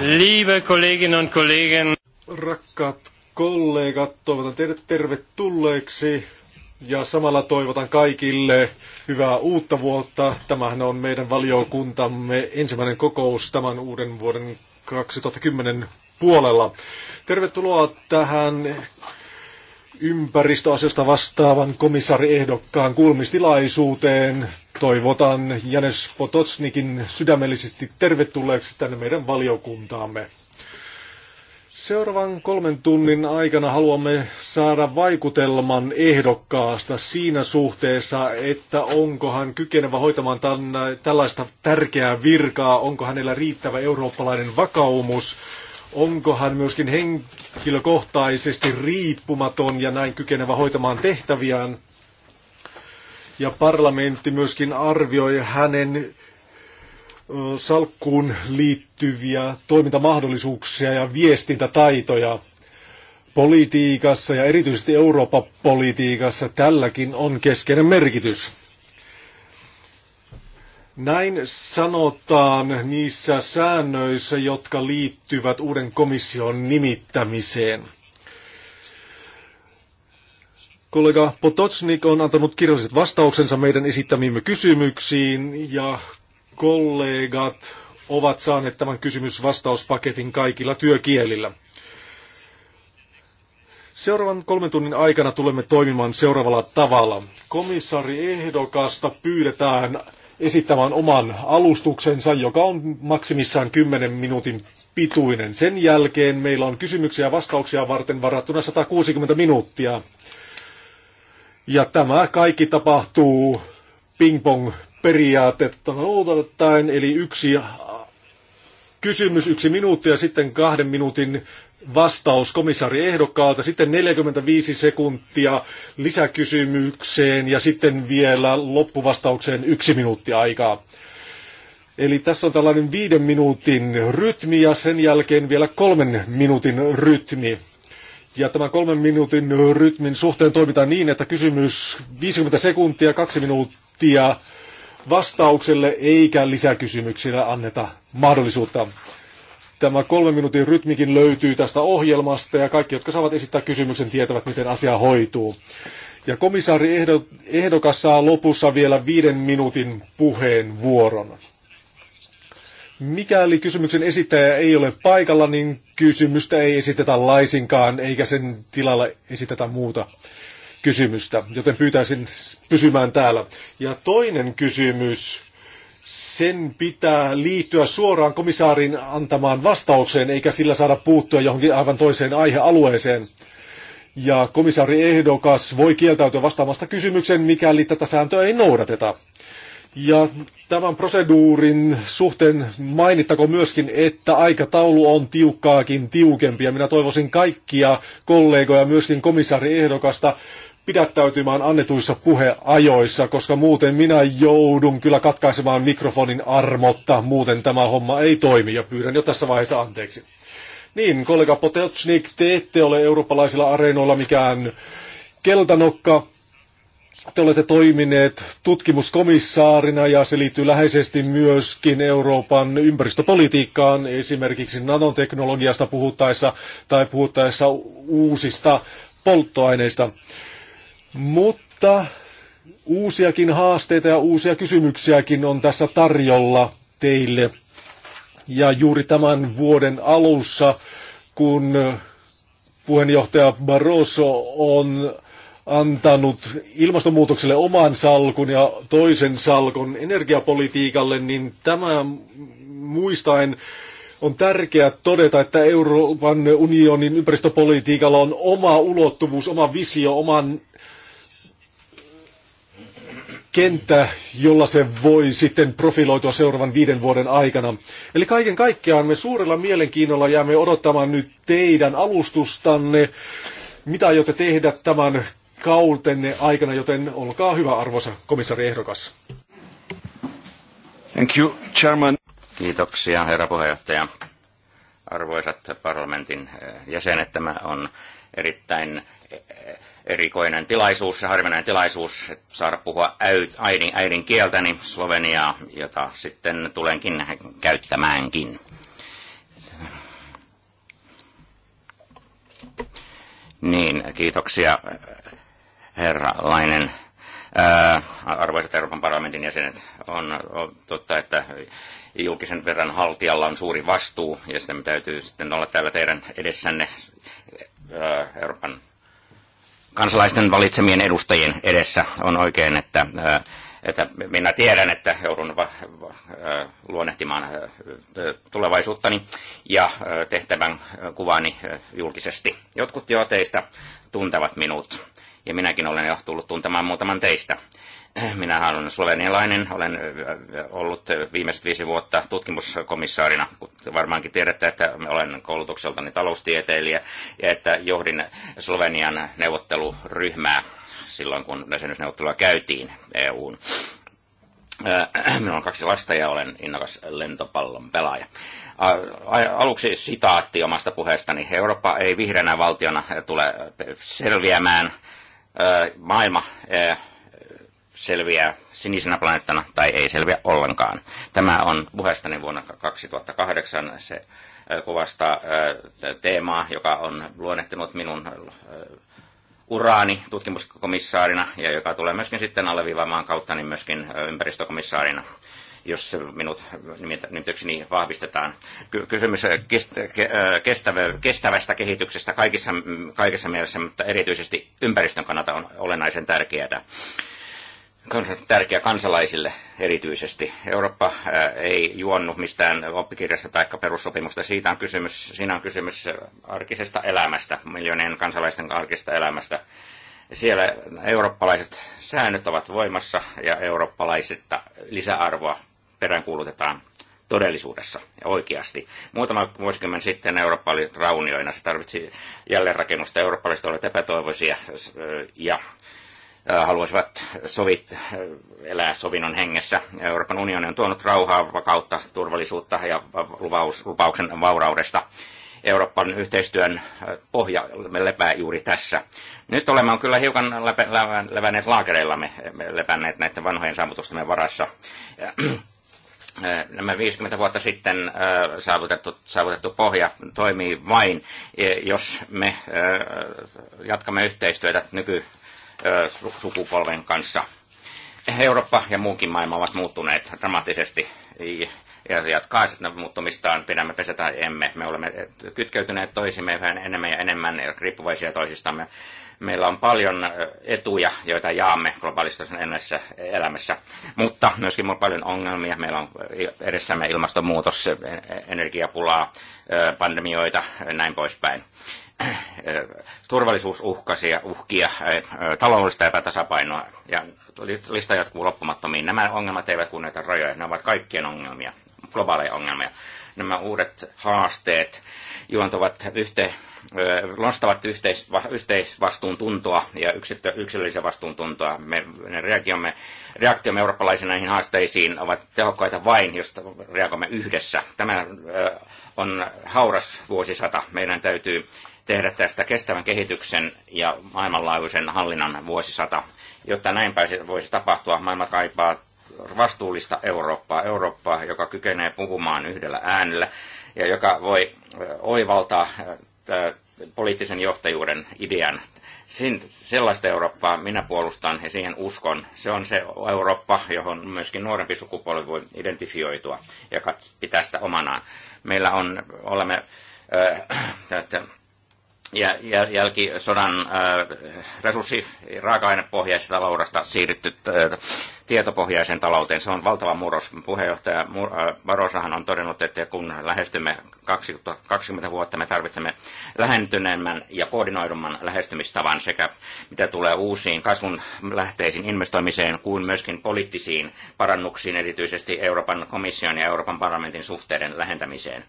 Liebe Kolleginnen und Kollegen. Rakkaat kollegat, toivotan teidät tervetulleeksi ja samalla toivotan kaikille hyvää uutta vuotta. Tämähän on meidän valiokuntamme ensimmäinen kokous tämän uuden vuoden 2010 puolella. Tervetuloa tähän ympäristöasioista vastaavan komissaariehdokkaan kuulemistilaisuuteen. Toivotan Janes Potocnikin sydämellisesti tervetulleeksi tänne meidän valiokuntaamme. Seuraavan kolmen tunnin aikana haluamme saada vaikutelman ehdokkaasta siinä suhteessa, että onko hän kykenevä hoitamaan tämän, tällaista tärkeää virkaa, onko hänellä riittävä eurooppalainen vakaumus – onko hän myöskin henkilökohtaisesti riippumaton ja näin kykenevä hoitamaan tehtäviään. Ja parlamentti myöskin arvioi hänen salkkuun liittyviä toimintamahdollisuuksia ja viestintätaitoja politiikassa ja erityisesti Euroopan politiikassa tälläkin on keskeinen merkitys. Näin sanotaan niissä säännöissä, jotka liittyvät uuden komission nimittämiseen. Kollega Potocnik on antanut kirjalliset vastauksensa meidän esittämiimme kysymyksiin ja kollegat ovat saaneet tämän kysymysvastauspaketin kaikilla työkielillä. Seuraavan kolmen tunnin aikana tulemme toimimaan seuraavalla tavalla. Komissaari ehdokasta pyydetään esittämään oman alustuksensa, joka on maksimissaan 10 minuutin pituinen. Sen jälkeen meillä on kysymyksiä ja vastauksia varten varattuna 160 minuuttia. Ja tämä kaikki tapahtuu ping-pong-periaatetta noudattaen, eli yksi kysymys, yksi minuutti ja sitten kahden minuutin vastaus komissaari ehdokkaalta, sitten 45 sekuntia lisäkysymykseen ja sitten vielä loppuvastaukseen yksi minuutti aikaa. Eli tässä on tällainen viiden minuutin rytmi ja sen jälkeen vielä kolmen minuutin rytmi. Ja tämän kolmen minuutin rytmin suhteen toimitaan niin, että kysymys 50 sekuntia, kaksi minuuttia vastaukselle eikä lisäkysymyksillä anneta mahdollisuutta. Tämä kolmen minuutin rytmikin löytyy tästä ohjelmasta ja kaikki, jotka saavat esittää kysymyksen, tietävät, miten asia hoituu. Ja komissaari ehdo, ehdokas saa lopussa vielä viiden minuutin puheenvuoron. Mikäli kysymyksen esittäjä ei ole paikalla, niin kysymystä ei esitetä laisinkaan, eikä sen tilalla esitetä muuta kysymystä, joten pyytäisin pysymään täällä. Ja toinen kysymys sen pitää liittyä suoraan komissaarin antamaan vastaukseen, eikä sillä saada puuttua johonkin aivan toiseen aihealueeseen. Ja komissaari ehdokas voi kieltäytyä vastaamasta kysymykseen, mikäli tätä sääntöä ei noudateta. Ja tämän proseduurin suhteen mainittako myöskin, että aikataulu on tiukkaakin tiukempi. Ja minä toivoisin kaikkia kollegoja, myöskin komissaari ehdokasta, pidättäytymään annetuissa puheajoissa, koska muuten minä joudun kyllä katkaisemaan mikrofonin armotta, muuten tämä homma ei toimi ja pyydän jo tässä vaiheessa anteeksi. Niin, kollega Potelchnik, te ette ole eurooppalaisilla areenoilla mikään keltanokka. Te olette toimineet tutkimuskomissaarina ja se liittyy läheisesti myöskin Euroopan ympäristöpolitiikkaan, esimerkiksi nanoteknologiasta puhuttaessa tai puhuttaessa uusista polttoaineista. Mutta uusiakin haasteita ja uusia kysymyksiäkin on tässä tarjolla teille. Ja juuri tämän vuoden alussa, kun puheenjohtaja Barroso on antanut ilmastonmuutokselle oman salkun ja toisen salkun energiapolitiikalle, niin tämä muistaen on tärkeää todeta, että Euroopan unionin ympäristöpolitiikalla on oma ulottuvuus, oma visio, oman kenttä, jolla se voi sitten profiloitua seuraavan viiden vuoden aikana. Eli kaiken kaikkiaan me suurella mielenkiinnolla jäämme odottamaan nyt teidän alustustanne, mitä aiotte tehdä tämän kautenne aikana, joten olkaa hyvä arvoisa komissari ehdokas. Thank you, chairman. Kiitoksia, herra puheenjohtaja. Arvoisat parlamentin eh, jäsenet, tämä on erittäin eh, erikoinen tilaisuus ja harvinainen tilaisuus saada puhua äidin, äidin kieltäni Sloveniaa, jota sitten tulenkin käyttämäänkin. Niin, kiitoksia herra Lainen. arvoisat Euroopan parlamentin jäsenet, on, totta, että julkisen verran haltijalla on suuri vastuu, ja sitä täytyy sitten olla täällä teidän edessänne Euroopan kansalaisten valitsemien edustajien edessä on oikein, että, että minä tiedän, että joudun va, va, luonnehtimaan tulevaisuuttani ja tehtävän kuvani julkisesti. Jotkut jo teistä tuntevat minut ja minäkin olen jo tullut tuntemaan muutaman teistä. Minä olen slovenialainen, olen ollut viimeiset viisi vuotta tutkimuskomissaarina. Varmaankin tiedätte, että olen koulutukseltani taloustieteilijä ja että johdin Slovenian neuvotteluryhmää silloin, kun jäsenyysneuvottelua käytiin EUn. Minulla on kaksi lasta ja olen innokas lentopallon pelaaja. Aluksi sitaatti omasta puheestani. Eurooppa ei vihreänä valtiona tule selviämään. Maailma selviää sinisenä planeettana tai ei selviä ollenkaan. Tämä on puheestani vuonna 2008. Se äh, kuvastaa äh, teemaa, joka on luonnehtinut minun äh, uraani tutkimuskomissaarina ja joka tulee myöskin sitten alleviivaamaan kautta niin myöskin ympäristökomissaarina jos minut nimityksini vahvistetaan. Kysymys kestävästä kehityksestä kaikissa, kaikessa mielessä, mutta erityisesti ympäristön kannalta on olennaisen tärkeää tärkeä kansalaisille erityisesti. Eurooppa ei juonnut mistään oppikirjasta tai perussopimusta. Siitä on kysymys, siinä on kysymys arkisesta elämästä, miljoonien kansalaisten arkisesta elämästä. Siellä eurooppalaiset säännöt ovat voimassa ja eurooppalaisetta lisäarvoa peräänkuulutetaan todellisuudessa ja oikeasti. Muutama vuosikymmen sitten Eurooppa oli raunioina, se tarvitsi jälleenrakennusta, eurooppalaiset olivat epätoivoisia ja Äh, haluaisivat sovit, äh, elää sovinnon hengessä. Euroopan unioni on tuonut rauhaa, vakautta, turvallisuutta ja lupaus, lupauksen vauraudesta. Euroopan yhteistyön äh, pohja lepää juuri tässä. Nyt olemme on kyllä hiukan läpe, lä, levänneet laakereillamme, lepänneet näiden vanhojen saavutustemme varassa. Nämä 50 vuotta sitten saavutettu, saavutettu pohja toimii vain, eh, jos me jatkamme yhteistyötä nyky, sukupolven kanssa. Eurooppa ja muukin maailma ovat muuttuneet dramaattisesti ja jatkaa sitten muuttumistaan, pidämme tai emme. Me olemme kytkeytyneet toisimme vähän enemmän ja enemmän, riippuvaisia toisistamme. Meillä on paljon etuja, joita jaamme globaalistisen elämässä, mutta myöskin on paljon ongelmia. Meillä on edessämme ilmastonmuutos, e, e, energiapulaa, pandemioita ja näin poispäin. Äh, turvallisuusuhkaisia uhkia, äh, taloudellista epätasapainoa ja lista jatkuu loppumattomiin. Nämä ongelmat eivät kunnioita rajoja, ne ovat kaikkien ongelmia, globaaleja ongelmia. Nämä uudet haasteet juontavat yhte, äh, nostavat yhteisva, yhteisvastuun tuntoa ja yksilöllisen vastuun tuntoa. Me, ne reaktiomme eurooppalaisiin näihin haasteisiin ovat tehokkaita vain, jos reagoimme yhdessä. Tämä on hauras vuosisata. Meidän täytyy tehdä tästä kestävän kehityksen ja maailmanlaajuisen hallinnan vuosisata. Jotta näin pääsi, voisi tapahtua, maailma kaipaa vastuullista Eurooppaa, Eurooppaa, joka kykenee puhumaan yhdellä äänellä ja joka voi oivaltaa poliittisen johtajuuden idean. Sin, sellaista Eurooppaa minä puolustan ja siihen uskon. Se on se Eurooppa, johon myöskin nuorempi sukupolvi voi identifioitua ja pitää sitä omanaan. Meillä on, olemme äh, ja jälkisodan äh, resurssi raaka-ainepohjaisesta taloudesta siirrytty äh, tietopohjaiseen talouteen. Se on valtava murros. Puheenjohtaja äh, Barosahan on todennut, että kun lähestymme 20 vuotta, me tarvitsemme lähentyneemmän ja koordinoidumman lähestymistavan sekä mitä tulee uusiin kasvun lähteisiin investoimiseen kuin myöskin poliittisiin parannuksiin, erityisesti Euroopan komission ja Euroopan parlamentin suhteiden lähentämiseen.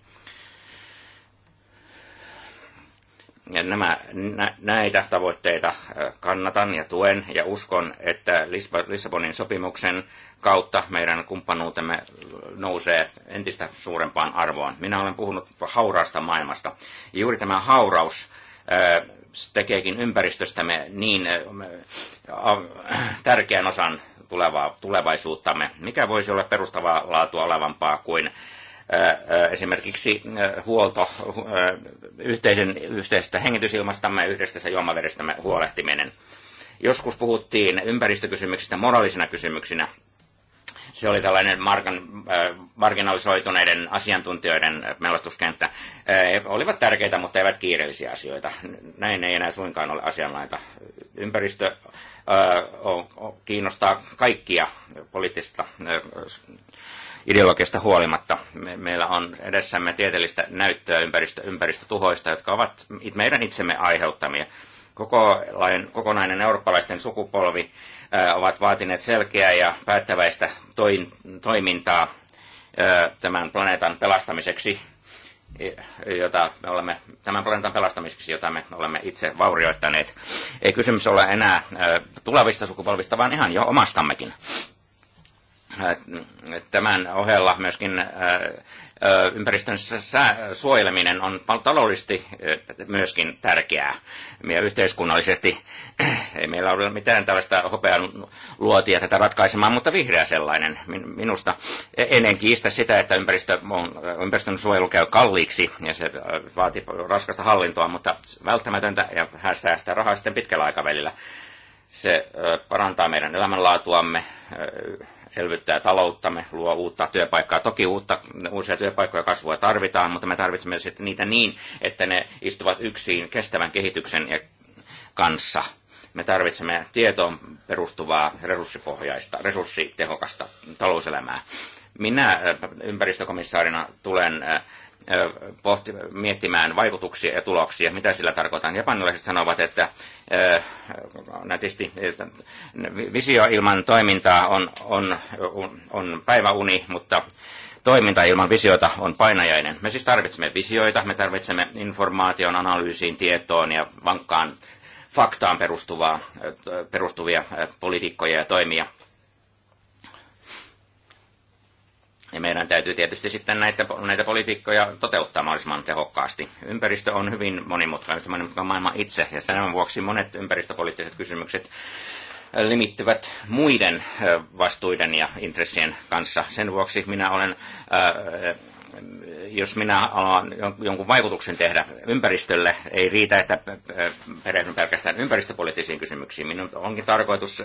nämä, näitä tavoitteita kannatan ja tuen ja uskon, että Lissabonin sopimuksen kautta meidän kumppanuutemme nousee entistä suurempaan arvoon. Minä olen puhunut hauraasta maailmasta. Juuri tämä hauraus tekeekin ympäristöstämme niin tärkeän osan tulevaa, tulevaisuuttamme. Mikä voisi olla perustavaa laatua olevampaa kuin esimerkiksi huolto yhteisen, yhteisestä hengitysilmastamme, yhdestä juomaverestämme huolehtiminen. Joskus puhuttiin ympäristökysymyksistä moraalisina kysymyksinä. Se oli tällainen markan, marginalisoituneiden asiantuntijoiden melastuskenttä. E, olivat tärkeitä, mutta eivät kiireellisiä asioita. Näin ei enää suinkaan ole asianlaita. Ympäristö kiinnostaa kaikkia poliittista ideologiasta huolimatta. Me, meillä on edessämme tieteellistä näyttöä ympäristö, ympäristötuhoista, jotka ovat meidän itsemme aiheuttamia. Koko lain, kokonainen eurooppalaisten sukupolvi ö, ovat vaatineet selkeää ja päättäväistä toin, toimintaa ö, tämän planeetan pelastamiseksi jota me olemme, tämän planeetan pelastamiseksi, jota me olemme itse vaurioittaneet. Ei kysymys ole enää tulevista sukupolvista, vaan ihan jo omastammekin. Äh, äh, tämän ohella myöskin äh, ympäristön suojeleminen on taloudellisesti myöskin tärkeää Meidän yhteiskunnallisesti. Ei meillä ole mitään tällaista hopean luotia tätä ratkaisemaan, mutta vihreä sellainen minusta. Ennen kiistä sitä, että ympäristö, ympäristön suojelu käy kalliiksi ja se vaatii raskasta hallintoa, mutta välttämätöntä ja hän säästää rahaa sitten pitkällä aikavälillä. Se parantaa meidän elämänlaatuamme, elvyttää talouttamme, luo uutta työpaikkaa. Toki uutta, uusia työpaikkoja kasvua tarvitaan, mutta me tarvitsemme sitten niitä niin, että ne istuvat yksin kestävän kehityksen kanssa. Me tarvitsemme tietoon perustuvaa resurssipohjaista, resurssitehokasta talouselämää. Minä ympäristökomissaarina tulen pohti, miettimään vaikutuksia ja tuloksia, mitä sillä tarkoitan. Japanilaiset sanovat, että nätisti visio ilman toimintaa on, on, on päiväuni, mutta toiminta ilman visiota on painajainen. Me siis tarvitsemme visioita, me tarvitsemme informaation, analyysiin, tietoon ja vankkaan faktaan perustuvaa, perustuvia politiikkoja ja toimia – Ja meidän täytyy tietysti sitten näitä, näitä politiikkoja toteuttaa mahdollisimman tehokkaasti. Ympäristö on hyvin monimutkainen, monimutkainen maailma itse, ja tämän vuoksi monet ympäristöpoliittiset kysymykset äh, limittyvät muiden äh, vastuiden ja intressien kanssa. Sen vuoksi minä olen äh, jos minä haluan jonkun vaikutuksen tehdä ympäristölle, ei riitä, että perehdyn pelkästään ympäristöpoliittisiin kysymyksiin. Minun onkin tarkoitus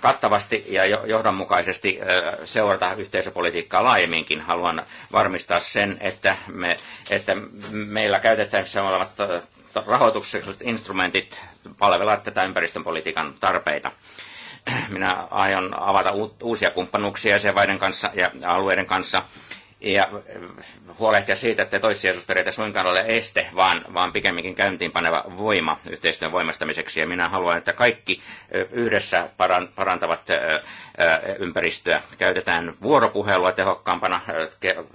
kattavasti ja johdonmukaisesti seurata yhteisöpolitiikkaa laajemminkin. Haluan varmistaa sen, että, me, että meillä käytettävissä olevat rahoitukselliset instrumentit palvelevat tätä ympäristön politiikan tarpeita minä aion avata uusia kumppanuuksia jäsenvaiden kanssa ja alueiden kanssa ja eh, huolehtia siitä, että toissijaisuusperiaate suinkaan ole este, vaan, vaan pikemminkin käyntiin paneva voima yhteistyön voimastamiseksi. Ja minä haluan, että kaikki eh, yhdessä parantavat eh, ympäristöä. Käytetään vuoropuhelua tehokkaampana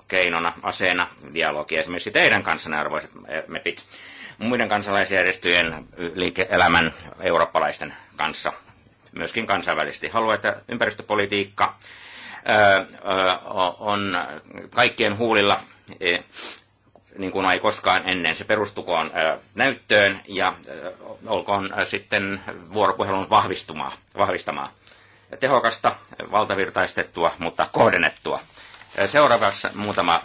keinona, aseena, dialogia esimerkiksi teidän kanssanne, arvoisat mepit, muiden kansalaisjärjestöjen, liike-elämän, eurooppalaisten kanssa, myöskin kansainvälisesti. Haluan, että ympäristöpolitiikka on kaikkien huulilla e, niin kuin ei koskaan ennen. Se perustukoon näyttöön ja olkoon sitten vuoropuhelun vahvistumaa, vahvistamaa. Tehokasta, valtavirtaistettua, mutta kohdennettua. Seuraavaksi muutama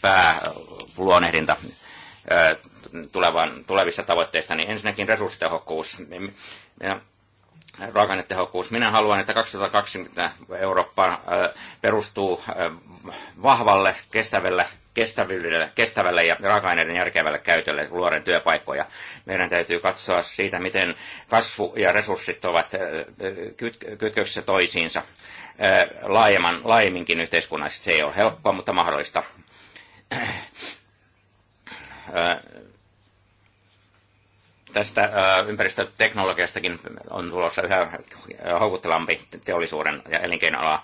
pääluonehdinta tulevan, tavoitteista. Niin ensinnäkin resurssitehokkuus. Niin, raaka-ainetehokkuus. Minä haluan, että 2020 Eurooppa äh, perustuu äh, vahvalle, kestävälle, kestävälle, kestävälle ja raaka-aineiden järkevälle käytölle luoren työpaikkoja. Meidän täytyy katsoa siitä, miten kasvu ja resurssit ovat äh, kytköksissä toisiinsa laajemman, laajemminkin yhteiskunnallisesti. Se ei ole helppoa, mutta mahdollista tästä ympäristöteknologiastakin on tulossa yhä houkuttelampi teollisuuden ja elinkeinoala.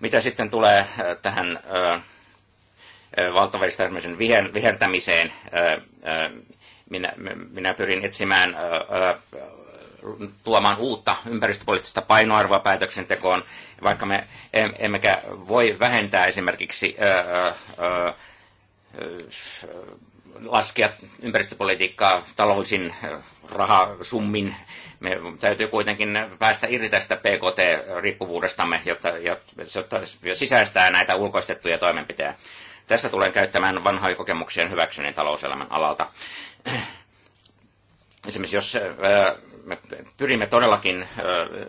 Mitä sitten tulee tähän valtavälistämisen vihertämiseen, minä, minä pyrin etsimään tuomaan uutta ympäristöpoliittista painoarvoa päätöksentekoon, vaikka me emmekä voi vähentää esimerkiksi laskea ympäristöpolitiikkaa taloudellisin äh, rahasummin. Me täytyy kuitenkin päästä irti tästä PKT-riippuvuudestamme, jotta, jotta sisäistää näitä ulkoistettuja toimenpiteitä. Tässä tulen käyttämään vanhoja kokemuksien hyväksyneen talouselämän alalta. Esimerkiksi jos äh, me pyrimme todellakin äh,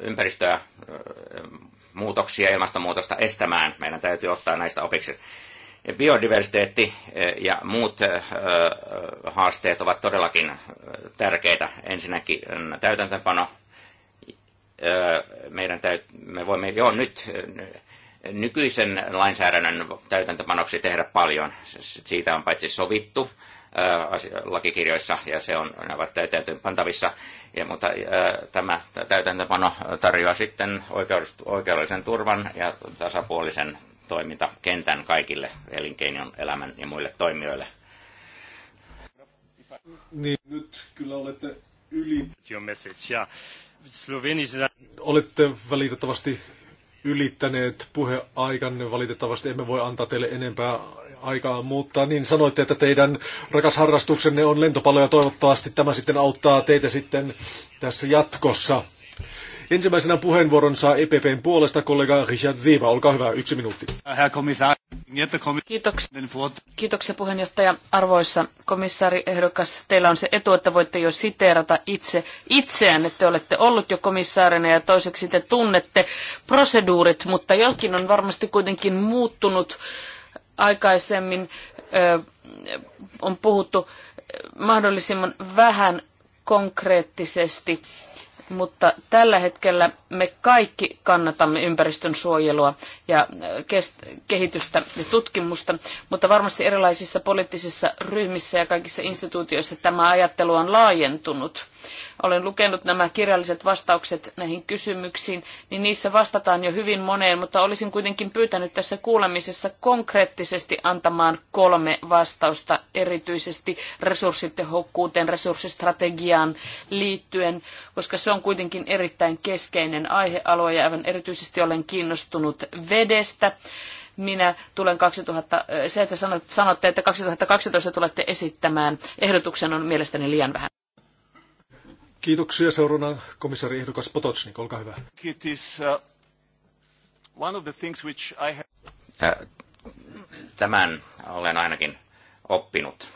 ympäristöä muutoksia ja ilmastonmuutosta estämään, meidän täytyy ottaa näistä opiksi biodiversiteetti eh, ja muut eh, eh, haasteet ovat todellakin tärkeitä. Ensinnäkin mm, täytäntöpano. Meidän täyt- me voimme jo nyt nykyisen lainsäädännön täytäntöpanoksi tehdä paljon. Siitä on paitsi sovittu lakikirjoissa ja se on, ne ovat täytäntöön pantavissa, ja, mutta ää, tämä täytäntöpano tarjoaa sitten oikeudellisen turvan ja tasapuolisen toimintakentän kaikille elinkeinon, elämän ja muille toimijoille. Niin, nyt kyllä olette yli... Your message, Slovenia... Olette valitettavasti ylittäneet puheaikanne. Valitettavasti emme voi antaa teille enempää aikaa, mutta niin sanoitte, että teidän rakas harrastuksenne on lentopallo ja toivottavasti tämä sitten auttaa teitä sitten tässä jatkossa. Ensimmäisenä puheenvuoron saa EPPn puolesta kollega Richard Ziva. Olkaa hyvä, yksi minuutti. Kiitoksia. Kiitoksia puheenjohtaja. Arvoissa komissaari ehdokas, teillä on se etu, että voitte jo siteerata itse itseään, te olette ollut jo komissaarina ja toiseksi te tunnette proseduurit, mutta jokin on varmasti kuitenkin muuttunut aikaisemmin. Ö, on puhuttu mahdollisimman vähän konkreettisesti mutta tällä hetkellä me kaikki kannatamme ympäristön suojelua ja äh, kehitystä ja tutkimusta, mutta varmasti erilaisissa poliittisissa ryhmissä ja kaikissa instituutioissa tämä ajattelu on laajentunut. Olen lukenut nämä kirjalliset vastaukset näihin kysymyksiin, niin niissä vastataan jo hyvin moneen, mutta olisin kuitenkin pyytänyt tässä kuulemisessa konkreettisesti antamaan kolme vastausta erityisesti resurssitehokkuuteen, resurssistrategiaan liittyen, koska se on on kuitenkin erittäin keskeinen aihealue ja aivan erityisesti olen kiinnostunut vedestä. Minä tulen 2000, se, että sanotte, että 2012 tulette esittämään ehdotuksen, on mielestäni liian vähän. Kiitoksia. Seuraavana komissaari ehdokas Potocnik, olkaa hyvä. It is, uh, one of the things which I have... Tämän olen ainakin oppinut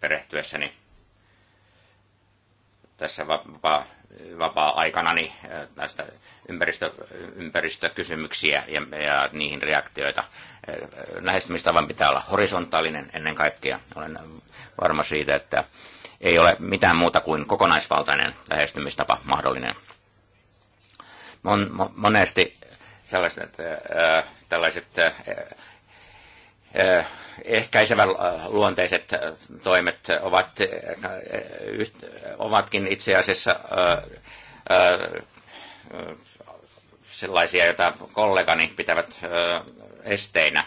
perehtyessäni tässä vapaa vapaa aikana näistä äh, ympäristö, ympäristökysymyksiä ja, ja niihin reaktioita. Äh, lähestymistavan pitää olla horisontaalinen ennen kaikkea. Olen varma siitä, että ei ole mitään muuta kuin kokonaisvaltainen lähestymistapa mahdollinen. Mon, monesti sellaiset, äh, äh tällaiset äh, Eh, ehkäisevän eh, luonteiset eh, toimet ovat, ovatkin itse asiassa sellaisia, joita kollegani pitävät esteinä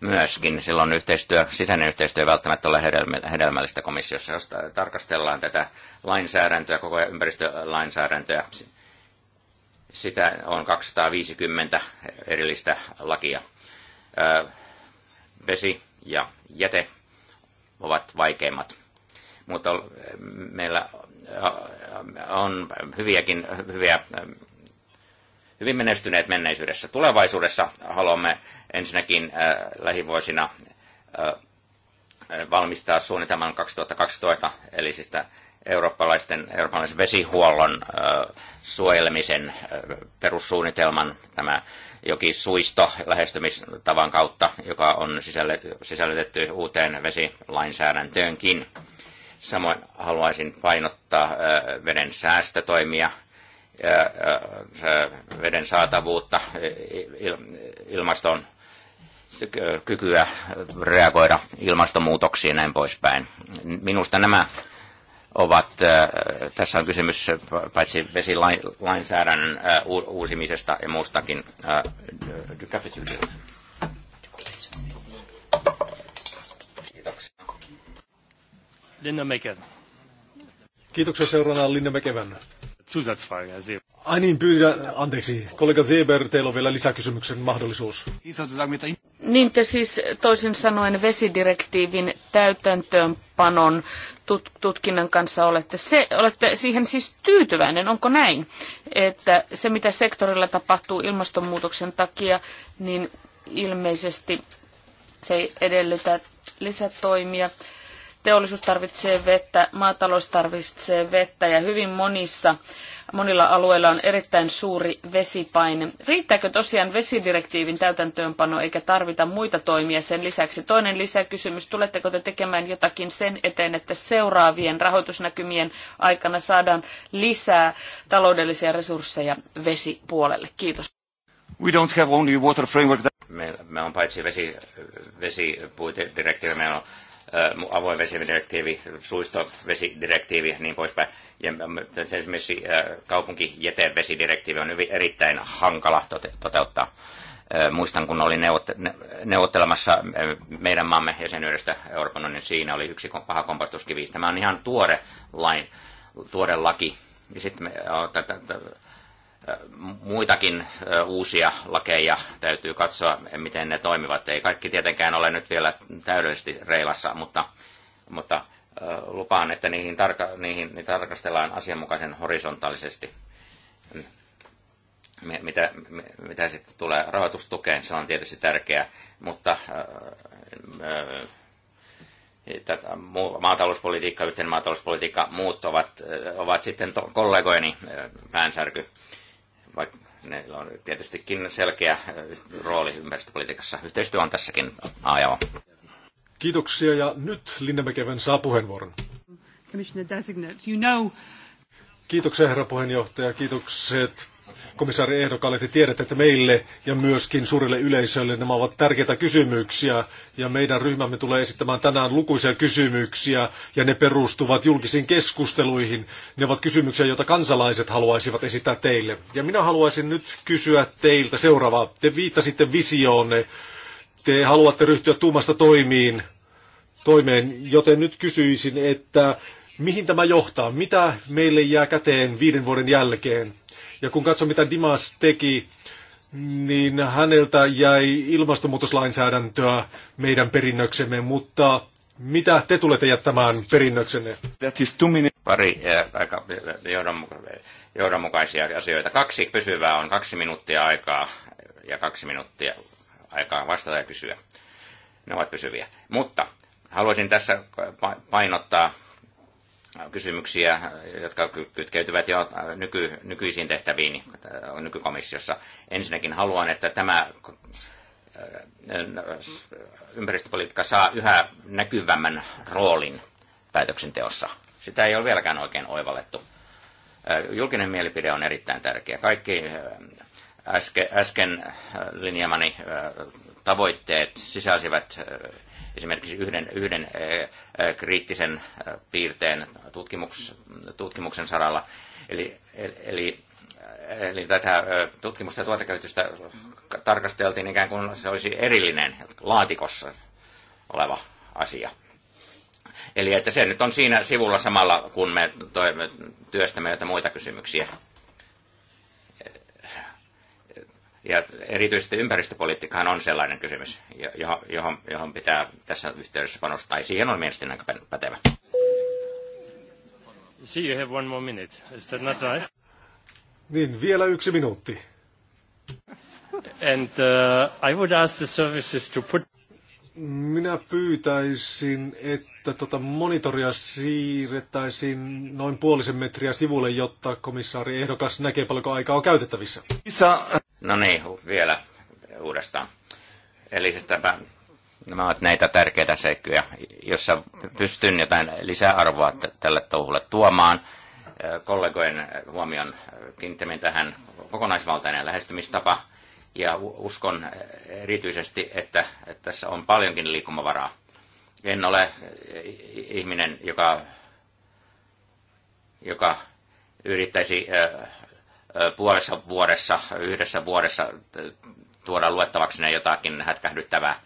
myöskin. Silloin yhteistyö, sisäinen yhteistyö välttämättä ole hedelmällistä komissiossa, jos tarkastellaan tätä lainsäädäntöä, koko ajan ympäristölainsäädäntöä. Sitä on 250 erillistä lakia vesi ja jäte ovat vaikeimmat. Mutta äh, meillä äh, on hyviäkin, hyviä, äh, hyvin menestyneet menneisyydessä. Tulevaisuudessa haluamme ensinnäkin lähivuosina valmistaa suunnitelman 2012, eli siis eurooppalaisten, eurooppalaisen vesihuollon suojelemisen perussuunnitelman, tämä suisto lähestymistavan kautta, joka on sisällytetty uuteen vesilainsäädäntöönkin. Samoin haluaisin painottaa veden säästötoimia, veden saatavuutta, ilmaston kykyä reagoida ilmastonmuutoksiin ja näin poispäin. Minusta nämä ovat, äh, tässä on kysymys äh, paitsi vesilainsäädännön äh, uusimisesta ja muustakin. Kiitoksia. Linda Mekevän. Kiitoksia seurana Linna Mekevän. Zusatzfrage, Ai niin, pyydä, anteeksi. Kollega Zeber, teillä on vielä lisäkysymyksen mahdollisuus. Niin te siis toisin sanoen vesidirektiivin täytäntöönpanon tutkinnan kanssa olette. Se, olette siihen siis tyytyväinen, onko näin, että se mitä sektorilla tapahtuu ilmastonmuutoksen takia, niin ilmeisesti se ei edellytä lisätoimia. Teollisuus tarvitsee vettä, maatalous tarvitsee vettä ja hyvin monissa äh, monilla alueilla on erittäin suuri vesipaine. Riittääkö tosiaan vesidirektiivin täytäntöönpano eikä tarvita muita toimia sen lisäksi? Toinen lisäkysymys, tuletteko te tekemään jotakin sen eteen, että seuraavien rahoitusnäkymien aikana saadaan lisää taloudellisia resursseja vesipuolelle? Kiitos. We don't have only water framework. That... Meillä, on paitsi vesi, vesipuitedirektiivi, meillä on avoin vesidirektiivi, suistovesidirektiivi ja niin poispäin. Ja esimerkiksi kaupunkijätevesidirektiivi on hyvin erittäin hankala toteuttaa. Muistan, kun olin neuvottelemassa meidän maamme jäsenyydestä Euroopan unionin, siinä oli yksi paha kompastuskivi. Tämä on ihan tuore, lain, tuore laki. Ja sitten me, muitakin uusia lakeja täytyy katsoa, miten ne toimivat. Ei kaikki tietenkään ole nyt vielä täydellisesti reilassa, mutta, mutta lupaan, että niihin, tarka, niihin niin tarkastellaan asianmukaisen horisontaalisesti. Mitä, mitä sitten tulee rahoitustukeen, se on tietysti tärkeää, mutta tätä maatalouspolitiikka, yhteen maatalouspolitiikka, muut ovat, ovat sitten kollegojeni päänsärky vaikka ne on tietystikin selkeä rooli ympäristöpolitiikassa. Yhteistyö on tässäkin ajava. Kiitoksia ja nyt Linnemäkeven saa puheenvuoron. Commissioner Designate, you know... Kiitoksia herra puheenjohtaja, kiitokset komissaari ehdokkaalle, että tiedätte, että meille ja myöskin suurille yleisölle nämä ovat tärkeitä kysymyksiä ja meidän ryhmämme tulee esittämään tänään lukuisia kysymyksiä ja ne perustuvat julkisiin keskusteluihin. Ne ovat kysymyksiä, joita kansalaiset haluaisivat esittää teille. Ja minä haluaisin nyt kysyä teiltä seuraavaa. Te viittasitte visioonne. Te haluatte ryhtyä tuumasta toimiin, toimeen, joten nyt kysyisin, että mihin tämä johtaa? Mitä meille jää käteen viiden vuoden jälkeen? Ja kun katsoo, mitä Dimas teki, niin häneltä jäi ilmastonmuutoslainsäädäntöä meidän perinnöksemme, mutta mitä te tulette jättämään perinnöksenne? Pari äh, aika johdonmukaisia asioita. Kaksi pysyvää on kaksi minuuttia aikaa ja kaksi minuuttia aikaa vastata ja kysyä. Ne ovat pysyviä. Mutta haluaisin tässä painottaa kysymyksiä, jotka kytkeytyvät jo äh, nyky, nykyisiin tehtäviin äh, nykykomissiossa. Ensinnäkin haluan, että tämä äh, ympäristöpolitiikka saa yhä näkyvämmän roolin päätöksenteossa. Sitä ei ole vieläkään oikein oivallettu. Julkinen mielipide on erittäin tärkeä. Kaikki äsken, äsken linjamani tavoitteet sisälsivät esimerkiksi yhden, yhden kriittisen piirteen tutkimuks, tutkimuksen saralla. Eli, eli, eli tätä tutkimusta ja tuotekehitystä tarkasteltiin ikään kuin se olisi erillinen, laatikossa oleva asia. Eli että se nyt on siinä sivulla samalla, kun me, toimme työstämme jotain muita kysymyksiä. Ja erityisesti ympäristöpolitiikkahan on sellainen kysymys, johon, johon pitää tässä yhteydessä panostaa. Ja siihen on mielestäni aika pätevä. See you have one more minute. Is that not nice? Niin, vielä yksi minuutti. And uh, I would ask the services to put... Minä pyytäisin, että tota monitoria siirrettäisiin noin puolisen metriä sivulle, jotta komissaari ehdokas näkee paljonko aikaa on käytettävissä. No niin, vielä uudestaan. Eli siis tämä, nämä ovat näitä tärkeitä seikkoja, jossa pystyn jotain lisäarvoa tälle touhulle tuomaan. Kollegojen huomion kiinnittäminen tähän kokonaisvaltainen lähestymistapa – ja uskon erityisesti, että, että tässä on paljonkin liikkumavaraa. En ole eh, ihminen, joka, joka yrittäisi eh, eh, puolessa vuodessa, yhdessä vuodessa tuoda luettavaksi ne jotakin hätkähdyttävää.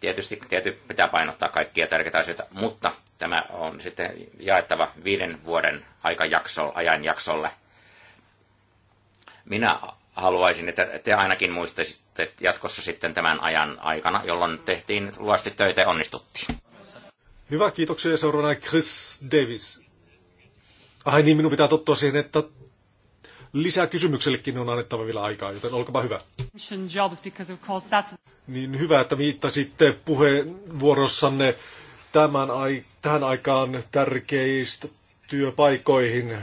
Tietysti tietysti pitää painottaa kaikkia tärkeitä asioita, mutta tämä on sitten jaettava viiden vuoden aikajakso, ajanjaksolle. Minä haluaisin, että te ainakin muistaisitte jatkossa sitten tämän ajan aikana, jolloin tehtiin luvasti töitä ja onnistuttiin. Hyvä, kiitoksia. Seuraavana Chris Davis. Ai niin, minun pitää tottua siihen, että lisää kysymyksellekin on annettava vielä aikaa, joten olkapa hyvä. Niin hyvä, että viittasitte puheenvuorossanne tämän ai- tähän aikaan tärkeistä työpaikoihin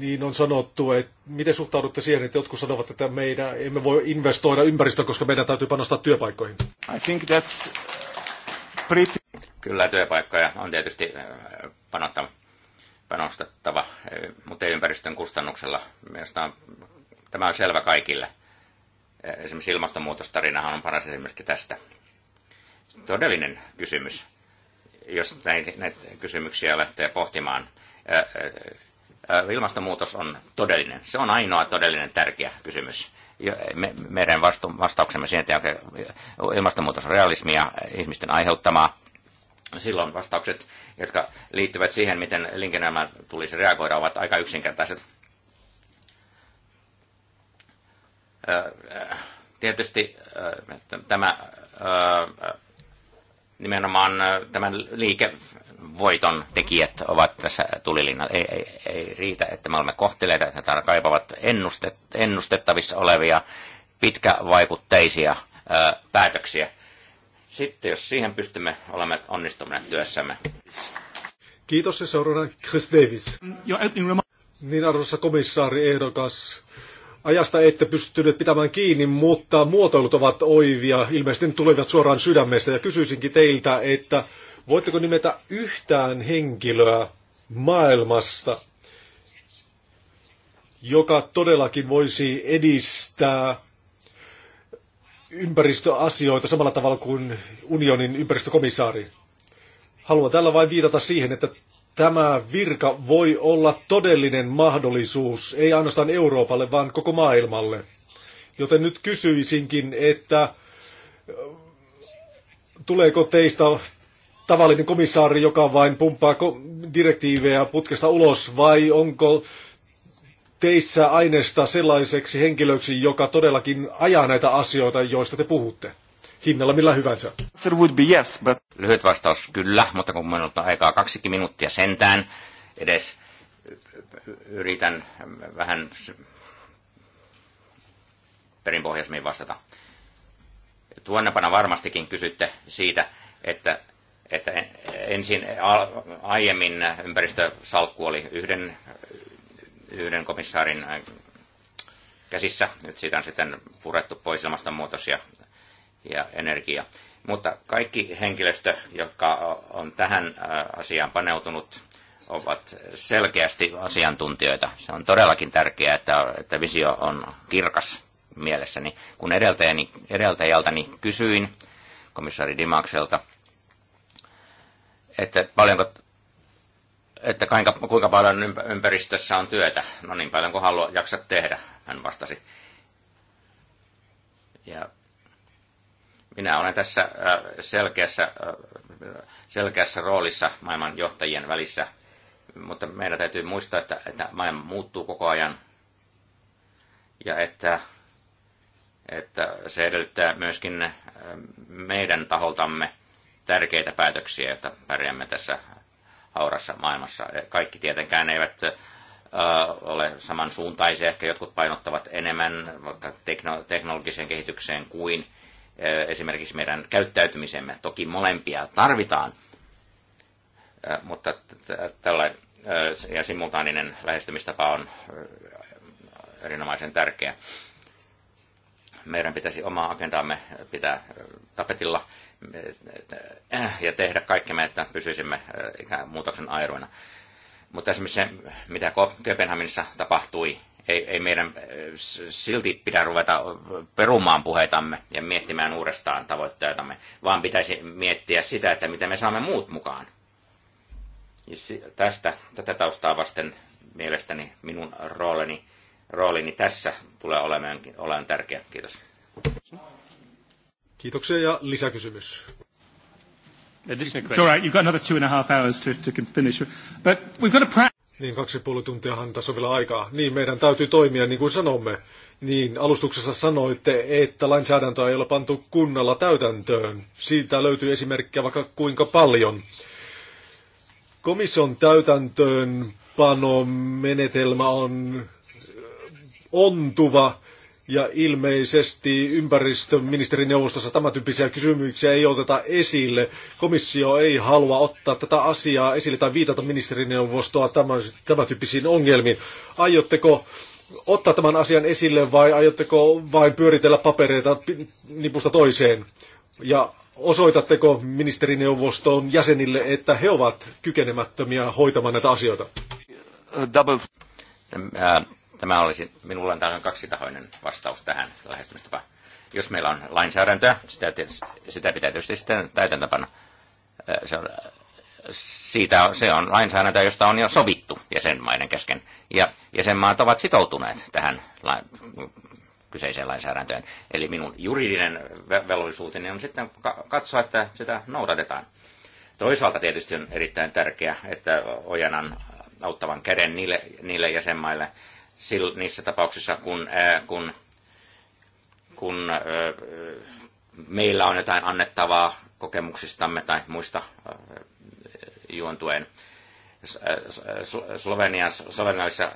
niin on sanottu, että miten suhtaudutte siihen, että jotkut sanovat, että meidän emme voi investoida ympäristöön, koska meidän täytyy panostaa työpaikkoihin? I think that's pretty... Kyllä työpaikkoja on tietysti äh, panostettava, äh, mutta ei ympäristön kustannuksella. Mielestäni tämä on selvä kaikille. Äh, esimerkiksi ilmastonmuutostarinahan on paras esimerkki tästä. Todellinen kysymys, jos näitä, näitä kysymyksiä lähtee pohtimaan ilmastonmuutos on todellinen. Se on ainoa todellinen tärkeä kysymys. Me, meidän vastu, vastauksemme siihen, että ilmastonmuutos on realismia, ihmisten aiheuttamaa. Silloin vastaukset, jotka liittyvät siihen, miten elinkeinoelämä tulisi reagoida, ovat aika yksinkertaiset. Tietysti tämä nimenomaan tämän liike voiton tekijät ovat tässä tulilinnalla. Ei, ei, ei riitä, että me olemme kohteleita, että kaipaavat ennustet, ennustettavissa olevia pitkävaikutteisia ö, päätöksiä. Sitten jos siihen pystymme, olemme onnistuneet työssämme. Kiitos ja seuraavana Chris Davis. Niin arvoisa komissaari ehdokas, ajasta ette pystyneet pitämään kiinni, mutta muotoilut ovat oivia, ilmeisesti tulevat suoraan sydämestä ja kysyisinkin teiltä, että Voitteko nimetä yhtään henkilöä maailmasta, joka todellakin voisi edistää ympäristöasioita samalla tavalla kuin unionin ympäristökomissaari. Haluan tällä vain viitata siihen, että tämä virka voi olla todellinen mahdollisuus, ei ainoastaan Euroopalle, vaan koko maailmalle. Joten nyt kysyisinkin, että tuleeko teistä tavallinen komissaari, joka vain pumppaa direktiivejä putkesta ulos, vai onko teissä aineesta sellaiseksi henkilöksi, joka todellakin ajaa näitä asioita, joista te puhutte? Hinnalla millä hyvänsä. Sir would be yes, but... Lyhyt vastaus kyllä, mutta kun minulla on aikaa 20 minuuttia sentään edes, yritän vähän perinpohjaisemmin vastata. Tuonnepana varmastikin kysytte siitä, että että ensin aiemmin ympäristösalkku oli yhden, yhden komissaarin äh, käsissä. Nyt siitä on sitten purettu pois ilmastonmuutos ja, ja energia. Mutta kaikki henkilöstö, jotka on tähän äh, asiaan paneutunut, ovat selkeästi asiantuntijoita. Se on todellakin tärkeää, että, että visio on kirkas mielessäni. Kun edeltäjältäni kysyin komissaari Dimakselta, että paljonko että kuinka, kuinka paljon ympäristössä on työtä. No niin paljon kuin haluat jaksat tehdä, hän vastasi. Ja minä olen tässä äh, selkeässä, äh, selkeässä roolissa maailman johtajien välissä, mutta meidän täytyy muistaa, että, että maailma muuttuu koko ajan ja että, että se edellyttää myöskin äh, meidän taholtamme tärkeitä päätöksiä, että pärjäämme tässä haurassa maailmassa. Kaikki tietenkään eivät ole samansuuntaisia, ehkä jotkut painottavat enemmän vaikka teknologiseen kehitykseen kuin esimerkiksi meidän käyttäytymisemme. Toki molempia tarvitaan, mutta tällä ja simultaaninen lähestymistapa on erinomaisen tärkeä meidän pitäisi omaa agendaamme pitää tapetilla ja tehdä kaikkemme, että pysyisimme ikään muutoksen airoina. Mutta esimerkiksi se, mitä Kööpenhaminassa tapahtui, ei, ei meidän silti pidä ruveta perumaan puheitamme ja miettimään uudestaan tavoitteitamme, vaan pitäisi miettiä sitä, että miten me saamme muut mukaan. Ja tästä, tätä taustaa vasten mielestäni minun rooleni roolini tässä tulee olemaan, olemaan tärkeä. Kiitos. Kiitoksia ja lisäkysymys. It's all right, you've got another two and a half hours to, to finish. But we've got Niin, kaksi puoli tuntiahan tässä on vielä aikaa. Niin, meidän täytyy toimia niin kuin sanomme. Niin, alustuksessa sanoitte, että lainsäädäntöä ei ole pantu kunnolla täytäntöön. Siitä löytyy esimerkkejä vaikka kuinka paljon. Komission täytäntöönpanon menetelmä on ontuva ja ilmeisesti ympäristöministerineuvostossa tämän tyyppisiä kysymyksiä ei oteta esille. Komissio ei halua ottaa tätä asiaa esille tai viitata ministerineuvostoa tämän, tämän tyyppisiin ongelmiin. Aiotteko ottaa tämän asian esille vai aiotteko vain pyöritellä papereita nipusta toiseen? Ja osoitatteko ministerineuvoston jäsenille, että he ovat kykenemättömiä hoitamaan näitä asioita? Äh, double. uh, Tämä olisi minulla on kaksitahoinen vastaus tähän lähestymistapa. Jos meillä on lainsäädäntöä, sitä, tietysti, sitä pitää tietysti sitten täytäntöpanna. Äh, se on, äh, siitä on, se on lainsäädäntö, josta on jo sovittu jäsenmaiden kesken. Ja jäsenmaat ovat sitoutuneet tähän lain, kyseiseen lainsäädäntöön. Eli minun juridinen velvollisuuteni on sitten katsoa, että sitä noudatetaan. Toisaalta tietysti on erittäin tärkeää, että ojanan auttavan käden niille, niille jäsenmaille, niissä tapauksissa, kun, kun, kun meillä on jotain annettavaa kokemuksistamme tai muista juontuen. Sloveniassa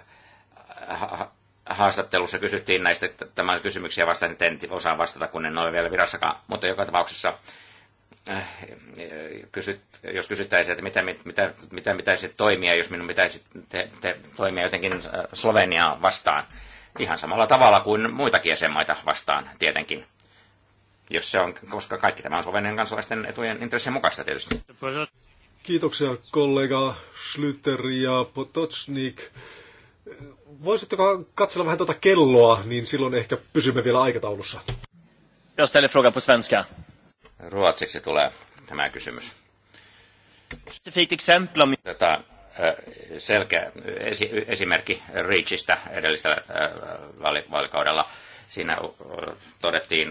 haastattelussa kysyttiin näistä tämän kysymyksiä vastaan, että en osaa vastata, kun en ole vielä virassakaan. Mutta joka tapauksessa Äh, äh, kysyt, jos kysyttäisiin, että mitä, mitä, mitä pitäisi toimia, jos minun pitäisi te, te, toimia jotenkin äh, Sloveniaa vastaan. Ihan samalla tavalla kuin muitakin jäsenmaita vastaan tietenkin. Jos se on, koska kaikki tämä on Slovenian kansalaisten etujen intressien mukaista tietysti. Kiitoksia kollega Schlüter ja Potocnik. Voisitteko katsella vähän tuota kelloa, niin silloin ehkä pysymme vielä aikataulussa. Jag ställer frågan på svenska. Ruotsiksi tulee tämä kysymys. Tätä selkeä esimerkki Reachista edellisellä vaalikaudella. Siinä todettiin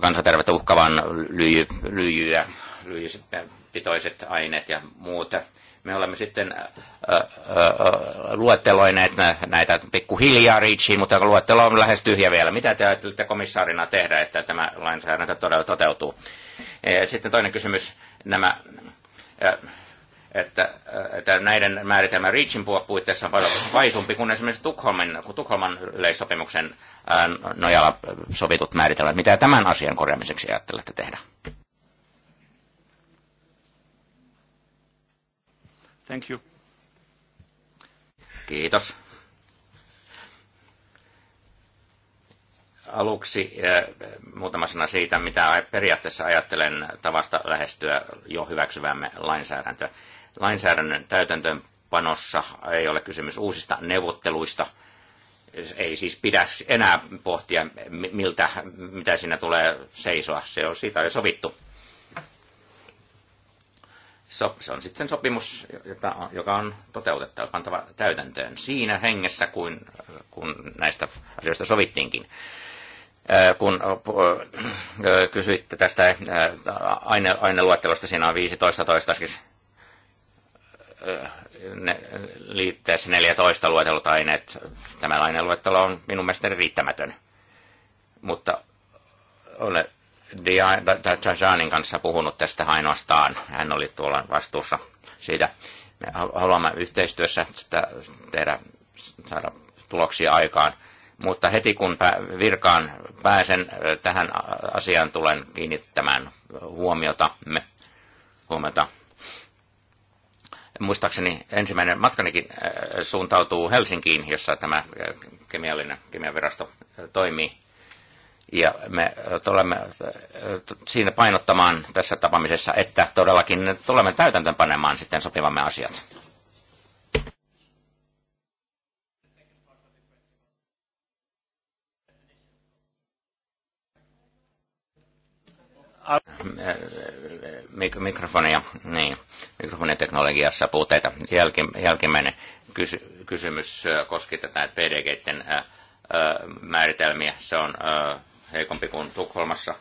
kansanterveyttä uhkavan lyijy, lyijyä, lyijypitoiset aineet ja muut me olemme sitten äh, äh, äh, luetteloineet näitä pikkuhiljaa Reachiin, mutta luettelo on lähes tyhjä vielä. Mitä te ajattelette komissaarina tehdä, että tämä lainsäädäntö todella toteutuu? Sitten toinen kysymys, nämä että, että näiden määritelmä Reachin puitteissa on paljon vaisumpi kuin esimerkiksi Tukholman, Tukholman yleissopimuksen nojalla sovitut määritelmät. Mitä tämän asian korjaamiseksi ajattelette tehdä? Thank you. Kiitos. Aluksi eh, muutama sana siitä, mitä periaatteessa ajattelen tavasta lähestyä jo hyväksyvämme lainsäädäntöä. Lainsäädännön täytäntöönpanossa ei ole kysymys uusista neuvotteluista, ei siis pidä enää pohtia, miltä, mitä siinä tulee seisoa. Se on siitä jo sovittu. So, se on sitten sopimus, jota, joka on toteutettava, pantava täytäntöön siinä hengessä, kuin, kun näistä asioista sovittiinkin. Kun kysyitte tästä aine, aineluettelosta, siinä on 15 toista, siis ne, liitteessä 14 luetellut aineet. Tämä aineluettelo on minun mielestäni riittämätön, mutta olen Tajanin kanssa puhunut tästä ainoastaan. Hän oli tuolla vastuussa siitä. Me haluamme yhteistyössä tehdä, saada tuloksia aikaan. Mutta heti kun virkaan pääsen tähän asiaan, tulen kiinnittämään huomiota. Me, huomiota. Muistaakseni ensimmäinen matkanikin suuntautuu Helsinkiin, jossa tämä kemiallinen kemiavirasto toimii ja me tulemme siinä painottamaan tässä tapaamisessa, että todellakin tulemme täytäntöön panemaan sitten sopivamme asiat. Mik- mikrofonia, niin, mikrofoniteknologiassa puutteita. Jälki, jälkimmäinen kysy- kysymys äh, koski tätä pdg äh, äh, määritelmiä. Se on ää, heikompi kuin Tukholmassa.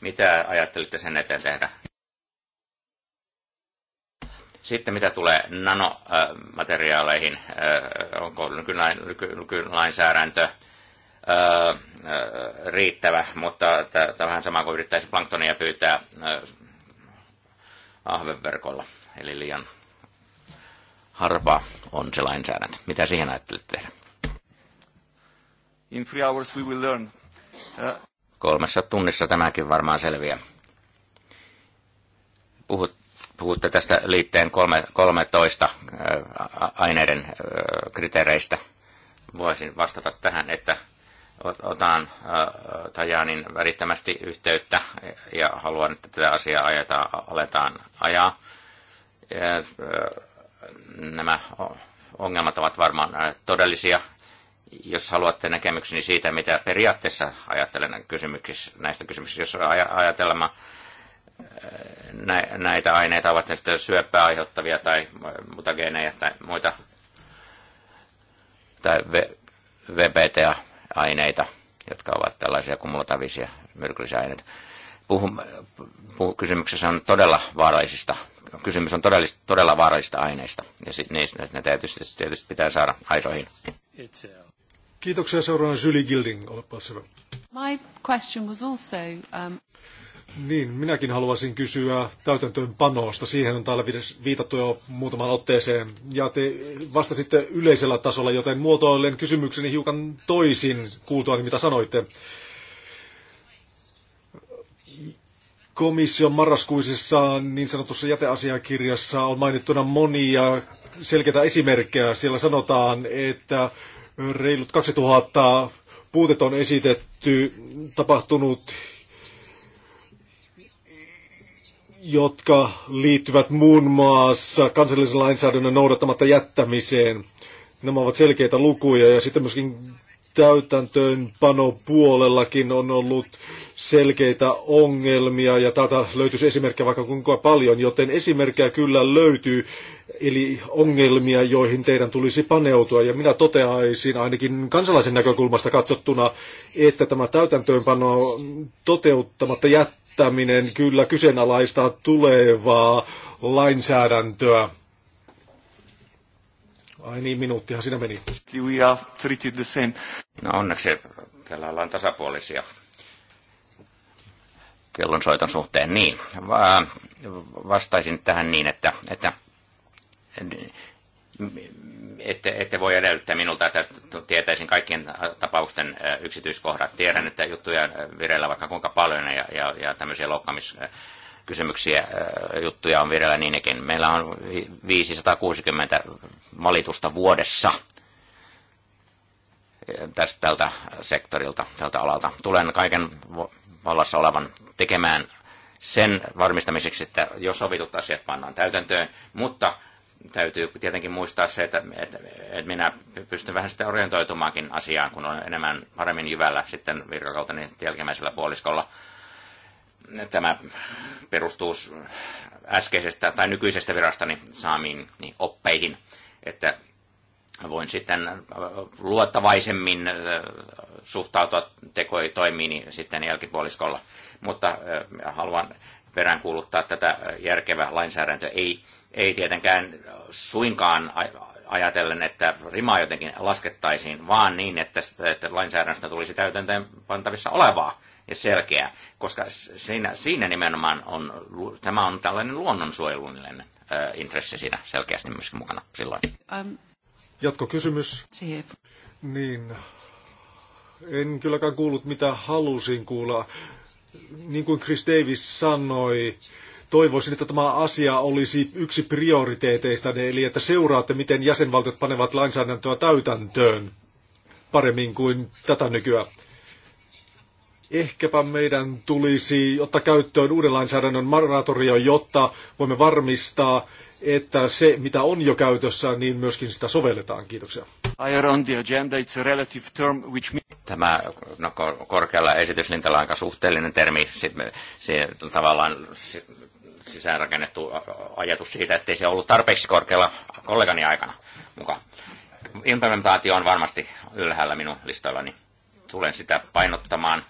Mitä ajattelitte sen eteen tehdä? Sitten mitä tulee nanomateriaaleihin, äh, onko nykylainsäädäntö äh, äh, riittävä, mutta tämä vähän sama kuin yrittäisi planktonia pyytää ahvenverkolla, eli liian harva on se lainsäädäntö. Mitä siihen ajattelitte? tehdä? In three hours we will learn. Kolmessa tunnissa tämäkin varmaan selviää. Puhut, puhutte tästä liitteen 3, 13 äh, aineiden äh, kriteereistä. Voisin vastata tähän, että otan äh, Tajanin värittömästi yhteyttä ja haluan, että tätä asiaa ajetaan, aletaan ajaa. Nämä ongelmat ovat varmaan todellisia jos haluatte näkemykseni siitä, mitä periaatteessa ajattelen kysymyksissä, näistä kysymyksistä, jos ajatelma näitä aineita, ovat ne sitten syöpää aiheuttavia tai geenejä tai muita, tai VPTA aineita jotka ovat tällaisia kumulatavisia myrkyllisiä aineita. Puhun, puh, kysymyksessä on todella vaarallisista, kysymys on todellista, todella vaarallisista aineista, ja sit, ne, ne tietysti, tietysti pitää saada aisoihin. Kiitoksia seuraavana Julie Gilding, olepa hyvä. My question was also, um... Niin, minäkin haluaisin kysyä täytäntöön panosta. Siihen on täällä viitattu jo muutamaan otteeseen. Ja te vastasitte yleisellä tasolla, joten muotoilen kysymykseni hiukan toisin kuultuani, mitä sanoitte. Komission marraskuisessa niin sanotussa jäteasiakirjassa on mainittuna monia selkeitä esimerkkejä. Siellä sanotaan, että reilut 2000 puutet on esitetty, tapahtunut, jotka liittyvät muun muassa kansallisen lainsäädännön noudattamatta jättämiseen. Nämä ovat selkeitä lukuja ja sitten myöskin täytäntöönpano puolellakin on ollut selkeitä ongelmia ja täältä löytyisi esimerkkejä vaikka kuinka paljon, joten esimerkkejä kyllä löytyy, eli ongelmia, joihin teidän tulisi paneutua. Ja minä toteaisin ainakin kansalaisen näkökulmasta katsottuna, että tämä täytäntöönpano toteuttamatta jättäminen kyllä kyseenalaistaa tulevaa lainsäädäntöä. Ai niin, minuuttihan siinä meni. We are treated the same. No onneksi täällä ollaan tasapuolisia soitan suhteen. Niin, Va- vastaisin tähän niin, että, että ette, ette voi edellyttää minulta, että tietäisin kaikkien tapausten yksityiskohdat. Tiedän, että juttuja vireillä vaikka kuinka paljon ja, ja, ja tämmöisiä loukkaamisia kysymyksiä, juttuja on vireillä niinkin. Meillä on 560 valitusta vuodessa tästä tältä sektorilta, tältä alalta. Tulen kaiken vallassa olevan tekemään sen varmistamiseksi, että jos sovitut asiat pannaan täytäntöön, mutta täytyy tietenkin muistaa se, että, että, että minä pystyn vähän sitten orientoitumaankin asiaan, kun olen enemmän paremmin jyvällä sitten virkakauteni jälkimmäisellä puoliskolla tämä perustuu äskeisestä tai nykyisestä virastani saamiin niin oppeihin, että voin sitten äh, luottavaisemmin äh, suhtautua tekoi niin sitten jälkipuoliskolla. Mutta äh, haluan peräänkuuluttaa tätä järkevää lainsäädäntöä. Ei, ei tietenkään suinkaan ajatellen, että rimaa jotenkin laskettaisiin, vaan niin, että, että lainsäädännöstä tulisi täytäntöön pantavissa olevaa ja selkeää, koska siinä, siinä nimenomaan on, tämä on tällainen luonnonsuojelullinen ö, intressi siinä selkeästi myöskin mukana silloin. Um. kysymys? Chief. Niin, en kylläkään kuullut mitä halusin kuulla. Niin kuin Chris Davis sanoi, toivoisin, että tämä asia olisi yksi prioriteeteista, eli että seuraatte, miten jäsenvaltiot panevat lainsäädäntöä täytäntöön paremmin kuin tätä nykyä. Ehkäpä meidän tulisi ottaa käyttöön uuden lainsäädännön moratorio, jotta voimme varmistaa, että se, mitä on jo käytössä, niin myöskin sitä sovelletaan. Kiitoksia. Tämä no, korkealla esityslintalla on aika suhteellinen termi. Se, se tavallaan se, sisäänrakennettu ajatus siitä, ei se ollut tarpeeksi korkealla kollegani aikana mukaan. Implementaatio on varmasti ylhäällä minun listallani. Tulen sitä painottamaan,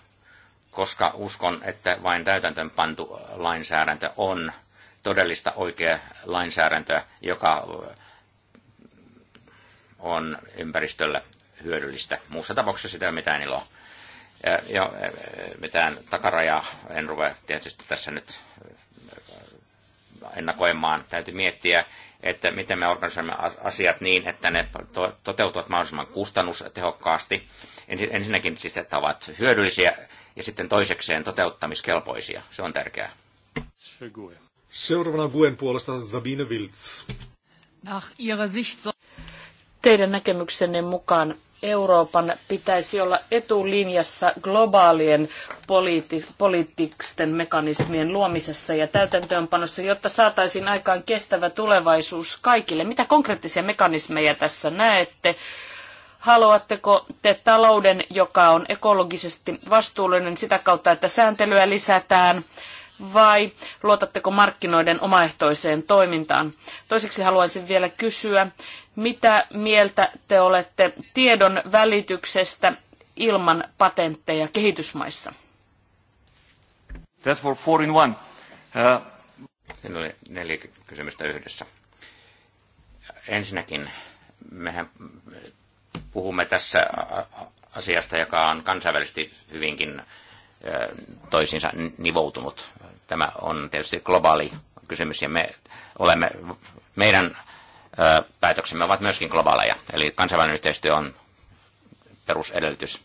koska uskon, että vain täytäntöön pantu lainsäädäntö on todellista oikea lainsäädäntöä, joka on ympäristölle hyödyllistä. Muussa tapauksessa sitä ei ole mitään iloa. Ja mitään takarajaa en ruvea tietysti tässä nyt ennakoimaan. Täytyy miettiä, että miten me organisoimme asiat niin, että ne to- toteutuvat mahdollisimman kustannustehokkaasti. Ensinnäkin siis, että ovat hyödyllisiä ja sitten toisekseen toteuttamiskelpoisia. Se on tärkeää. Seuraavana Guen puolesta Sabine Wilz. Teidän näkemyksenne mukaan Euroopan pitäisi olla etulinjassa globaalien poliitti, poliittisten mekanismien luomisessa ja täytäntöönpanossa, jotta saataisiin aikaan kestävä tulevaisuus kaikille. Mitä konkreettisia mekanismeja tässä näette? Haluatteko te talouden, joka on ekologisesti vastuullinen sitä kautta, että sääntelyä lisätään? vai luotatteko markkinoiden omaehtoiseen toimintaan? Toiseksi haluaisin vielä kysyä, mitä mieltä te olette tiedon välityksestä ilman patentteja kehitysmaissa? That for four in one. Uh... Siinä oli neljä kysymystä yhdessä. Ensinnäkin mehän puhumme tässä asiasta, joka on kansainvälisesti hyvinkin toisiinsa nivoutunut. Tämä on tietysti globaali kysymys ja me olemme, meidän päätöksemme ovat myöskin globaaleja, eli kansainvälinen yhteistyö on perusedellytys.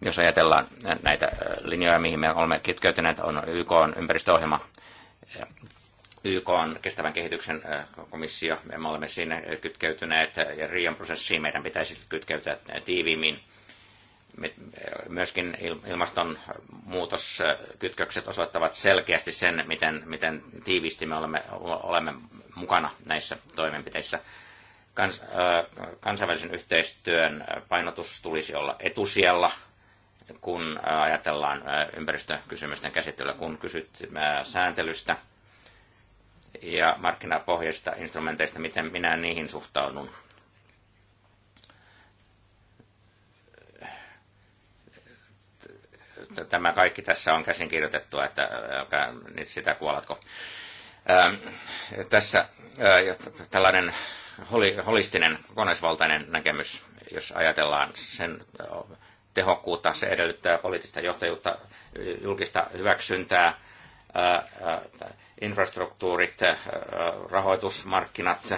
Jos ajatellaan näitä linjoja, mihin me olemme kytkeytyneet, on YK on ympäristöohjelma, YK on kestävän kehityksen komissio, me olemme siinä kytkeytyneet ja Rion prosessiin meidän pitäisi kytkeytyä tiiviimmin myöskin ilmastonmuutoskytkökset osoittavat selkeästi sen, miten, miten tiiviisti me olemme, olemme mukana näissä toimenpiteissä. Kans, kansainvälisen yhteistyön painotus tulisi olla etusijalla, kun ajatellaan ympäristökysymysten käsittelyä, kun kysyt sääntelystä ja markkinapohjaisista instrumenteista, miten minä niihin suhtaudun tämä kaikki tässä on käsin kirjoitettua, että älkää nyt sitä kuolatko. Ää, ähm, tässä ää, äh, tällainen holi, holistinen, kokonaisvaltainen näkemys, jos ajatellaan sen äh, tehokkuutta, se edellyttää poliittista johtajuutta, julkista hyväksyntää, ää, äh, infrastruktuurit, rahoitusmarkkinat,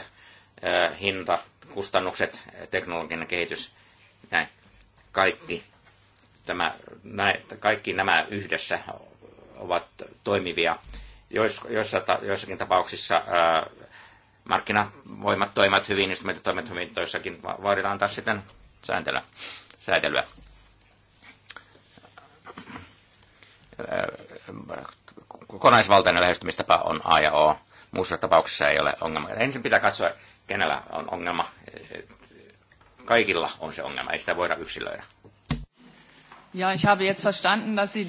hinta, kustannukset, teknologinen kehitys, näin. Kaikki Tämä, näin, kaikki nämä yhdessä ovat toimivia. Jois, joissa, joissakin tapauksissa ää, markkinavoimat toimivat hyvin, instrumentit toimivat hyvin, toissakin vaaditaan taas sitten sääntelyä. säätelyä. Kokonaisvaltainen lähestymistapa on A ja O. Muussa tapauksessa ei ole ongelma. Ensin pitää katsoa, kenellä on ongelma. Kaikilla on se ongelma, ei sitä voida yksilöidä. Ja, ich habe jetzt verstanden, dass Sie...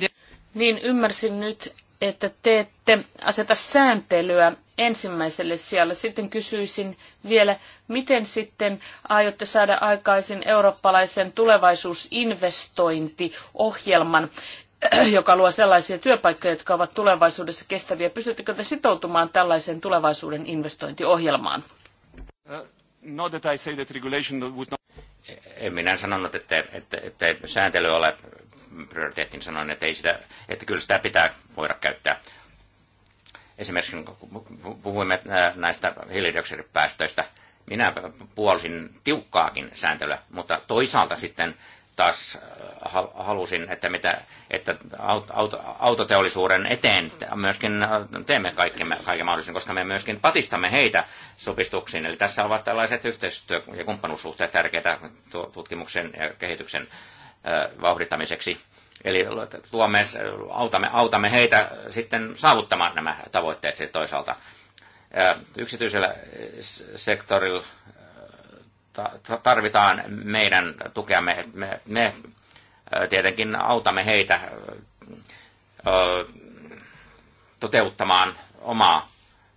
Niin ymmärsin nyt, että te ette aseta sääntelyä ensimmäiselle sijalle. Sitten kysyisin vielä, miten sitten aiotte saada aikaisin eurooppalaisen tulevaisuusinvestointiohjelman, joka luo sellaisia työpaikkoja, jotka ovat tulevaisuudessa kestäviä. Pystyttekö te sitoutumaan tällaiseen tulevaisuuden investointiohjelmaan? Uh, not that I say that regulation would not en minä sanonut, että, että, että sääntely ole prioriteetti, niin sanoin, että, ei sitä, että kyllä sitä pitää voida käyttää. Esimerkiksi kun puhuimme äh, näistä hiilidioksidipäästöistä, minä puolsin tiukkaakin sääntelyä, mutta toisaalta sitten taas äh, halusin, että, mitä, että aut, autoteollisuuden eteen myöskin äh, teemme kaikki, kaiken mahdollisen, koska me myöskin patistamme heitä supistuksiin. Eli tässä ovat tällaiset yhteistyö- ja kumppanuussuhteet tärkeitä tutkimuksen ja kehityksen äh, vauhdittamiseksi. Eli tuomme, autamme, autamme heitä sitten saavuttamaan nämä tavoitteet toisaalta. Yksityisellä sektorilla tarvitaan meidän tukeamme. Me, me tietenkin autamme heitä toteuttamaan omaa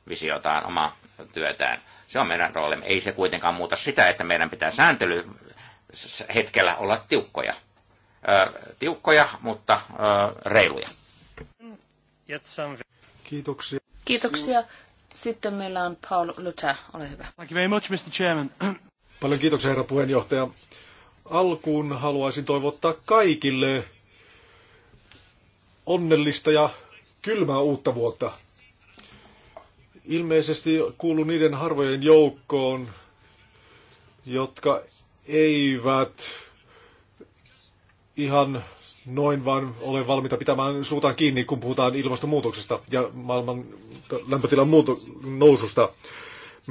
visiotaan, omaa työtään. Se on meidän roolimme. Ei se kuitenkaan muuta sitä, että meidän pitää sääntely hetkellä olla tiukkoja. tiukkoja, mutta reiluja. Kiitoksia. Kiitoksia. Sitten meillä on Paul Luther, ole hyvä. Thank you very much, Mr. Chairman. Paljon kiitoksia herra puheenjohtaja. Alkuun haluaisin toivottaa kaikille onnellista ja kylmää uutta vuotta. Ilmeisesti kuulu niiden harvojen joukkoon, jotka eivät ihan noin vaan ole valmiita pitämään suutaan kiinni, kun puhutaan ilmastonmuutoksesta ja maailman lämpötilan muuto- noususta.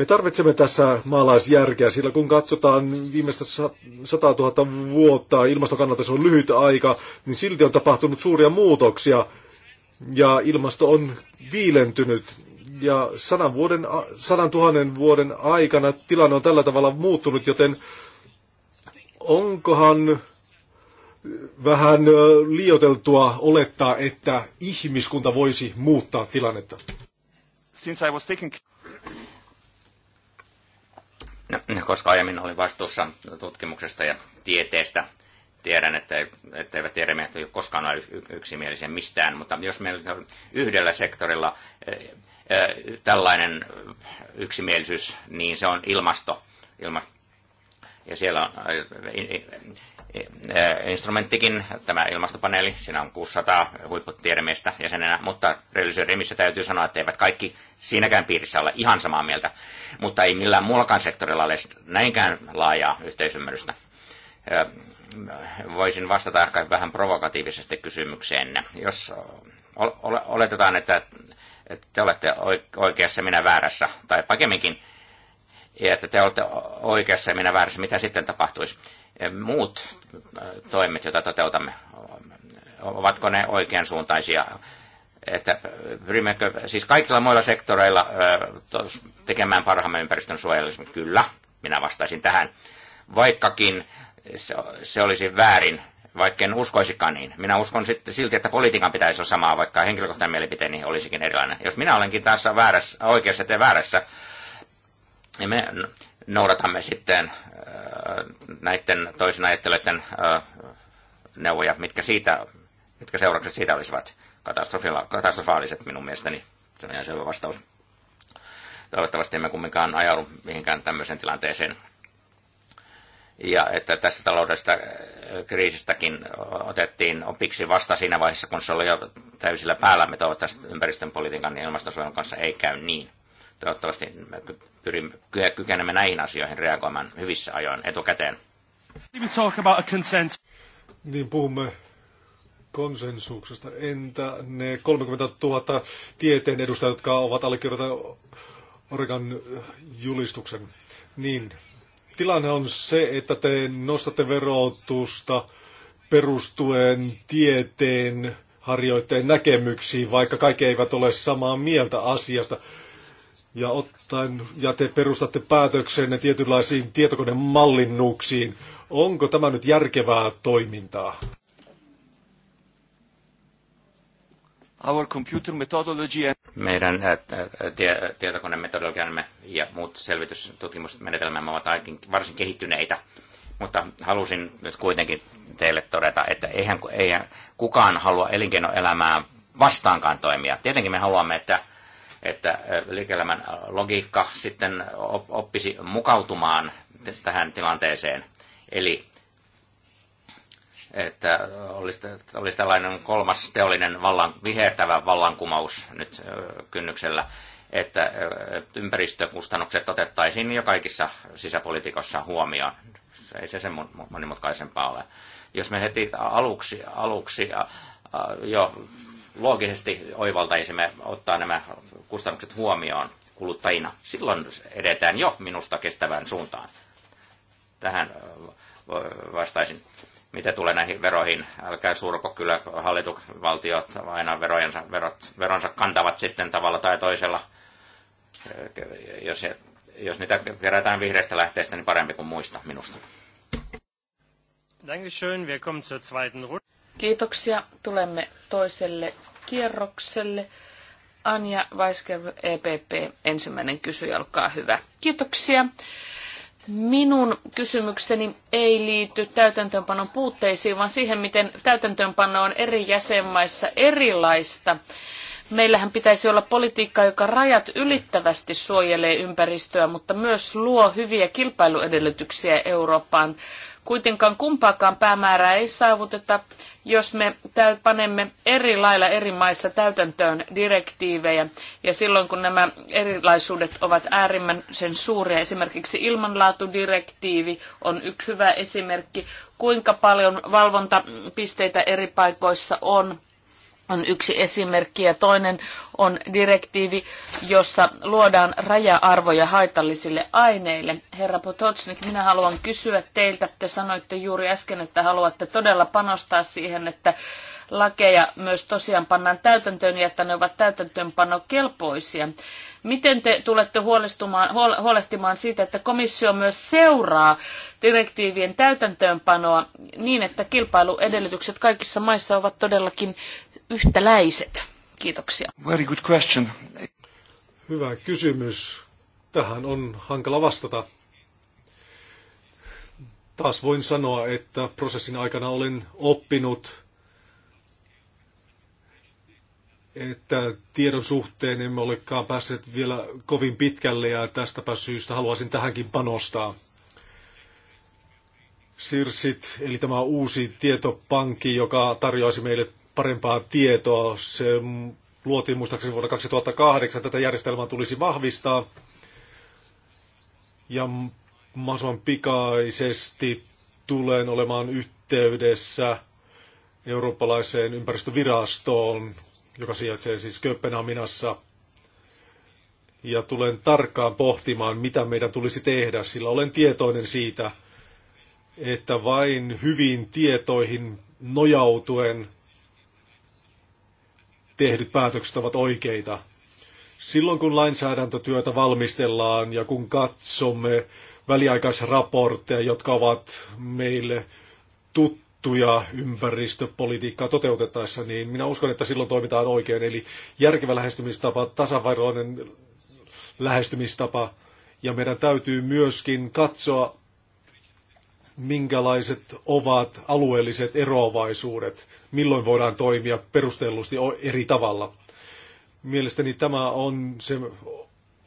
Me tarvitsemme tässä maalaisjärkeä, sillä kun katsotaan viimeistä 100 000 vuotta, ilmastokannalta se on lyhyt aika, niin silti on tapahtunut suuria muutoksia ja ilmasto on viilentynyt. Ja sadan, vuoden, sadan tuhannen vuoden aikana tilanne on tällä tavalla muuttunut, joten onkohan vähän liioteltua olettaa, että ihmiskunta voisi muuttaa tilannetta? Since I was taking... No, no, koska aiemmin olin vastuussa tutkimuksesta ja tieteestä. Tiedän, että etteivät tiedemiehet ole koskaan ole yksimielisiä mistään, mutta jos meillä on yhdellä sektorilla eh, eh, tällainen yksimielisyys, niin se on ilmasto. ilma, ja siellä on eh, Eh, instrumenttikin, tämä ilmastopaneeli, siinä on 600 huipputiedemiestä jäsenenä, mutta realisoidimissä täytyy sanoa, että eivät kaikki siinäkään piirissä ole ihan samaa mieltä, mutta ei millään muullakaan sektorilla ole näinkään laajaa yhteisymmärrystä. Eh, voisin vastata ehkä vähän provokatiivisesti kysymykseenne. Jos oletetaan, että te olette oikeassa, minä väärässä, tai pakemminkin, että te olette oikeassa ja minä väärässä, mitä sitten tapahtuisi? muut äh, toimet, joita toteutamme, ovatko ne oikean suuntaisia? Että äh, pyrimmekö siis kaikilla muilla sektoreilla äh, tekemään parhaamme ympäristön suojelemiseksi? Kyllä, minä vastaisin tähän. Vaikkakin se, olisi väärin, vaikka en uskoisikaan niin. Minä uskon sitten silti, että politiikan pitäisi olla samaa, vaikka henkilökohtainen mielipiteeni olisikin erilainen. Jos minä olenkin tässä väärässä, oikeassa ja väärässä, niin me noudatamme sitten äh, näiden toisen ajattelijoiden äh, neuvoja, mitkä, siitä, mitkä seuraukset siitä olisivat katastrofaaliset minun mielestäni. Se on ihan selvä vastaus. Toivottavasti emme kumminkaan ajaudu mihinkään tämmöiseen tilanteeseen. Ja että tässä taloudesta äh, kriisistäkin otettiin opiksi vasta siinä vaiheessa, kun se oli jo täysillä päällä. Me toivottavasti ympäristön politiikan ja ilmastosuojelun kanssa ei käy niin. Toivottavasti pyrimme kykenemme näihin asioihin reagoimaan hyvissä ajoin etukäteen. Niin puhumme konsensuksesta. Entä ne 30 000 tieteen edustajat, jotka ovat allekirjoittaneet Oregon julistuksen? Niin, tilanne on se, että te nostatte verotusta perustuen tieteen harjoitteen näkemyksiin, vaikka kaikki eivät ole samaa mieltä asiasta ja ottaen, ja te perustatte päätöksenne tietynlaisiin tietokonemallinnuksiin. Onko tämä nyt järkevää toimintaa? Our computer methodology and... Meidän äh, äh, tietokonemetodologiamme ja muut selvitystutkimusmenetelmämme ovat varsin kehittyneitä, mutta halusin nyt kuitenkin teille todeta, että eihän, eihän kukaan halua elinkeinoelämää vastaankaan toimia. Tietenkin me haluamme, että että äh, liike logiikka sitten oppisi mukautumaan tähän tilanteeseen. Eli että olisi, olisi tällainen kolmas teollinen vallan, vihertävä vallankumous nyt äh, kynnyksellä, että äh, ympäristökustannukset otettaisiin jo kaikissa sisäpolitiikassa huomioon. Se ei se sen monimutkaisempaa ole. Jos me heti aluksi, aluksi jo loogisesti oivaltaisimme ottaa nämä kustannukset huomioon kuluttajina. Silloin edetään jo minusta kestävään suuntaan. Tähän vastaisin. Mitä tulee näihin veroihin, älkää surko, kyllä valtiot aina verojensa, verot, veronsa kantavat sitten tavalla tai toisella. Jos, jos niitä kerätään vihreistä lähteistä, niin parempi kuin muista minusta. Dankeschön, wir kommen zur zweiten Runde. Kiitoksia. Tulemme toiselle kierrokselle. Anja Weisker, EPP, ensimmäinen kysyjä, olkaa hyvä. Kiitoksia. Minun kysymykseni ei liity täytäntöönpanon puutteisiin, vaan siihen, miten täytäntöönpano on eri jäsenmaissa erilaista. Meillähän pitäisi olla politiikka, joka rajat ylittävästi suojelee ympäristöä, mutta myös luo hyviä kilpailuedellytyksiä Eurooppaan Kuitenkaan kumpaakaan päämäärää ei saavuteta, jos me panemme eri lailla eri maissa täytäntöön direktiivejä. Ja silloin kun nämä erilaisuudet ovat äärimmäisen suuria, esimerkiksi ilmanlaatudirektiivi on yksi hyvä esimerkki, kuinka paljon valvontapisteitä eri paikoissa on on yksi esimerkki ja toinen on direktiivi, jossa luodaan raja-arvoja haitallisille aineille. Herra Potocnik, minä haluan kysyä teiltä, te sanoitte juuri äsken, että haluatte todella panostaa siihen, että lakeja myös tosiaan pannaan täytäntöön ja että ne ovat täytäntöönpanokelpoisia. Miten te tulette huolehtimaan siitä, että komissio myös seuraa direktiivien täytäntöönpanoa niin, että kilpailuedellytykset kaikissa maissa ovat todellakin yhtäläiset? Kiitoksia. Very good question. Hyvä kysymys. Tähän on hankala vastata. Taas voin sanoa, että prosessin aikana olen oppinut, että tiedon suhteen emme olekaan päässeet vielä kovin pitkälle ja tästäpä syystä haluaisin tähänkin panostaa. SIRSit, eli tämä uusi tietopankki, joka tarjoaisi meille parempaa tietoa. Se luotiin muistaakseni vuonna 2008. Tätä järjestelmää tulisi vahvistaa ja mahdollisimman pikaisesti tulen olemaan yhteydessä eurooppalaiseen ympäristövirastoon, joka sijaitsee siis Kööpenhaminassa. Ja tulen tarkkaan pohtimaan, mitä meidän tulisi tehdä, sillä olen tietoinen siitä, että vain hyvin tietoihin nojautuen tehdyt päätökset ovat oikeita. Silloin kun lainsäädäntötyötä valmistellaan ja kun katsomme väliaikaisraportteja, jotka ovat meille tuttuja ympäristöpolitiikkaa toteutettaessa, niin minä uskon, että silloin toimitaan oikein. Eli järkevä lähestymistapa, tasavaroinen lähestymistapa. Ja meidän täytyy myöskin katsoa minkälaiset ovat alueelliset eroavaisuudet, milloin voidaan toimia perustellusti eri tavalla. Mielestäni tämä on se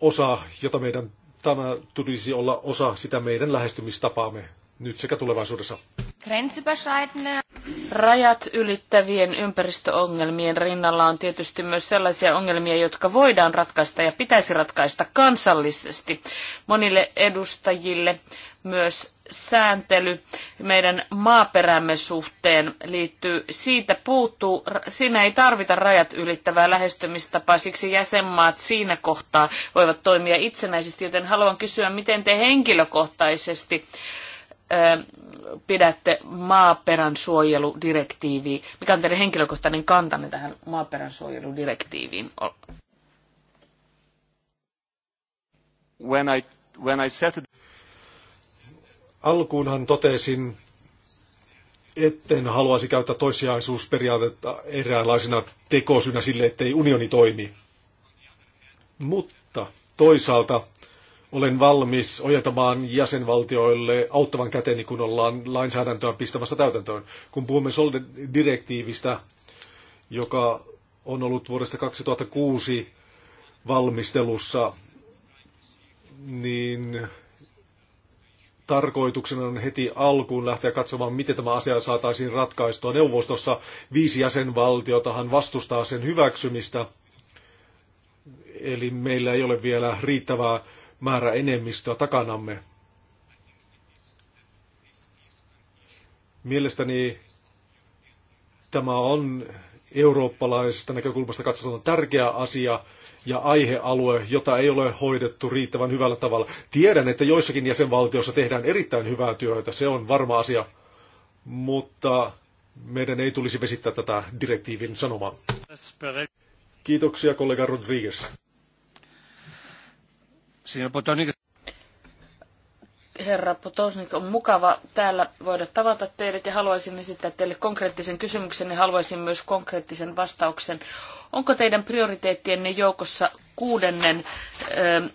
osa, jota meidän tämä tulisi olla osa sitä meidän lähestymistapaamme nyt sekä tulevaisuudessa. Rajat ylittävien ympäristöongelmien rinnalla on tietysti myös sellaisia ongelmia, jotka voidaan ratkaista ja pitäisi ratkaista kansallisesti. Monille edustajille myös sääntely meidän maaperämme suhteen liittyy. Siitä puuttuu, siinä ei tarvita rajat ylittävää lähestymistapaa, siksi jäsenmaat siinä kohtaa voivat toimia itsenäisesti, joten haluan kysyä, miten te henkilökohtaisesti pidätte maaperän suojeludirektiiviin. Mikä on teidän henkilökohtainen kantanne tähän maaperän suojeludirektiiviin? When I, when I set... Alkuunhan totesin, etten haluaisi käyttää toissijaisuusperiaatetta eräänlaisena tekosynä sille, ettei unioni toimi. Mutta toisaalta olen valmis ojentamaan jäsenvaltioille auttavan käteni, kun ollaan lainsäädäntöä pistämässä täytäntöön. Kun puhumme Solden-direktiivistä, joka on ollut vuodesta 2006 valmistelussa, niin tarkoituksena on heti alkuun lähteä katsomaan, miten tämä asia saataisiin ratkaistua. Neuvostossa viisi jäsenvaltiotahan vastustaa sen hyväksymistä, eli meillä ei ole vielä riittävää määrä enemmistöä takanamme. Mielestäni tämä on eurooppalaisesta näkökulmasta katsottuna tärkeä asia, ja aihealue, jota ei ole hoidettu riittävän hyvällä tavalla. Tiedän, että joissakin jäsenvaltioissa tehdään erittäin hyvää työtä, se on varma asia, mutta meidän ei tulisi vesittää tätä direktiivin sanomaa. Kiitoksia kollega Rodriguez. Herra Potosnik, on mukava täällä voida tavata teidät ja haluaisin esittää teille konkreettisen kysymyksen ja haluaisin myös konkreettisen vastauksen Onko teidän prioriteettienne joukossa kuudennen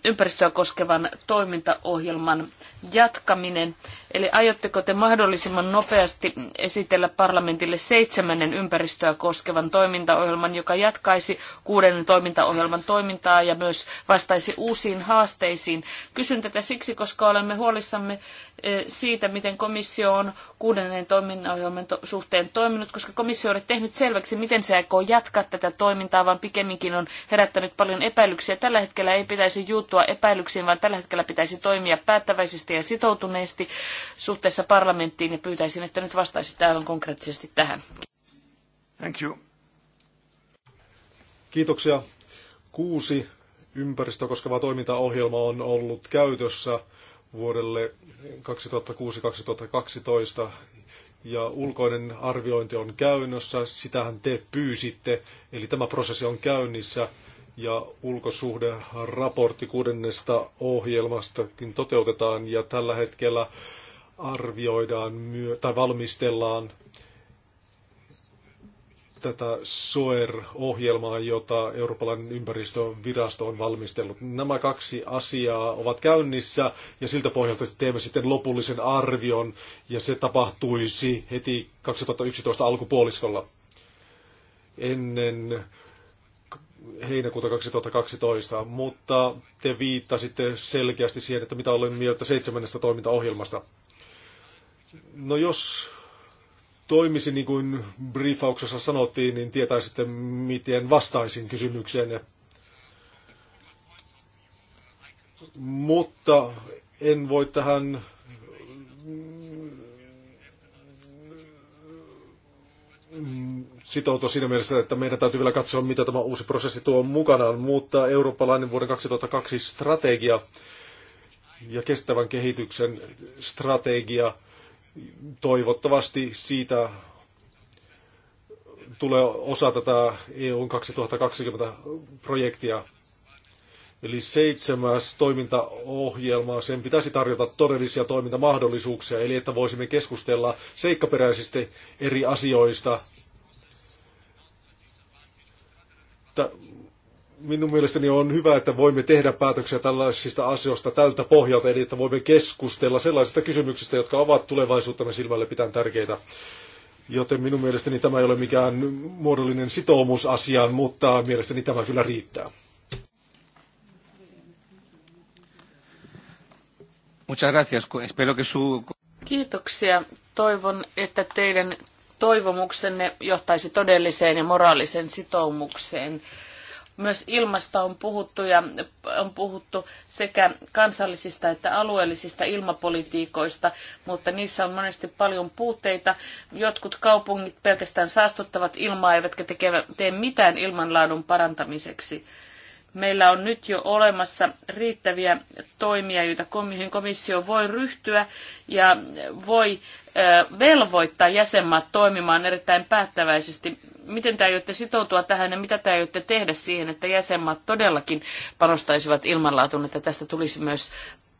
ympäristöä koskevan toimintaohjelman jatkaminen. Eli aiotteko te mahdollisimman nopeasti esitellä parlamentille seitsemännen ympäristöä koskevan toimintaohjelman, joka jatkaisi kuudennen toimintaohjelman toimintaa ja myös vastaisi uusiin haasteisiin? Kysyn tätä siksi, koska olemme huolissamme siitä, miten komissio on kuudennen toimintaohjelman suhteen toiminut, koska komissio ei ole tehnyt selväksi, miten se aikoo jatkaa tätä toimintaa, vaan pikemminkin on herättänyt paljon epäilyksiä epäilyksiä. Tällä hetkellä ei pitäisi juuttua epäilyksiin, vaan tällä hetkellä pitäisi toimia päättäväisesti ja sitoutuneesti suhteessa parlamenttiin ja pyytäisin, että nyt vastaisi täällä konkreettisesti tähän. Thank you. Kiitoksia. Kuusi ympäristö koskeva toimintaohjelma on ollut käytössä vuodelle 2006-2012 ja ulkoinen arviointi on käynnössä. Sitähän te pyysitte, eli tämä prosessi on käynnissä ja ulkosuhderaportti kuudennesta ohjelmastakin toteutetaan ja tällä hetkellä arvioidaan myö- tai valmistellaan tätä SOER-ohjelmaa, jota Eurooppalainen ympäristövirasto on valmistellut. Nämä kaksi asiaa ovat käynnissä ja siltä pohjalta teemme sitten lopullisen arvion ja se tapahtuisi heti 2011 alkupuoliskolla ennen heinäkuuta 2012, mutta te viittasitte selkeästi siihen, että mitä olen mieltä seitsemännestä toimintaohjelmasta. No jos toimisi niin kuin briefauksessa sanottiin, niin tietäisitte, miten vastaisin kysymykseen. Mutta en voi tähän sitoutua siinä mielessä, että meidän täytyy vielä katsoa, mitä tämä uusi prosessi tuo mukanaan, mutta eurooppalainen vuoden 2002 strategia ja kestävän kehityksen strategia, toivottavasti siitä tulee osa tätä EUn 2020 projektia. Eli seitsemäs toimintaohjelma, sen pitäisi tarjota todellisia toimintamahdollisuuksia, eli että voisimme keskustella seikkaperäisesti eri asioista. minun mielestäni on hyvä, että voimme tehdä päätöksiä tällaisista asioista tältä pohjalta, eli että voimme keskustella sellaisista kysymyksistä, jotka ovat tulevaisuuttamme silmälle pitäen tärkeitä. Joten minun mielestäni tämä ei ole mikään muodollinen sitoumusasia, mutta mielestäni tämä kyllä riittää. Muchas gracias. Espero que su... Kiitoksia. Toivon, että teidän toivomuksenne johtaisi todelliseen ja moraaliseen sitoumukseen. Myös ilmasta on puhuttu ja on puhuttu sekä kansallisista että alueellisista ilmapolitiikoista, mutta niissä on monesti paljon puutteita. Jotkut kaupungit pelkästään saastuttavat ilmaa eivätkä tekevät, tee mitään ilmanlaadun parantamiseksi meillä on nyt jo olemassa riittäviä toimia, joita komissio voi ryhtyä ja voi velvoittaa jäsenmaat toimimaan erittäin päättäväisesti. Miten te aiotte sitoutua tähän ja mitä te aiotte tehdä siihen, että jäsenmaat todellakin panostaisivat ilmanlaatuun, että tästä tulisi myös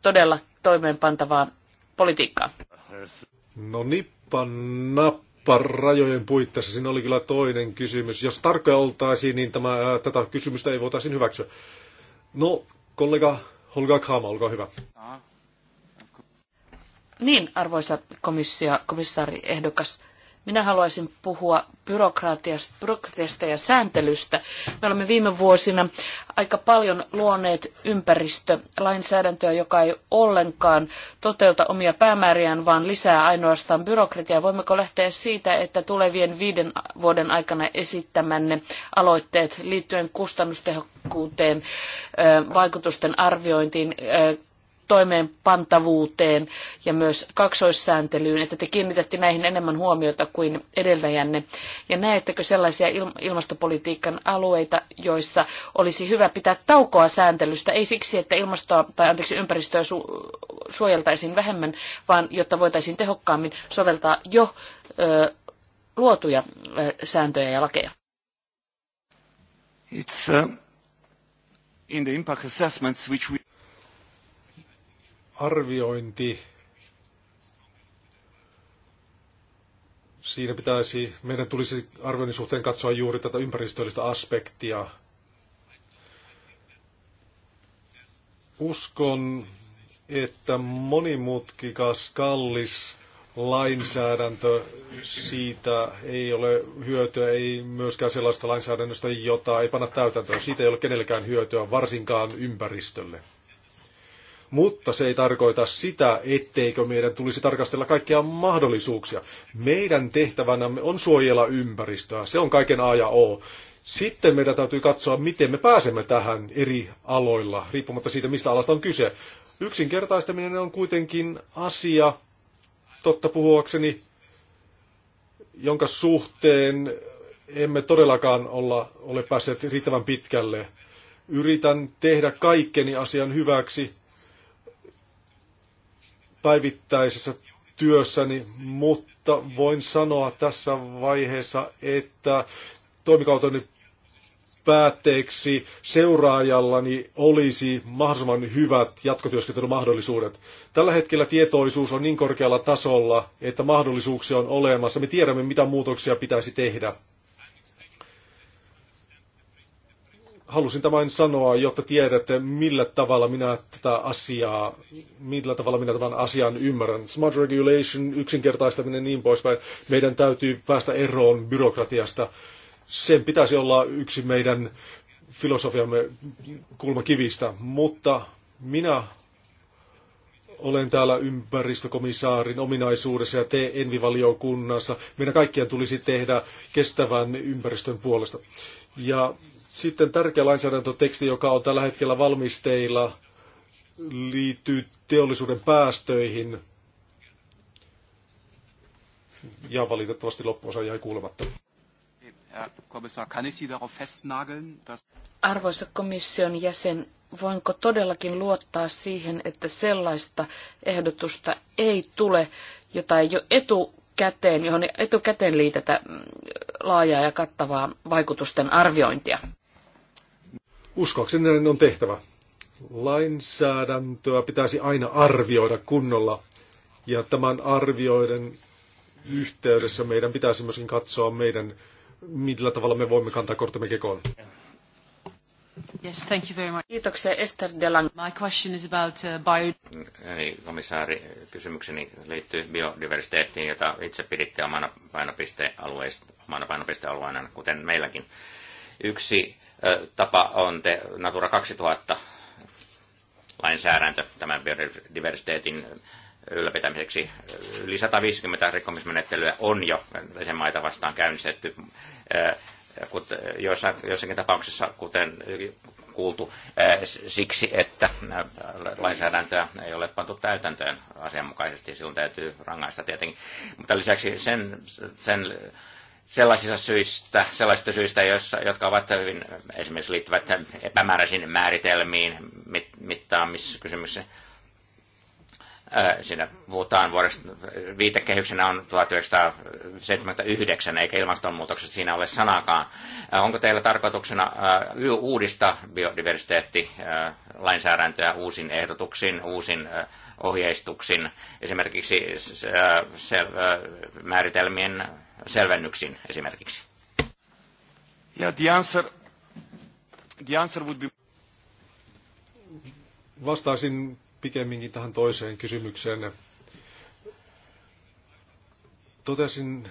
todella toimeenpantavaa politiikkaa? No nippa nappa rajojen puitteissa. Siinä oli kyllä toinen kysymys. Jos tarkkoja oltaisiin, niin tämä, tätä kysymystä ei voitaisiin hyväksyä. No, kollega Holga Kama, olkaa hyvä. Niin, arvoisa komissio, komissaari ehdokas. Minä haluaisin puhua byrokratiasta, byrokratiasta ja sääntelystä. Me olemme viime vuosina aika paljon luoneet ympäristölainsäädäntöä, joka ei ollenkaan toteuta omia päämääriään, vaan lisää ainoastaan byrokratiaa. Voimmeko lähteä siitä, että tulevien viiden vuoden aikana esittämänne aloitteet liittyen kustannustehokkuuteen, vaikutusten arviointiin, toimeenpantavuuteen ja myös kaksoissääntelyyn, että te kiinnitätte näihin enemmän huomiota kuin edeltäjänne. Ja näettekö sellaisia ilmastopolitiikan alueita, joissa olisi hyvä pitää taukoa sääntelystä, ei siksi, että ilmastoa tai anteeksi ympäristöä su- suojeltaisiin vähemmän, vaan jotta voitaisiin tehokkaammin soveltaa jo ö, luotuja ö, sääntöjä ja lakeja? It's, uh, in the impact assessments which we arviointi, siinä pitäisi, meidän tulisi arvioinnin suhteen katsoa juuri tätä ympäristöllistä aspektia. Uskon, että monimutkikas, kallis lainsäädäntö, siitä ei ole hyötyä, ei myöskään sellaista lainsäädännöstä, jota ei panna täytäntöön. Siitä ei ole kenellekään hyötyä, varsinkaan ympäristölle mutta se ei tarkoita sitä, etteikö meidän tulisi tarkastella kaikkia mahdollisuuksia. Meidän tehtävänämme on suojella ympäristöä, se on kaiken A ja O. Sitten meidän täytyy katsoa, miten me pääsemme tähän eri aloilla, riippumatta siitä, mistä alasta on kyse. Yksinkertaistaminen on kuitenkin asia, totta puhuakseni, jonka suhteen emme todellakaan olla, ole päässeet riittävän pitkälle. Yritän tehdä kaikkeni asian hyväksi, päivittäisessä työssäni, mutta voin sanoa tässä vaiheessa, että toimikautoni päätteeksi seuraajallani olisi mahdollisimman hyvät jatkotyöskentelymahdollisuudet. Tällä hetkellä tietoisuus on niin korkealla tasolla, että mahdollisuuksia on olemassa. Me tiedämme, mitä muutoksia pitäisi tehdä. halusin tämän sanoa, jotta tiedätte, millä tavalla minä tätä asiaa, millä tavalla minä tämän asian ymmärrän. Smart regulation, yksinkertaistaminen niin poispäin. Meidän täytyy päästä eroon byrokratiasta. Sen pitäisi olla yksi meidän filosofiamme kulmakivistä, mutta minä olen täällä ympäristökomissaarin ominaisuudessa ja te Envivaliokunnassa. Meidän kaikkien tulisi tehdä kestävän ympäristön puolesta. Ja sitten tärkeä lainsäädäntöteksti, joka on tällä hetkellä valmisteilla, liittyy teollisuuden päästöihin. Ja valitettavasti loppuosa jäi kuulematta. Arvoisa komission jäsen, voinko todellakin luottaa siihen, että sellaista ehdotusta ei tule, jota ei jo etukäteen, johon etukäteen liitetä mm, laajaa ja kattavaa vaikutusten arviointia? Uskoakseni näin on tehtävä. Lainsäädäntöä pitäisi aina arvioida kunnolla. Ja tämän arvioiden yhteydessä meidän pitäisi myöskin katsoa meidän, millä tavalla me voimme kantaa kortemme kekoon. Yes, thank you very much. Kiitoksia Esther Delang. My question is about uh, bio... Eli komissaari, kysymykseni liittyy biodiversiteettiin, jota itse piditte omana painopistealueena kuten meilläkin. Yksi tapa on te Natura 2000 lainsäädäntö tämän biodiversiteetin ylläpitämiseksi. Yli 150 rikkomismenettelyä on jo jäsenmaita vastaan käynnistetty. Joissa, joissakin tapauksissa, kuten kuultu, siksi, että lainsäädäntöä ei ole pantu täytäntöön asianmukaisesti. Silloin täytyy rangaista tietenkin. Mutta lisäksi sen, sen sellaisista syistä, sellaisista syistä joissa, jotka ovat hyvin, esimerkiksi liittyvät epämääräisiin määritelmiin, mit, mittaamiskysymyksiin. Siinä puhutaan vuodesta, viitekehyksenä on 1979, eikä ilmastonmuutoksessa siinä ole sanakaan. Onko teillä tarkoituksena uudistaa biodiversiteettilainsäädäntöä uusin ehdotuksin, uusin ohjeistuksin, esimerkiksi se, se, määritelmien selvennyksin esimerkiksi? Ja the answer, the answer would be... Vastaisin pikemminkin tähän toiseen kysymykseen. Totesin,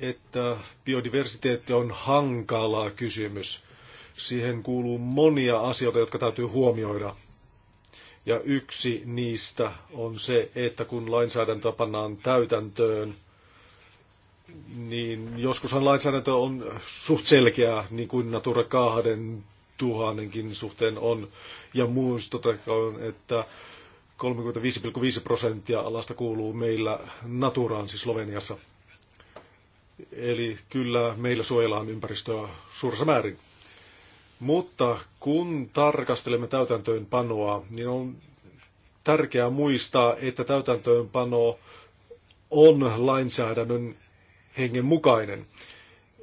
että biodiversiteetti on hankala kysymys. Siihen kuuluu monia asioita, jotka täytyy huomioida. Ja yksi niistä on se, että kun lainsäädäntö pannaan täytäntöön – niin joskushan lainsäädäntö on suht selkeä, niin kuin Natura 2000kin suhteen on. Ja muistutetaan, että 35,5 prosenttia alasta kuuluu meillä Naturaan, siis Sloveniassa. Eli kyllä meillä suojellaan ympäristöä suuressa määrin. Mutta kun tarkastelemme täytäntöönpanoa, niin on tärkeää muistaa, että täytäntöönpano on lainsäädännön hengen mukainen.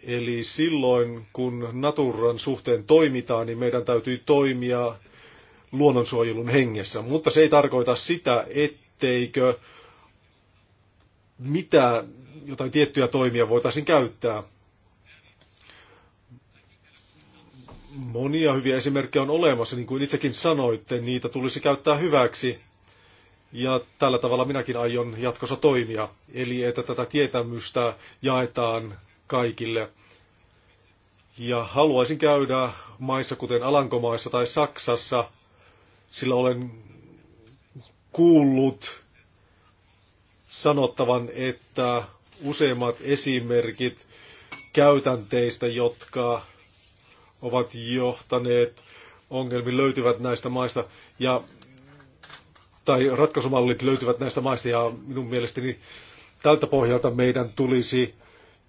Eli silloin, kun Naturan suhteen toimitaan, niin meidän täytyy toimia luonnonsuojelun hengessä. Mutta se ei tarkoita sitä, etteikö mitä jotain tiettyjä toimia voitaisiin käyttää. Monia hyviä esimerkkejä on olemassa, niin kuin itsekin sanoitte, niitä tulisi käyttää hyväksi. Ja tällä tavalla minäkin aion jatkossa toimia, eli että tätä tietämystä jaetaan kaikille. Ja haluaisin käydä maissa kuten Alankomaissa tai Saksassa, sillä olen kuullut sanottavan, että useimmat esimerkit käytänteistä, jotka ovat johtaneet ongelmiin, löytyvät näistä maista. Ja tai ratkaisumallit löytyvät näistä maista ja minun mielestäni tältä pohjalta meidän tulisi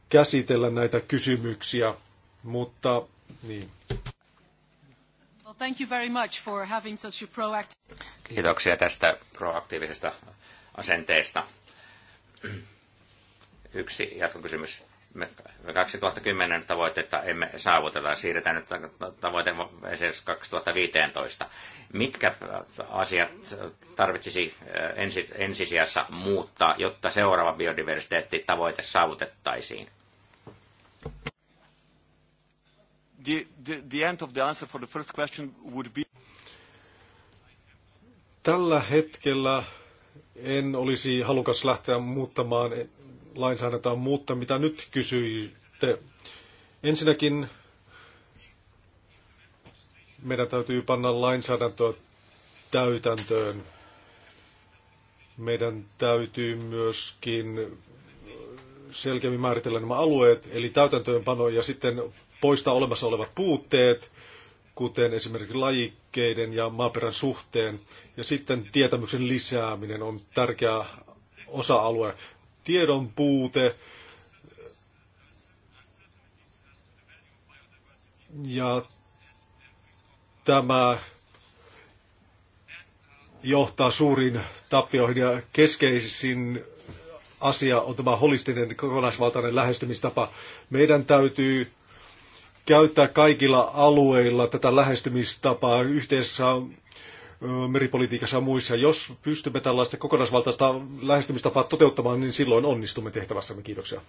käsitellä näitä kysymyksiä, mutta niin. Kiitoksia tästä proaktiivisesta asenteesta. Yksi jatkokysymys me 2010 tavoitetta emme saavuteta. Siirretään nyt tavoite esimerkiksi 2015. Mitkä asiat tarvitsisi eh, ensi, ensisijassa muuttaa, jotta seuraava biodiversiteettitavoite saavutettaisiin? The, the, the end of the answer for the first question would be... Tällä hetkellä en olisi halukas lähteä muuttamaan lainsäädäntöä, mutta mitä nyt kysyitte. Ensinnäkin meidän täytyy panna lainsäädäntöä täytäntöön. Meidän täytyy myöskin selkeämmin määritellä nämä alueet, eli täytäntöönpano ja sitten poistaa olemassa olevat puutteet, kuten esimerkiksi lajikkeiden ja maaperän suhteen. Ja sitten tietämyksen lisääminen on tärkeä osa-alue tiedon puute ja tämä johtaa suurin tappioihin ja keskeisin asia on tämä holistinen kokonaisvaltainen lähestymistapa. Meidän täytyy käyttää kaikilla alueilla tätä lähestymistapaa yhteensä meripolitiikassa ja muissa. Jos pystymme tällaista kokonaisvaltaista lähestymistapaa toteuttamaan, niin silloin onnistumme tehtävässämme. Kiitoksia.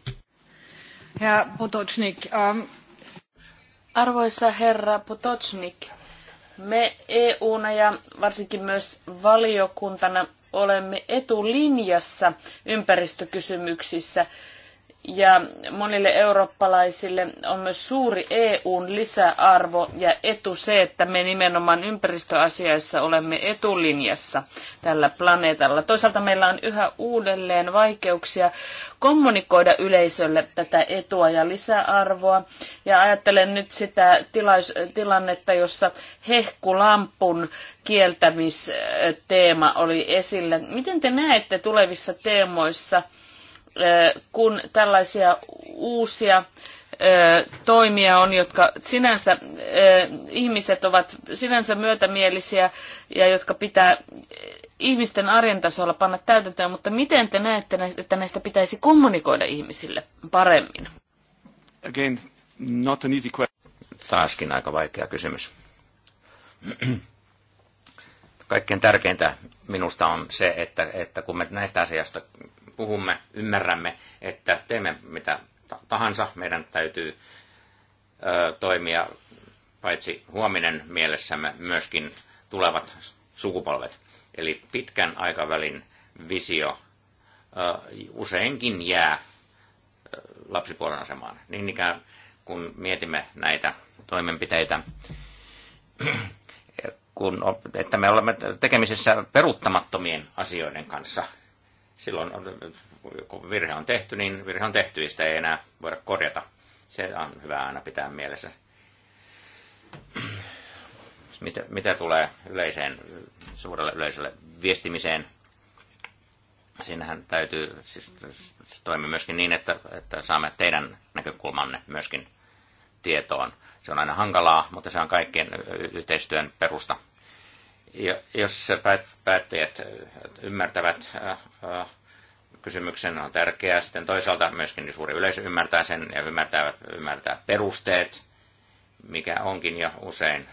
Herra Potocnik, um... Ähm, Arvoisa herra Potocnik, me EUna ja varsinkin myös valiokuntana olemme etulinjassa ympäristökysymyksissä – ja monille eurooppalaisille on myös suuri EUn lisäarvo ja etu se, että me nimenomaan ympäristöasiassa olemme etulinjassa tällä planeetalla. Toisaalta meillä on yhä uudelleen vaikeuksia kommunikoida yleisölle tätä etua ja lisäarvoa. Ja ajattelen nyt sitä tilais- tilannetta, jossa hehkulampun kieltämisteema oli esillä. Miten te näette tulevissa teemoissa – kun tällaisia uusia toimia on, jotka sinänsä ihmiset ovat sinänsä myötämielisiä ja jotka pitää ihmisten arjen tasolla panna täytäntöön, mutta miten te näette, että näistä pitäisi kommunikoida ihmisille paremmin? Again, not an easy question. Taaskin aika vaikea kysymys. Kaikkein tärkeintä minusta on se, että, että kun me näistä asioista puhumme, ymmärrämme, että teemme mitä tahansa, meidän täytyy ö, toimia paitsi huominen mielessämme, myöskin tulevat sukupolvet. Eli pitkän aikavälin visio ö, useinkin jää lapsipuolen asemaan. Niin ikään kun mietimme näitä toimenpiteitä, kun, että me olemme tekemisissä peruuttamattomien asioiden kanssa, silloin kun virhe on tehty, niin virhe on tehty, sitä ei enää voida korjata. Se on hyvä aina pitää mielessä. Mitä, mitä tulee yleiseen, suurelle yleiselle viestimiseen, siinähän täytyy siis, toimia myöskin niin, että, että saamme teidän näkökulmanne myöskin tietoon. Se on aina hankalaa, mutta se on kaikkien yhteistyön perusta jos päättäjät ymmärtävät kysymyksen, on tärkeää. Sitten toisaalta myöskin suuri yleisö ymmärtää sen ja ymmärtää, ymmärtää perusteet, mikä onkin jo usein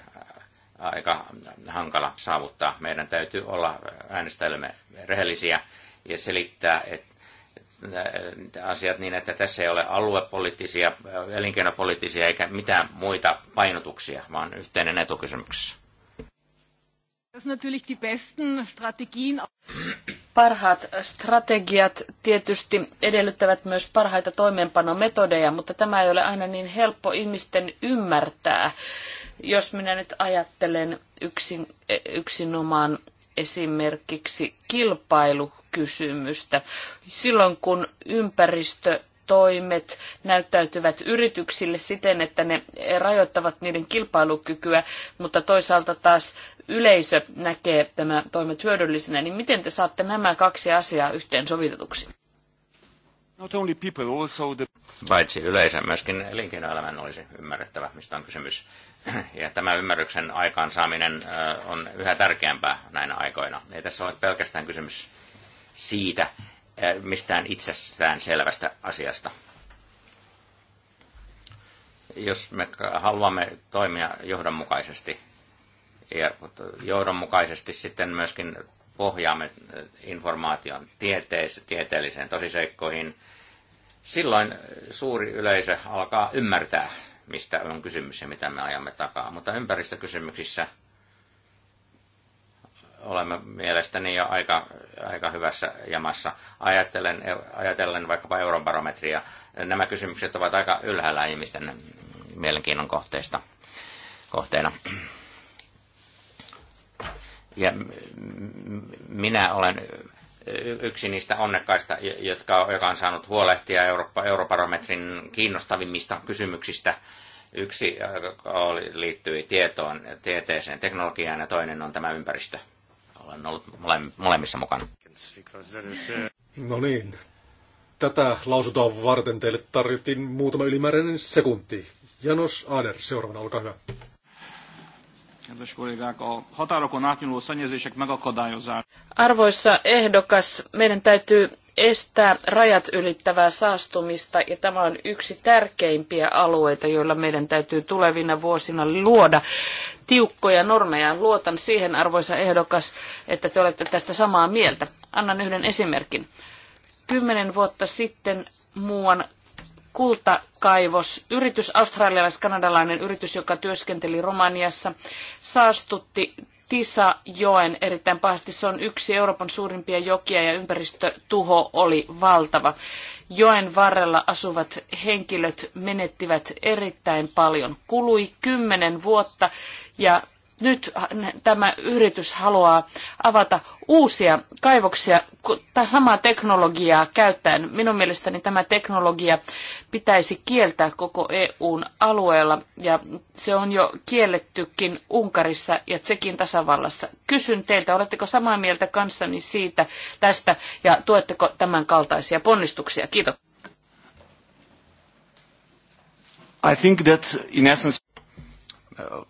aika hankala saavuttaa. Meidän täytyy olla äänestäjillemme rehellisiä ja selittää, että asiat niin, että tässä ei ole aluepoliittisia, elinkeinopoliittisia eikä mitään muita painotuksia, vaan yhteinen etukysymyksessä. Parhaat strategiat tietysti edellyttävät myös parhaita toimeenpanometodeja, mutta tämä ei ole aina niin helppo ihmisten ymmärtää. Jos minä nyt ajattelen yksin, yksinomaan esimerkiksi kilpailukysymystä, silloin kun ympäristö toimet näyttäytyvät yrityksille siten, että ne rajoittavat niiden kilpailukykyä, mutta toisaalta taas yleisö näkee tämä toimet hyödyllisenä, niin miten te saatte nämä kaksi asiaa yhteen sovitetuksi? Not only people, also the... Paitsi yleisö, myöskin elinkeinoelämän olisi ymmärrettävä, mistä on kysymys. Ja tämä ymmärryksen aikaansaaminen äh, on yhä tärkeämpää näinä aikoina. Ei tässä ole pelkästään kysymys siitä, äh, mistään itsestään selvästä asiasta. Jos me haluamme toimia johdonmukaisesti ja johdonmukaisesti sitten myöskin pohjaamme äh, informaation tieteeseen, tieteelliseen tosiseikkoihin, silloin suuri yleisö alkaa ymmärtää, mistä on kysymys ja mitä me ajamme takaa. Mutta ympäristökysymyksissä olemme mielestäni jo aika, aika hyvässä jamassa. Ajatellen, ajatellen vaikkapa eurobarometria, nämä kysymykset ovat aika ylhäällä ihmisten mielenkiinnon kohteista, kohteena. Ja minä olen yksi niistä onnekkaista, jotka, joka on saanut huolehtia Eurooppa, Eurobarometrin kiinnostavimmista kysymyksistä. Yksi oli liittyy tietoon, tieteeseen, teknologiaan ja toinen on tämä ympäristö. Olen ollut molemmissa mukana. No niin, tätä lausuntoa varten teille tarjottiin muutama ylimääräinen sekunti. Janos Ader, seuraavana, olkaa hyvä. Kedves kollégák, a határokon átnyúló szennyezések megakadályozása. Arvoissa ehdokas, meidän täytyy estää rajat ylittävää saastumista ja tämä on yksi tärkeimpiä alueita, joilla meidän täytyy tulevina vuosina luoda tiukkoja normeja. Luotan siihen, arvoisa ehdokas, että te olette tästä samaa mieltä. Annan yhden esimerkin. Kymmenen vuotta sitten muuan kultakaivosyritys, australialais-kanadalainen yritys, joka työskenteli Romaniassa, saastutti Tisa-joen erittäin pahasti. Se on yksi Euroopan suurimpia jokia ja ympäristötuho oli valtava. Joen varrella asuvat henkilöt menettivät erittäin paljon. Kului kymmenen vuotta ja nyt tämä yritys haluaa avata uusia kaivoksia samaa teknologiaa käyttäen. Minun mielestäni tämä teknologia pitäisi kieltää koko EUn alueella ja se on jo kiellettykin Unkarissa ja Tsekin tasavallassa. Kysyn teiltä, oletteko samaa mieltä kanssani siitä tästä ja tuetteko tämän kaltaisia ponnistuksia? Kiitos. I think that in essence... Äh,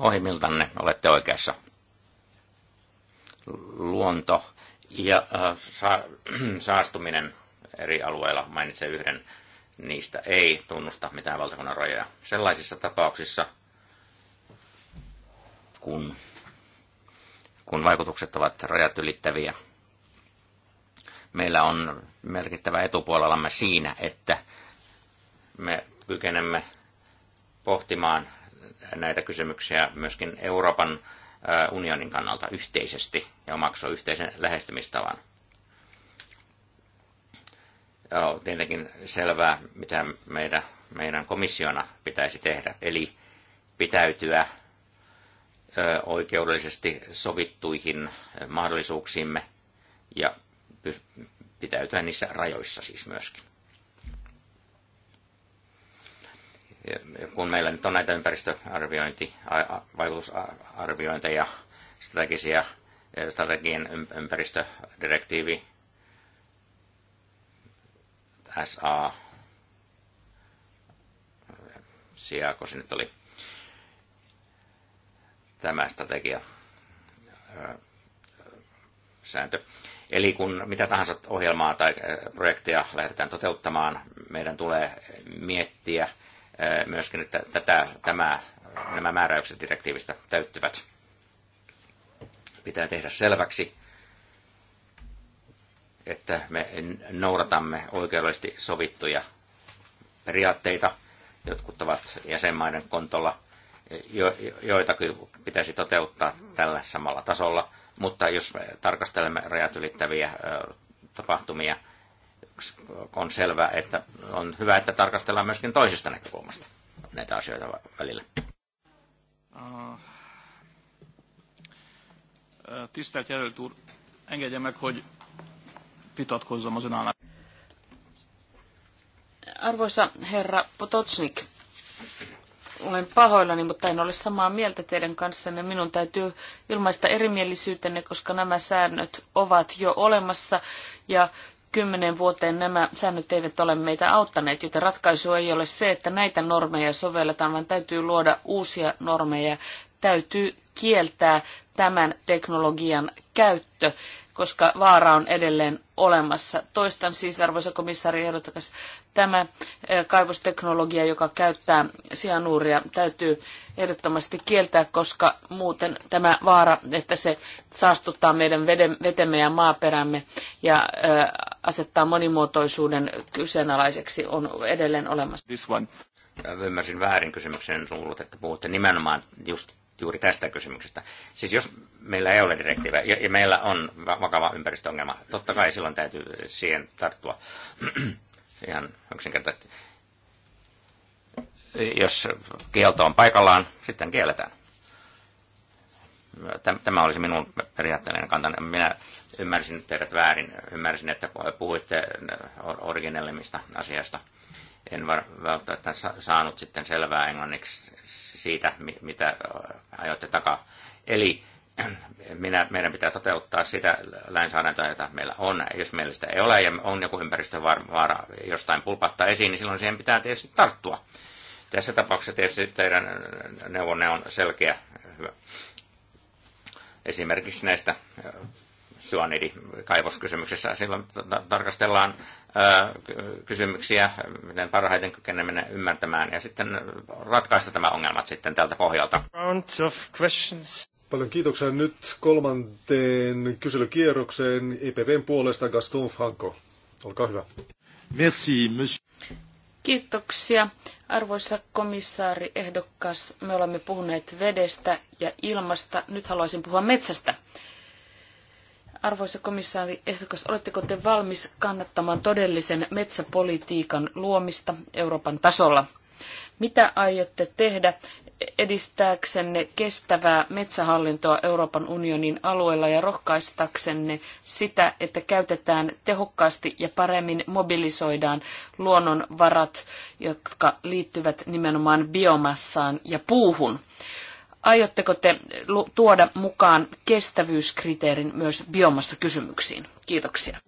ohimiltanne olette oikeassa. Luonto ja äh, saastuminen eri alueilla, mainitsen yhden, niistä ei tunnusta mitään valtakunnan rajoja. Sellaisissa tapauksissa, kun, kun vaikutukset ovat rajat ylittäviä, meillä on merkittävä etupuolellamme siinä, että me kykenemme pohtimaan näitä kysymyksiä myöskin Euroopan unionin kannalta yhteisesti ja omaksua yhteisen lähestymistavan. On tietenkin selvää, mitä meidän, meidän komissiona pitäisi tehdä, eli pitäytyä oikeudellisesti sovittuihin mahdollisuuksiimme ja pitäytyä niissä rajoissa siis myöskin. kun meillä nyt on näitä ympäristöarviointi, vaikutusarviointeja, strategisia, strategian ympäristödirektiivi, SA, sijaako se nyt oli, tämä strategia, sääntö. Eli kun mitä tahansa ohjelmaa tai projektia lähdetään toteuttamaan, meidän tulee miettiä – myöskin, että tätä, tämä, nämä määräykset direktiivistä täyttyvät. Pitää tehdä selväksi, että me noudatamme oikeudellisesti sovittuja periaatteita. Jotkut ovat jäsenmaiden kontolla, jo, joita pitäisi toteuttaa tällä samalla tasolla. Mutta jos me tarkastelemme rajat ylittäviä tapahtumia – on selvää, että on hyvä, että tarkastellaan myöskin toisesta näkökulmasta näitä asioita välillä. Tisztelt jelölt úr, engedje meg, hogy vitatkozzam az önállás. Arvoisa herra Potocnik, olen pahoillani, mutta en ole samaa mieltä teidän kanssanne. Minun täytyy ilmaista erimielisyytenne, koska nämä säännöt ovat jo olemassa ja kymmenen vuoteen nämä säännöt eivät ole meitä auttaneet, joten ratkaisu ei ole se, että näitä normeja sovelletaan, vaan täytyy luoda uusia normeja, täytyy kieltää tämän teknologian käyttö koska vaara on edelleen olemassa. Toistan siis, arvoisa komissaari ehdotakas, tämä eh, kaivosteknologia, joka käyttää sianuuria, täytyy ehdottomasti kieltää, koska muuten tämä vaara, että se saastuttaa meidän vetemme ja maaperämme ja eh, asettaa monimuotoisuuden kyseenalaiseksi, on edelleen olemassa. Ymmärsin väärin kysymyksen, luulut, että puhutte nimenomaan just juuri tästä kysymyksestä. Siis jos meillä ei ole direktiivejä ja, ja meillä on vakava ympäristöongelma, totta kai silloin täytyy siihen tarttua ihan yksinkertaisesti. Jos kielto on paikallaan, sitten kielletään. Tämä olisi minun periaatteellinen kantani. Minä ymmärsin teidät väärin. Ymmärsin, että puhuitte originellimista asiasta en välttämättä saanut sitten selvää englanniksi siitä, mitä ajoitte takaa. Eli minä, meidän pitää toteuttaa sitä lainsäädäntöä, jota meillä on. Jos meillä sitä ei ole ja on joku ympäristövaara jostain pulpattaa esiin, niin silloin siihen pitää tietysti tarttua. Tässä tapauksessa tietysti teidän neuvonne on selkeä. Hyvä. Esimerkiksi näistä syonidi kaivoskysymyksessä. Silloin tarkastellaan kysymyksiä, miten parhaiten kykenemme ymmärtämään ja sitten ratkaista tämä ongelmat sitten tältä pohjalta. Paljon kiitoksia nyt kolmanteen kyselykierrokseen EPVn puolesta Gaston Franco. Olkaa hyvä. Merci, monsieur. Kiitoksia. Arvoisa komissaari ehdokas, me olemme puhuneet vedestä ja ilmasta. Nyt haluaisin puhua metsästä. Arvoisa komissaari ehdokas, oletteko te valmis kannattamaan todellisen metsäpolitiikan luomista Euroopan tasolla? Mitä aiotte tehdä edistääksenne kestävää metsähallintoa Euroopan unionin alueella ja rohkaistaksenne sitä, että käytetään tehokkaasti ja paremmin mobilisoidaan luonnonvarat, jotka liittyvät nimenomaan biomassaan ja puuhun? Aiotteko te tuoda mukaan kestävyyskriteerin myös biomassakysymyksiin? Kiitoksia.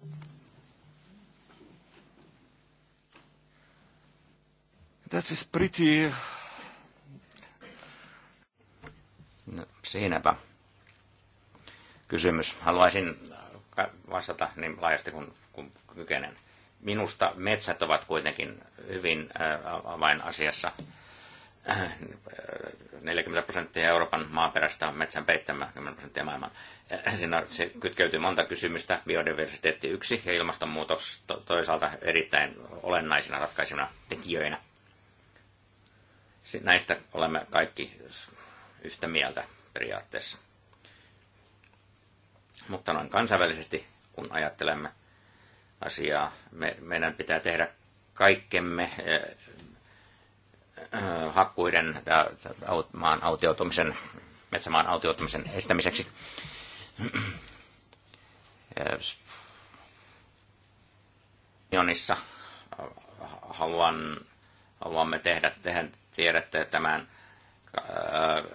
That is pretty... No, siinäpä kysymys. Haluaisin äh, vastata niin laajasti kuin, kuin kykenen. Minusta metsät ovat kuitenkin hyvin äh, avainasiassa asiassa 40 prosenttia Euroopan maaperästä on metsän peittämä, 10 prosenttia maailman. Äh, siinä se kytkeytyy monta kysymystä, biodiversiteetti yksi ja ilmastonmuutos toisaalta erittäin olennaisina ratkaisuna tekijöinä. Näistä olemme kaikki yhtä mieltä periaatteessa. Mutta noin kansainvälisesti, kun ajattelemme asiaa, me, meidän pitää tehdä kaikkemme äh, hakkuiden maan autioitumisen, metsämaan autioitumisen estämiseksi. Jonissa haluan, haluamme tehdä, tehän tiedätte tämän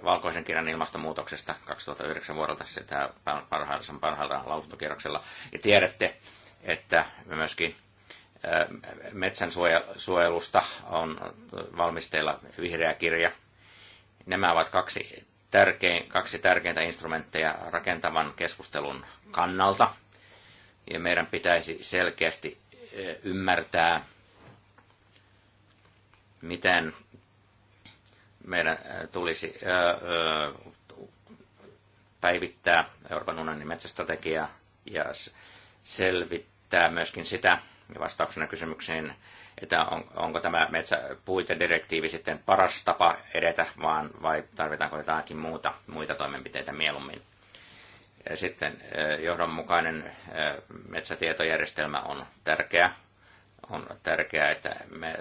valkoisen kirjan ilmastonmuutoksesta 2009 vuodelta sitä parhaillaan parhailla lausuntokierroksella. Ja tiedätte, että me myöskin metsän suojelusta on valmisteilla vihreä kirja. Nämä ovat kaksi, tärkein, kaksi tärkeintä instrumentteja rakentavan keskustelun kannalta. Ja meidän pitäisi selkeästi e, ymmärtää, miten meidän e, tulisi e, päivittää Euroopan unionin metsästrategiaa ja selvittää myöskin sitä, vastauksena kysymykseen, että on, onko tämä metsäpuitedirektiivi sitten paras tapa edetä, vaan vai tarvitaanko jotakin muuta, muita toimenpiteitä mieluummin. Ja sitten eh, johdonmukainen eh, metsätietojärjestelmä on tärkeä. On tärkeää, että me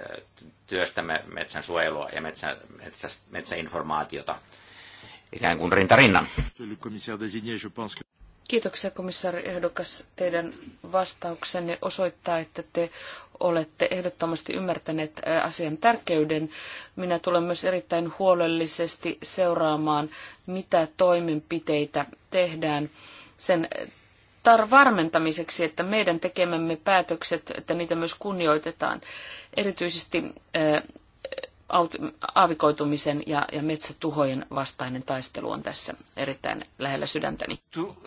työstämme metsän suojelua ja metsä, metsä, metsäinformaatiota ikään kuin rintarinnan. Kiitoksia komissaari ehdokas. Teidän vastauksenne osoittaa, että te olette ehdottomasti ymmärtäneet asian tärkeyden. Minä tulen myös erittäin huolellisesti seuraamaan, mitä toimenpiteitä tehdään sen tar- varmentamiseksi, että meidän tekemämme päätökset, että niitä myös kunnioitetaan. Erityisesti aavikoitumisen ja, ja metsätuhojen vastainen taistelu on tässä erittäin lähellä sydäntäni. Uh,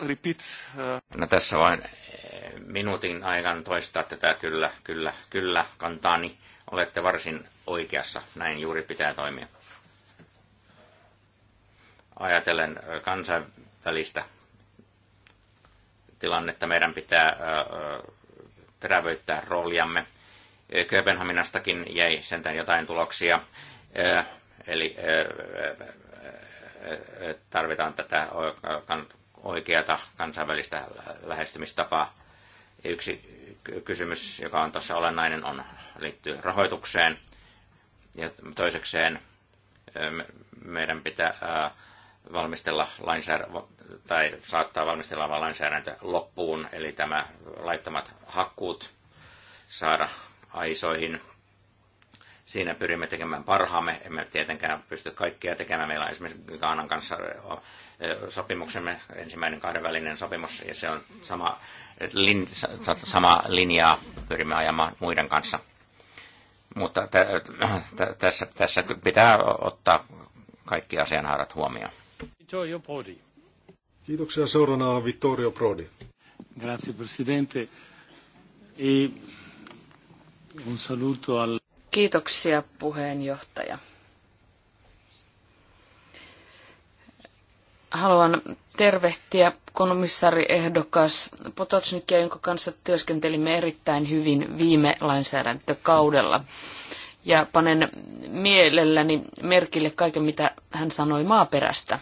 no tässä vain eh, minuutin aikana toistaa tätä kyllä, kyllä, kyllä kantaani. Olette varsin oikeassa, näin juuri pitää toimia. Ajatellen eh, kansainvälistä tilannetta meidän pitää eh, terävöittää rooliamme – Kööpenhaminastakin jäi sentään jotain tuloksia. Eli tarvitaan tätä oikeata kansainvälistä lähestymistapaa. Yksi kysymys, joka on tuossa olennainen, on, liittyy rahoitukseen. Ja toisekseen meidän pitää valmistella lainsäädäntö, tai saattaa valmistella lainsäädäntö loppuun, eli tämä laittomat hakkuut saada aisoihin. Siinä pyrimme tekemään parhaamme. Emme tietenkään pysty kaikkia tekemään. Meillä on esimerkiksi Kaanan kanssa sopimuksemme, ensimmäinen kahdenvälinen sopimus, ja se on sama, lin, sama linjaa pyrimme ajamaan muiden kanssa. Mutta tässä, tässä pitää ottaa kaikki asianhaarat huomioon. Vittorio Kiitoksia seurana Vittorio Prodi. Grazie Presidente. E Un saluto al... Kiitoksia puheenjohtaja. Haluan tervehtiä komissaariehdokas Potocnikia, jonka kanssa työskentelimme erittäin hyvin viime lainsäädäntökaudella. Ja panen mielelläni merkille kaiken, mitä hän sanoi maaperästä,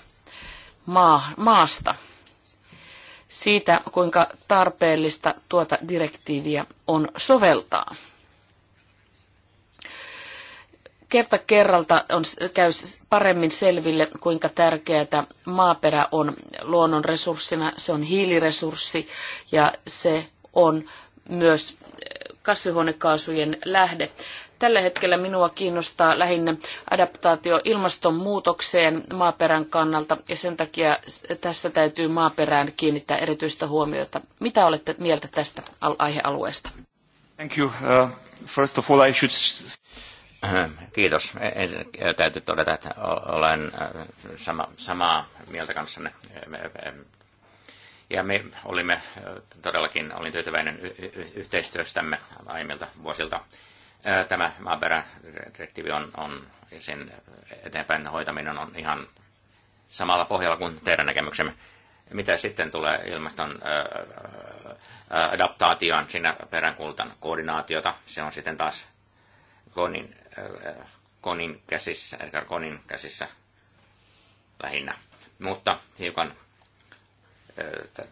maa, maasta, siitä, kuinka tarpeellista tuota direktiiviä on soveltaa kerta kerralta on, käy paremmin selville, kuinka tärkeää maaperä on luonnon resurssina. Se on hiiliresurssi ja se on myös eh, kasvihuonekaasujen lähde. Tällä hetkellä minua kiinnostaa lähinnä adaptaatio ilmastonmuutokseen maaperän kannalta ja sen takia tässä täytyy maaperään kiinnittää erityistä huomiota. Mitä olette mieltä tästä aihealueesta? Thank you. Uh, first of all, I should... Kiitos. Täytyy todeta, että olen sama, samaa mieltä kanssanne. Ja me olimme todellakin, olin tyytyväinen yhteistyöstämme aiemmilta vuosilta. Tämä maaperädirektiivi on, on ja sen eteenpäin hoitaminen on ihan samalla pohjalla kuin teidän näkemyksemme. Mitä sitten tulee ilmaston adaptaatioon, siinä peräänkuulutan koordinaatiota. Se on sitten taas Konin, äh, äh, Konin käsissä, eli Konin käsissä lähinnä. Mutta hiukan äh,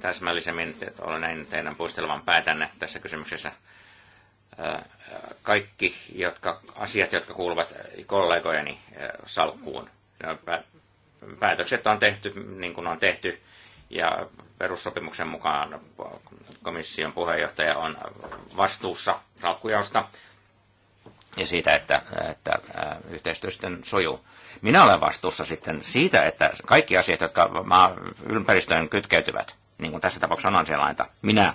täsmällisemmin olen näin teidän puistelevan päätänne tässä kysymyksessä. Kaikki jotka, asiat, jotka kuuluvat kollegojeni salkkuun, päätökset on tehty niin kuin on tehty ja perussopimuksen mukaan komission puheenjohtaja on vastuussa salkkujaosta ja siitä, että, että äh, yhteistyö sitten sujuu. Minä olen vastuussa sitten siitä, että kaikki asiat, jotka maa ympäristöön kytkeytyvät, niin kuin tässä tapauksessa on ansialainta, minä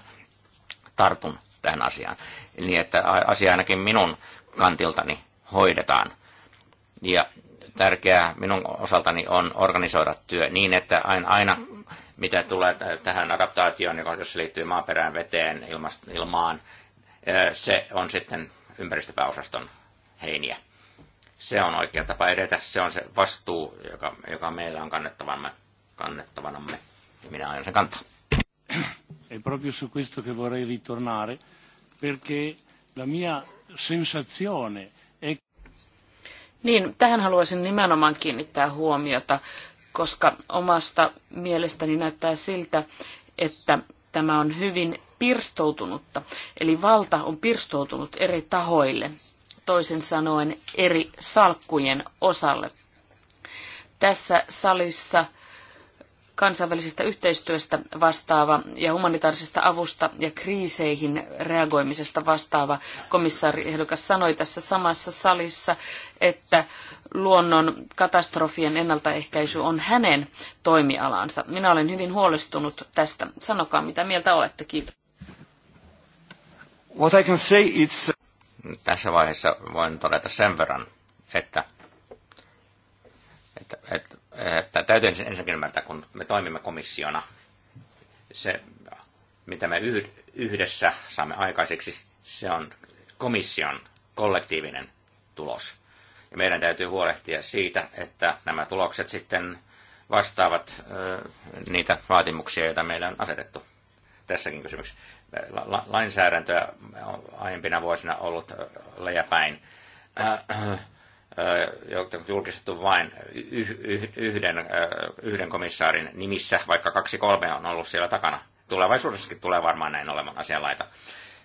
tartun tähän asiaan. Niin, että asia ainakin minun kantiltani hoidetaan. Ja tärkeää minun osaltani on organisoida työ niin, että aina, aina mitä tulee tähän adaptaatioon, joka jos se liittyy maaperään, veteen, ilmaan, äh, se on sitten ympäristöpääosaston heiniä. Se on oikea tapa edetä, se on se vastuu, joka, joka meillä on kannettavamme, kannettavanamme, ja minä aion sen kantaa. È proprio su questo che vorrei ritornare, perché la mia sensazione è... Niin, tähän haluaisin nimenomaan kiinnittää huomiota, koska omasta mielestäni näyttää siltä, että tämä on hyvin pirstoutunutta, eli valta on pirstoutunut eri tahoille, toisin sanoen eri salkkujen osalle. Tässä salissa kansainvälisestä yhteistyöstä vastaava ja humanitaarisesta avusta ja kriiseihin reagoimisesta vastaava ehdokas sanoi tässä samassa salissa, että luonnon katastrofien ennaltaehkäisy on hänen toimialansa. Minä olen hyvin huolestunut tästä. Sanokaa, mitä mieltä olette. Kiitos. What I can say it's... Uh, Tässä vaiheessa voin todeta sen verran, että, että, että, että täytyy ensinnäkin ymmärtää, kun me toimimme komissiona, se, mitä me yhdessä saamme aikaiseksi, se on komission kollektiivinen tulos. Ja meidän täytyy huolehtia siitä, että nämä tulokset sitten vastaavat ö, niitä vaatimuksia, joita meillä on asetettu tässäkin kysymyksessä lainsäädäntöä on aiempina vuosina ollut on äh, äh, Julkistettu vain yhden, yhden komissaarin nimissä, vaikka kaksi kolme on ollut siellä takana. Tulevaisuudessakin tulee varmaan näin olemaan asianlaita.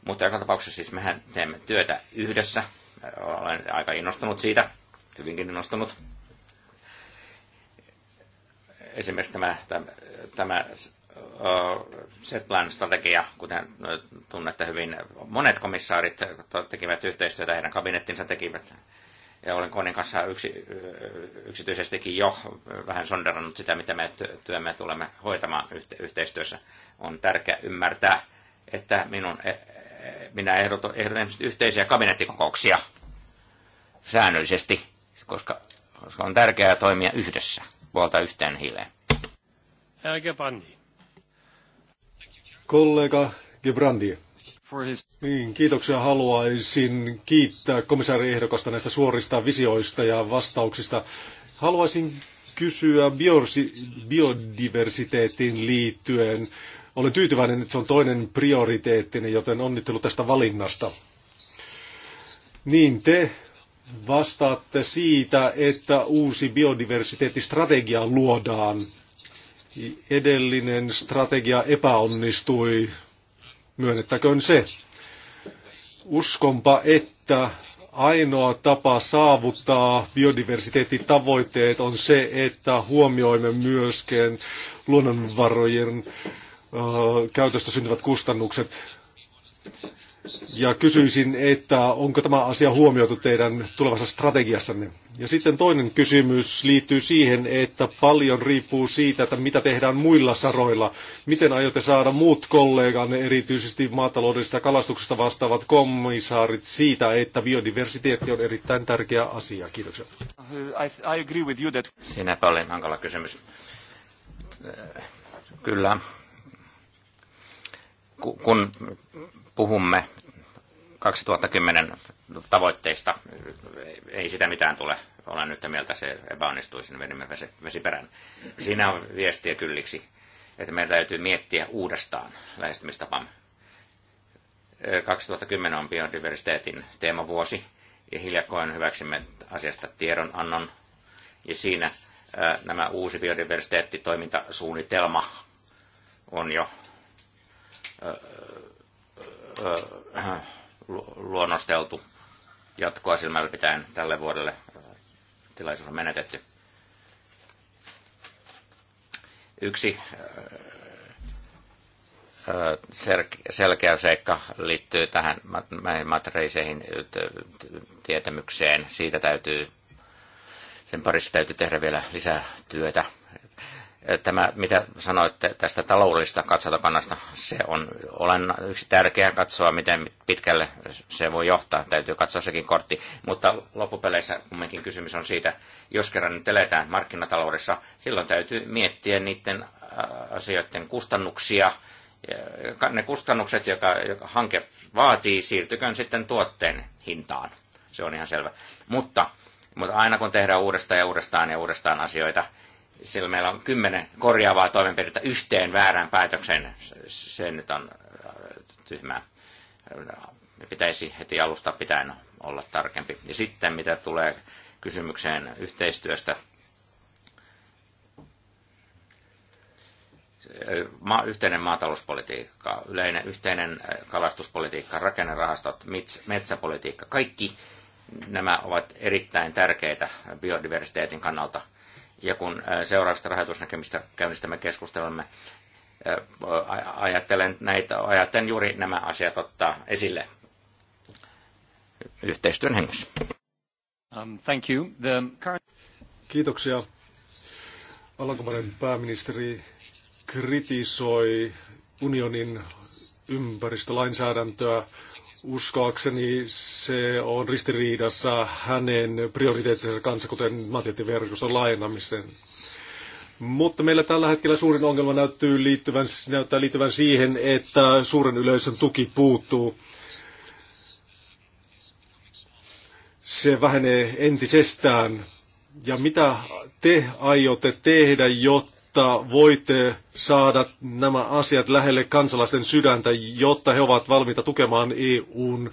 Mutta joka tapauksessa siis mehän teemme työtä yhdessä. Olen aika innostunut siitä, hyvinkin innostunut. Esimerkiksi tämä, tämä, tämä Setlan strategia, kuten tunnette hyvin, monet komissaarit tekivät yhteistyötä, heidän kabinettinsa tekivät. Ja olen Konin kanssa yksi, yksityisestikin jo vähän sonderannut sitä, mitä me työmme tulemme hoitamaan yhteistyössä. On tärkeää ymmärtää, että minun, e, e, minä ehdotan, ehdotan yhteisiä kabinettikokouksia säännöllisesti, koska, koska on tärkeää toimia yhdessä, puolta yhteen hiileen. Herr Gebandi kollega Gebrandi. Niin, kiitoksia. Haluaisin kiittää komissaari ehdokasta näistä suorista visioista ja vastauksista. Haluaisin kysyä biodiversiteettiin liittyen. Olen tyytyväinen, että se on toinen prioriteettini, joten onnittelu tästä valinnasta. Niin, te vastaatte siitä, että uusi biodiversiteettistrategia luodaan Edellinen strategia epäonnistui, myönnettäköön se. Uskonpa, että ainoa tapa saavuttaa biodiversiteettitavoitteet on se, että huomioimme myöskin luonnonvarojen äh, käytöstä syntyvät kustannukset. Ja kysyisin, että onko tämä asia huomioitu teidän tulevassa strategiassanne? Ja sitten toinen kysymys liittyy siihen, että paljon riippuu siitä, että mitä tehdään muilla saroilla. Miten aiotte saada muut kolleganne, erityisesti maataloudesta ja kalastuksesta vastaavat komissaarit, siitä, että biodiversiteetti on erittäin tärkeä asia? Kiitoksia. I, Sinäpä hankala kysymys. Kyllä, kun puhumme 2010 tavoitteista, ei sitä mitään tule. Olen nyt mieltä, se epäonnistui, sinne niin vedimme vesiperän. Siinä on viestiä kylliksi, että meidän täytyy miettiä uudestaan lähestymistapamme. 2010 on biodiversiteetin teemavuosi, ja hiljakoin hyväksymme asiasta tiedonannon, ja siinä nämä uusi biodiversiteettitoimintasuunnitelma on jo luonnosteltu jatkoa silmällä pitäen tälle vuodelle tilaisuus on menetetty. Yksi selkeä seikka liittyy tähän matreiseihin tietämykseen. Siitä täytyy, sen parissa täytyy tehdä vielä lisää työtä tämä, mitä sanoitte tästä taloudellista katsotokannasta, se on olen yksi tärkeä katsoa, miten pitkälle se voi johtaa. Täytyy katsoa sekin kortti. Mutta loppupeleissä kumminkin kysymys on siitä, jos kerran nyt eletään markkinataloudessa, silloin täytyy miettiä niiden äh, asioiden kustannuksia. Ne kustannukset, joka, joka hanke vaatii, siirtyköön sitten tuotteen hintaan. Se on ihan selvä. Mutta, mutta aina kun tehdään uudestaan ja uudestaan ja uudestaan asioita, sillä meillä on kymmenen korjaavaa toimenpidettä yhteen väärään päätökseen. Se nyt on äh, tyhmää. Pitäisi heti alusta pitäen olla tarkempi. Ja sitten mitä tulee kysymykseen yhteistyöstä, yhteinen maatalouspolitiikka, yleinen yhteinen äh, kalastuspolitiikka, rakennerahastot, metsäpolitiikka, kaikki nämä ovat erittäin tärkeitä biodiversiteetin kannalta – ja kun seuraavasta rahoitusnäkemistä käynnistämme keskustelemme, ajattelen, näitä, ajattelen juuri nämä asiat ottaa esille yhteistyön hengessä. Um, thank you. The current... Kiitoksia. Alankomainen pääministeri kritisoi unionin ympäristölainsäädäntöä Uskoakseni se on ristiriidassa hänen prioriteettinsa kanssa, kuten maantieteverkoston laajentamisen. Mutta meillä tällä hetkellä suurin ongelma näyttyy liittyvän, näyttää liittyvän siihen, että suuren yleisön tuki puuttuu. Se vähenee entisestään. Ja mitä te aiotte tehdä, jotta jotta voitte saada nämä asiat lähelle kansalaisten sydäntä, jotta he ovat valmiita tukemaan EUn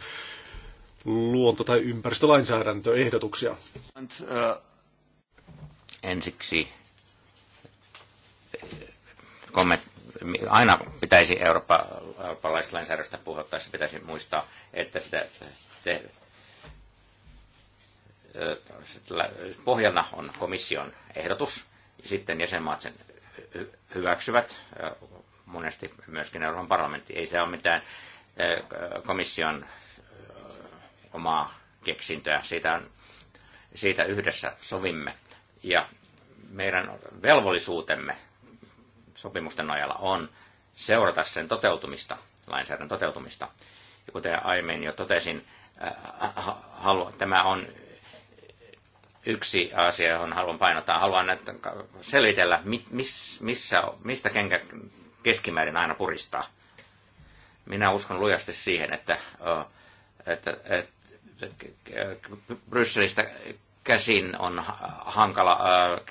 luonto- tai ympäristölainsäädäntöehdotuksia? Uh, ensiksi eh, kommentti aina pitäisi Eurooppa, eurooppalaisesta lainsäädännöstä puhuttaessa pitäisi muistaa, että sitä te, eh, pohjana on komission ehdotus, ja sitten jäsenmaat sen hyväksyvät monesti myöskin Euroopan parlamentti. Ei se ole mitään komission omaa keksintöä. Siitä, on, siitä yhdessä sovimme. Ja meidän velvollisuutemme sopimusten nojalla on seurata sen toteutumista, lainsäädännön toteutumista. Ja kuten aiemmin jo totesin, tämä on yksi asia, johon haluan painottaa. Haluan että selvitellä, miss, missä, mistä kenkä keskimäärin aina puristaa. Minä uskon lujasti siihen, että, että, että, että Brysselistä käsin on hankala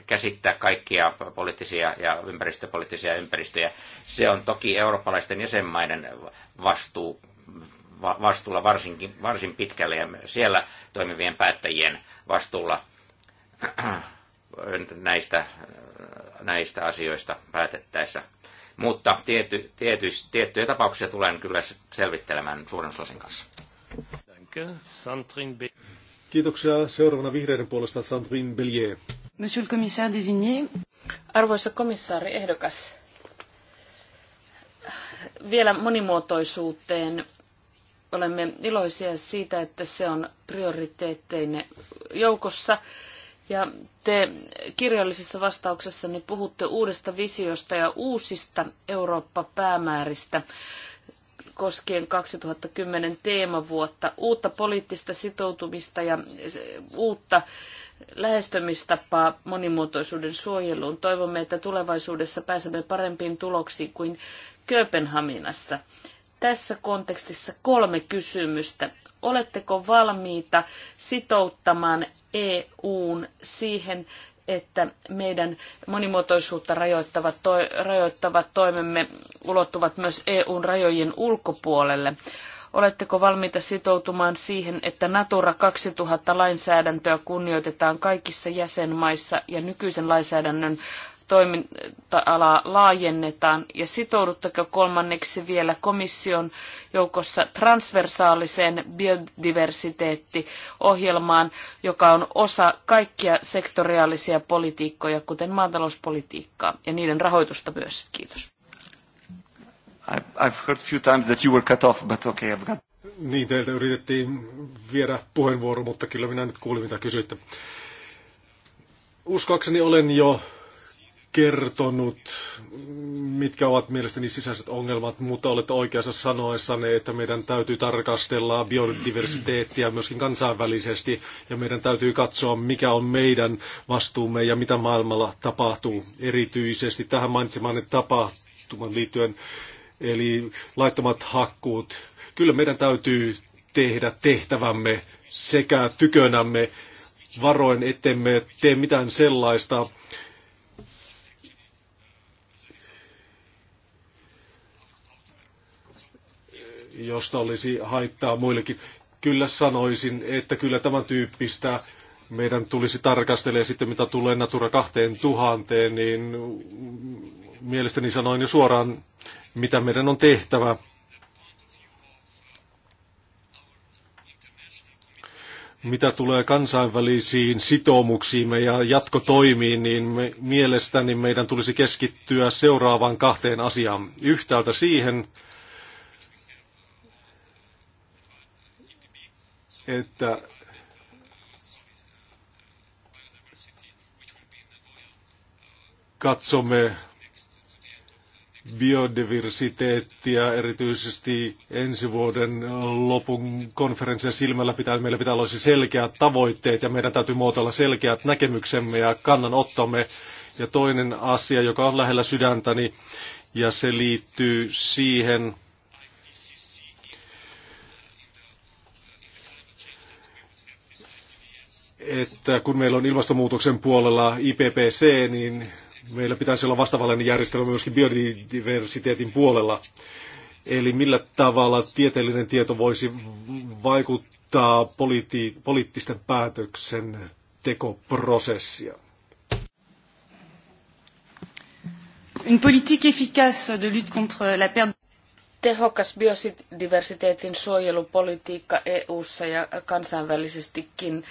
käsittää kaikkia poliittisia ja ympäristöpoliittisia ympäristöjä. Se on toki eurooppalaisten jäsenmaiden vastuu vastuulla varsinkin, varsin pitkälle ja siellä toimivien päättäjien vastuulla näistä, näistä asioista päätettäessä. Mutta tiety, tiety, tiettyjä tapauksia tulen kyllä selvittelemään suuren kanssa. Kiitoksia. Seuraavana vihreiden puolesta Sandrine Bellier. Monsieur le commissaire désigné. Arvoisa komissaari ehdokas, vielä monimuotoisuuteen olemme iloisia siitä, että se on prioriteetteinen joukossa. Ja te kirjallisessa vastauksessanne puhutte uudesta visiosta ja uusista Eurooppa-päämääristä koskien 2010 teemavuotta, uutta poliittista sitoutumista ja uutta lähestymistapaa monimuotoisuuden suojeluun. Toivomme, että tulevaisuudessa pääsemme parempiin tuloksiin kuin Kööpenhaminassa. Tässä kontekstissa kolme kysymystä. Oletteko valmiita sitouttamaan EUn siihen, että meidän monimuotoisuutta rajoittavat, to, rajoittavat toimemme ulottuvat myös EUn rajojen ulkopuolelle. Oletteko valmiita sitoutumaan siihen, että Natura 2000 lainsäädäntöä kunnioitetaan kaikissa jäsenmaissa ja nykyisen lainsäädännön toiminta-alaa laajennetaan ja sitoudutteko kolmanneksi vielä komission joukossa transversaaliseen biodiversiteettiohjelmaan, joka on osa kaikkia sektoriaalisia politiikkoja, kuten maatalouspolitiikkaa ja niiden rahoitusta myös. Kiitos. Niin, teiltä yritettiin viedä puheenvuoro, mutta kyllä minä nyt kuulin, mitä kysyitte. Uskoakseni olen jo kertonut, mitkä ovat mielestäni sisäiset ongelmat, mutta olette oikeassa sanoessanne, että meidän täytyy tarkastella biodiversiteettiä myöskin kansainvälisesti ja meidän täytyy katsoa, mikä on meidän vastuumme ja mitä maailmalla tapahtuu erityisesti tähän mainitsemaan tapahtuman liittyen, eli laittomat hakkuut. Kyllä meidän täytyy tehdä tehtävämme sekä tykönämme varoen, ettemme tee mitään sellaista, josta olisi haittaa muillekin. Kyllä sanoisin, että kyllä tämän tyyppistä meidän tulisi tarkastella ja sitten mitä tulee Natura 2000, niin mielestäni sanoin jo suoraan, mitä meidän on tehtävä. Mitä tulee kansainvälisiin sitoumuksiimme ja jatkotoimiin, niin me, mielestäni meidän tulisi keskittyä seuraavaan kahteen asiaan. Yhtäältä siihen, että katsomme biodiversiteettia erityisesti ensi vuoden lopun konferenssin silmällä pitää, meillä pitää olla siis selkeät tavoitteet ja meidän täytyy muotoilla selkeät näkemyksemme ja kannanottomme. Ja toinen asia, joka on lähellä sydäntäni ja se liittyy siihen, että kun meillä on ilmastonmuutoksen puolella IPPC, niin meillä pitäisi olla vastaavallinen järjestelmä myöskin biodiversiteetin puolella. Eli millä tavalla tieteellinen tieto voisi vaikuttaa politi- poliittisten päätöksen tekoprosessia? Une politique efficace de lutte contre la perte Tehokas biodiversiteetin suojelupolitiikka EU-ssa ja kansainvälisestikin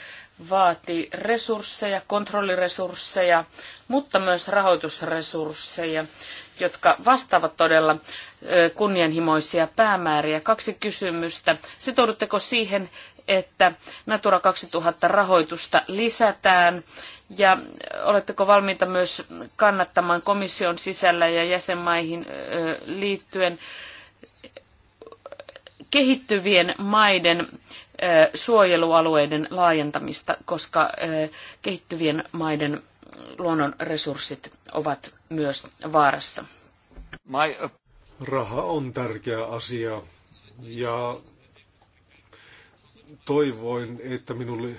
vaatii resursseja, kontrolliresursseja, mutta myös rahoitusresursseja, jotka vastaavat todella kunnianhimoisia päämääriä. Kaksi kysymystä. Sitoudutteko siihen, että Natura 2000 rahoitusta lisätään ja oletteko valmiita myös kannattamaan komission sisällä ja jäsenmaihin liittyen kehittyvien maiden suojelualueiden laajentamista, koska kehittyvien maiden luonnonresurssit ovat myös vaarassa. Raha on tärkeä asia ja toivoin, että minulle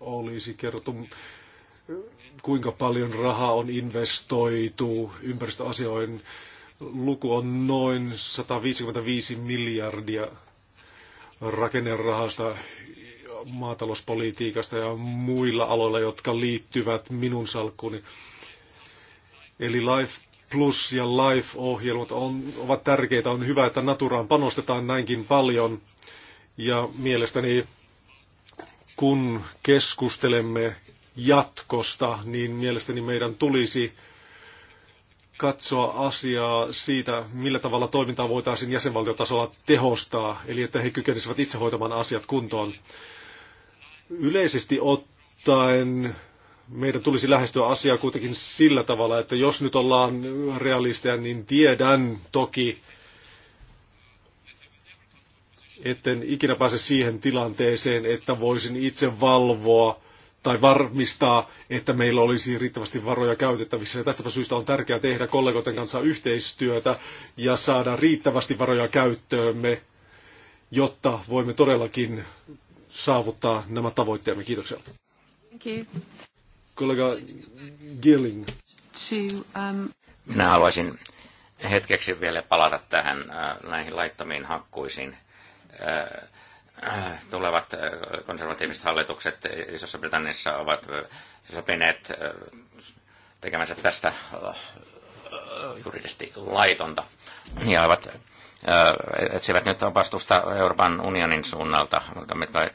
olisi kerrottu, kuinka paljon rahaa on investoitu ympäristöasioihin. Luku on noin 155 miljardia rakennerahasta, maatalouspolitiikasta ja muilla aloilla, jotka liittyvät minun salkkuuni. Eli Life Plus ja Life-ohjelmat on, ovat tärkeitä. On hyvä, että Naturaan panostetaan näinkin paljon. Ja mielestäni kun keskustelemme jatkosta, niin mielestäni meidän tulisi katsoa asiaa siitä, millä tavalla toimintaa voitaisiin jäsenvaltiotasolla tehostaa, eli että he kykenisivät itse hoitamaan asiat kuntoon. Yleisesti ottaen meidän tulisi lähestyä asiaa kuitenkin sillä tavalla, että jos nyt ollaan realisteja, niin tiedän toki, etten ikinä pääse siihen tilanteeseen, että voisin itse valvoa tai varmistaa, että meillä olisi riittävästi varoja käytettävissä. Ja tästäpä syystä on tärkeää tehdä kollegoiden kanssa yhteistyötä ja saada riittävästi varoja käyttöömme, jotta voimme todellakin saavuttaa nämä tavoitteemme. Kiitoksia. Thank you. Kollega Gilling. To, um, Minä haluaisin hetkeksi vielä palata tähän äh, näihin laittomiin hakkuisiin. Äh, Äh, tulevat äh, konservatiiviset hallitukset Isossa Britanniassa ovat äh, sopineet tekemänsä tästä juridisesti laitonta ja ovat etsivät nyt opastusta Euroopan unionin suunnalta, mutta mitkä ei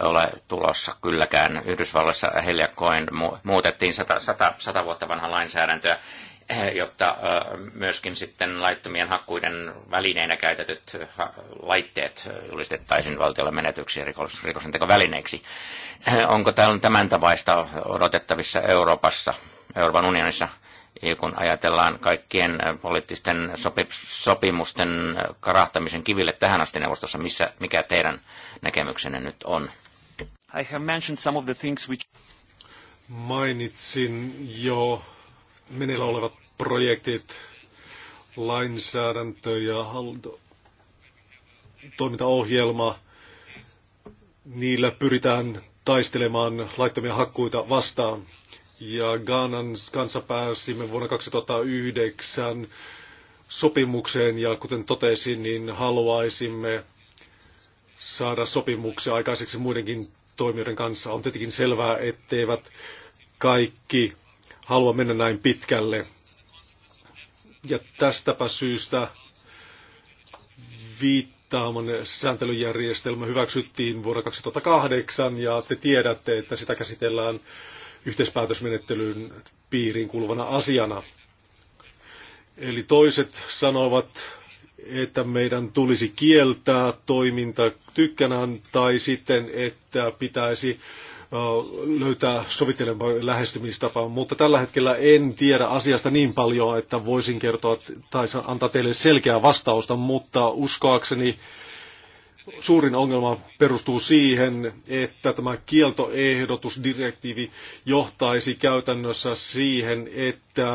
ole tulossa kylläkään. Yhdysvalloissa hiljakkoin muutettiin sata, sata, sata vuotta vanhaa lainsäädäntöä, Eh, jotta eh, myöskin sitten laittomien hakkuiden välineinä käytetyt eh, laitteet julistettaisiin valtiolle menetyksiä rikosentekovälineiksi. Onko tämän tavaista odotettavissa Euroopassa, Euroopan unionissa, kun ajatellaan kaikkien poliittisten sopi- sopimusten karahtamisen kiville tähän asti neuvostossa, missä, mikä teidän näkemyksenne nyt on? I have mentioned some of the things which... Mainitsin jo meneillä olevat projektit, lainsäädäntö ja hallinto, toimintaohjelma, niillä pyritään taistelemaan laittomia hakkuita vastaan. Ja Ghanan kanssa pääsimme vuonna 2009 sopimukseen ja kuten totesin, niin haluaisimme saada sopimuksia aikaiseksi muidenkin toimijoiden kanssa. On tietenkin selvää, etteivät kaikki halua mennä näin pitkälle. Ja tästäpä syystä viittaaman sääntelyjärjestelmä hyväksyttiin vuonna 2008 ja te tiedätte, että sitä käsitellään yhteispäätösmenettelyn piiriin kuuluvana asiana. Eli toiset sanovat, että meidän tulisi kieltää toiminta tykkänään tai sitten, että pitäisi löytää sovittelemaan lähestymistapaa, mutta tällä hetkellä en tiedä asiasta niin paljon, että voisin kertoa tai antaa teille selkeää vastausta, mutta uskoakseni suurin ongelma perustuu siihen, että tämä kieltoehdotusdirektiivi johtaisi käytännössä siihen, että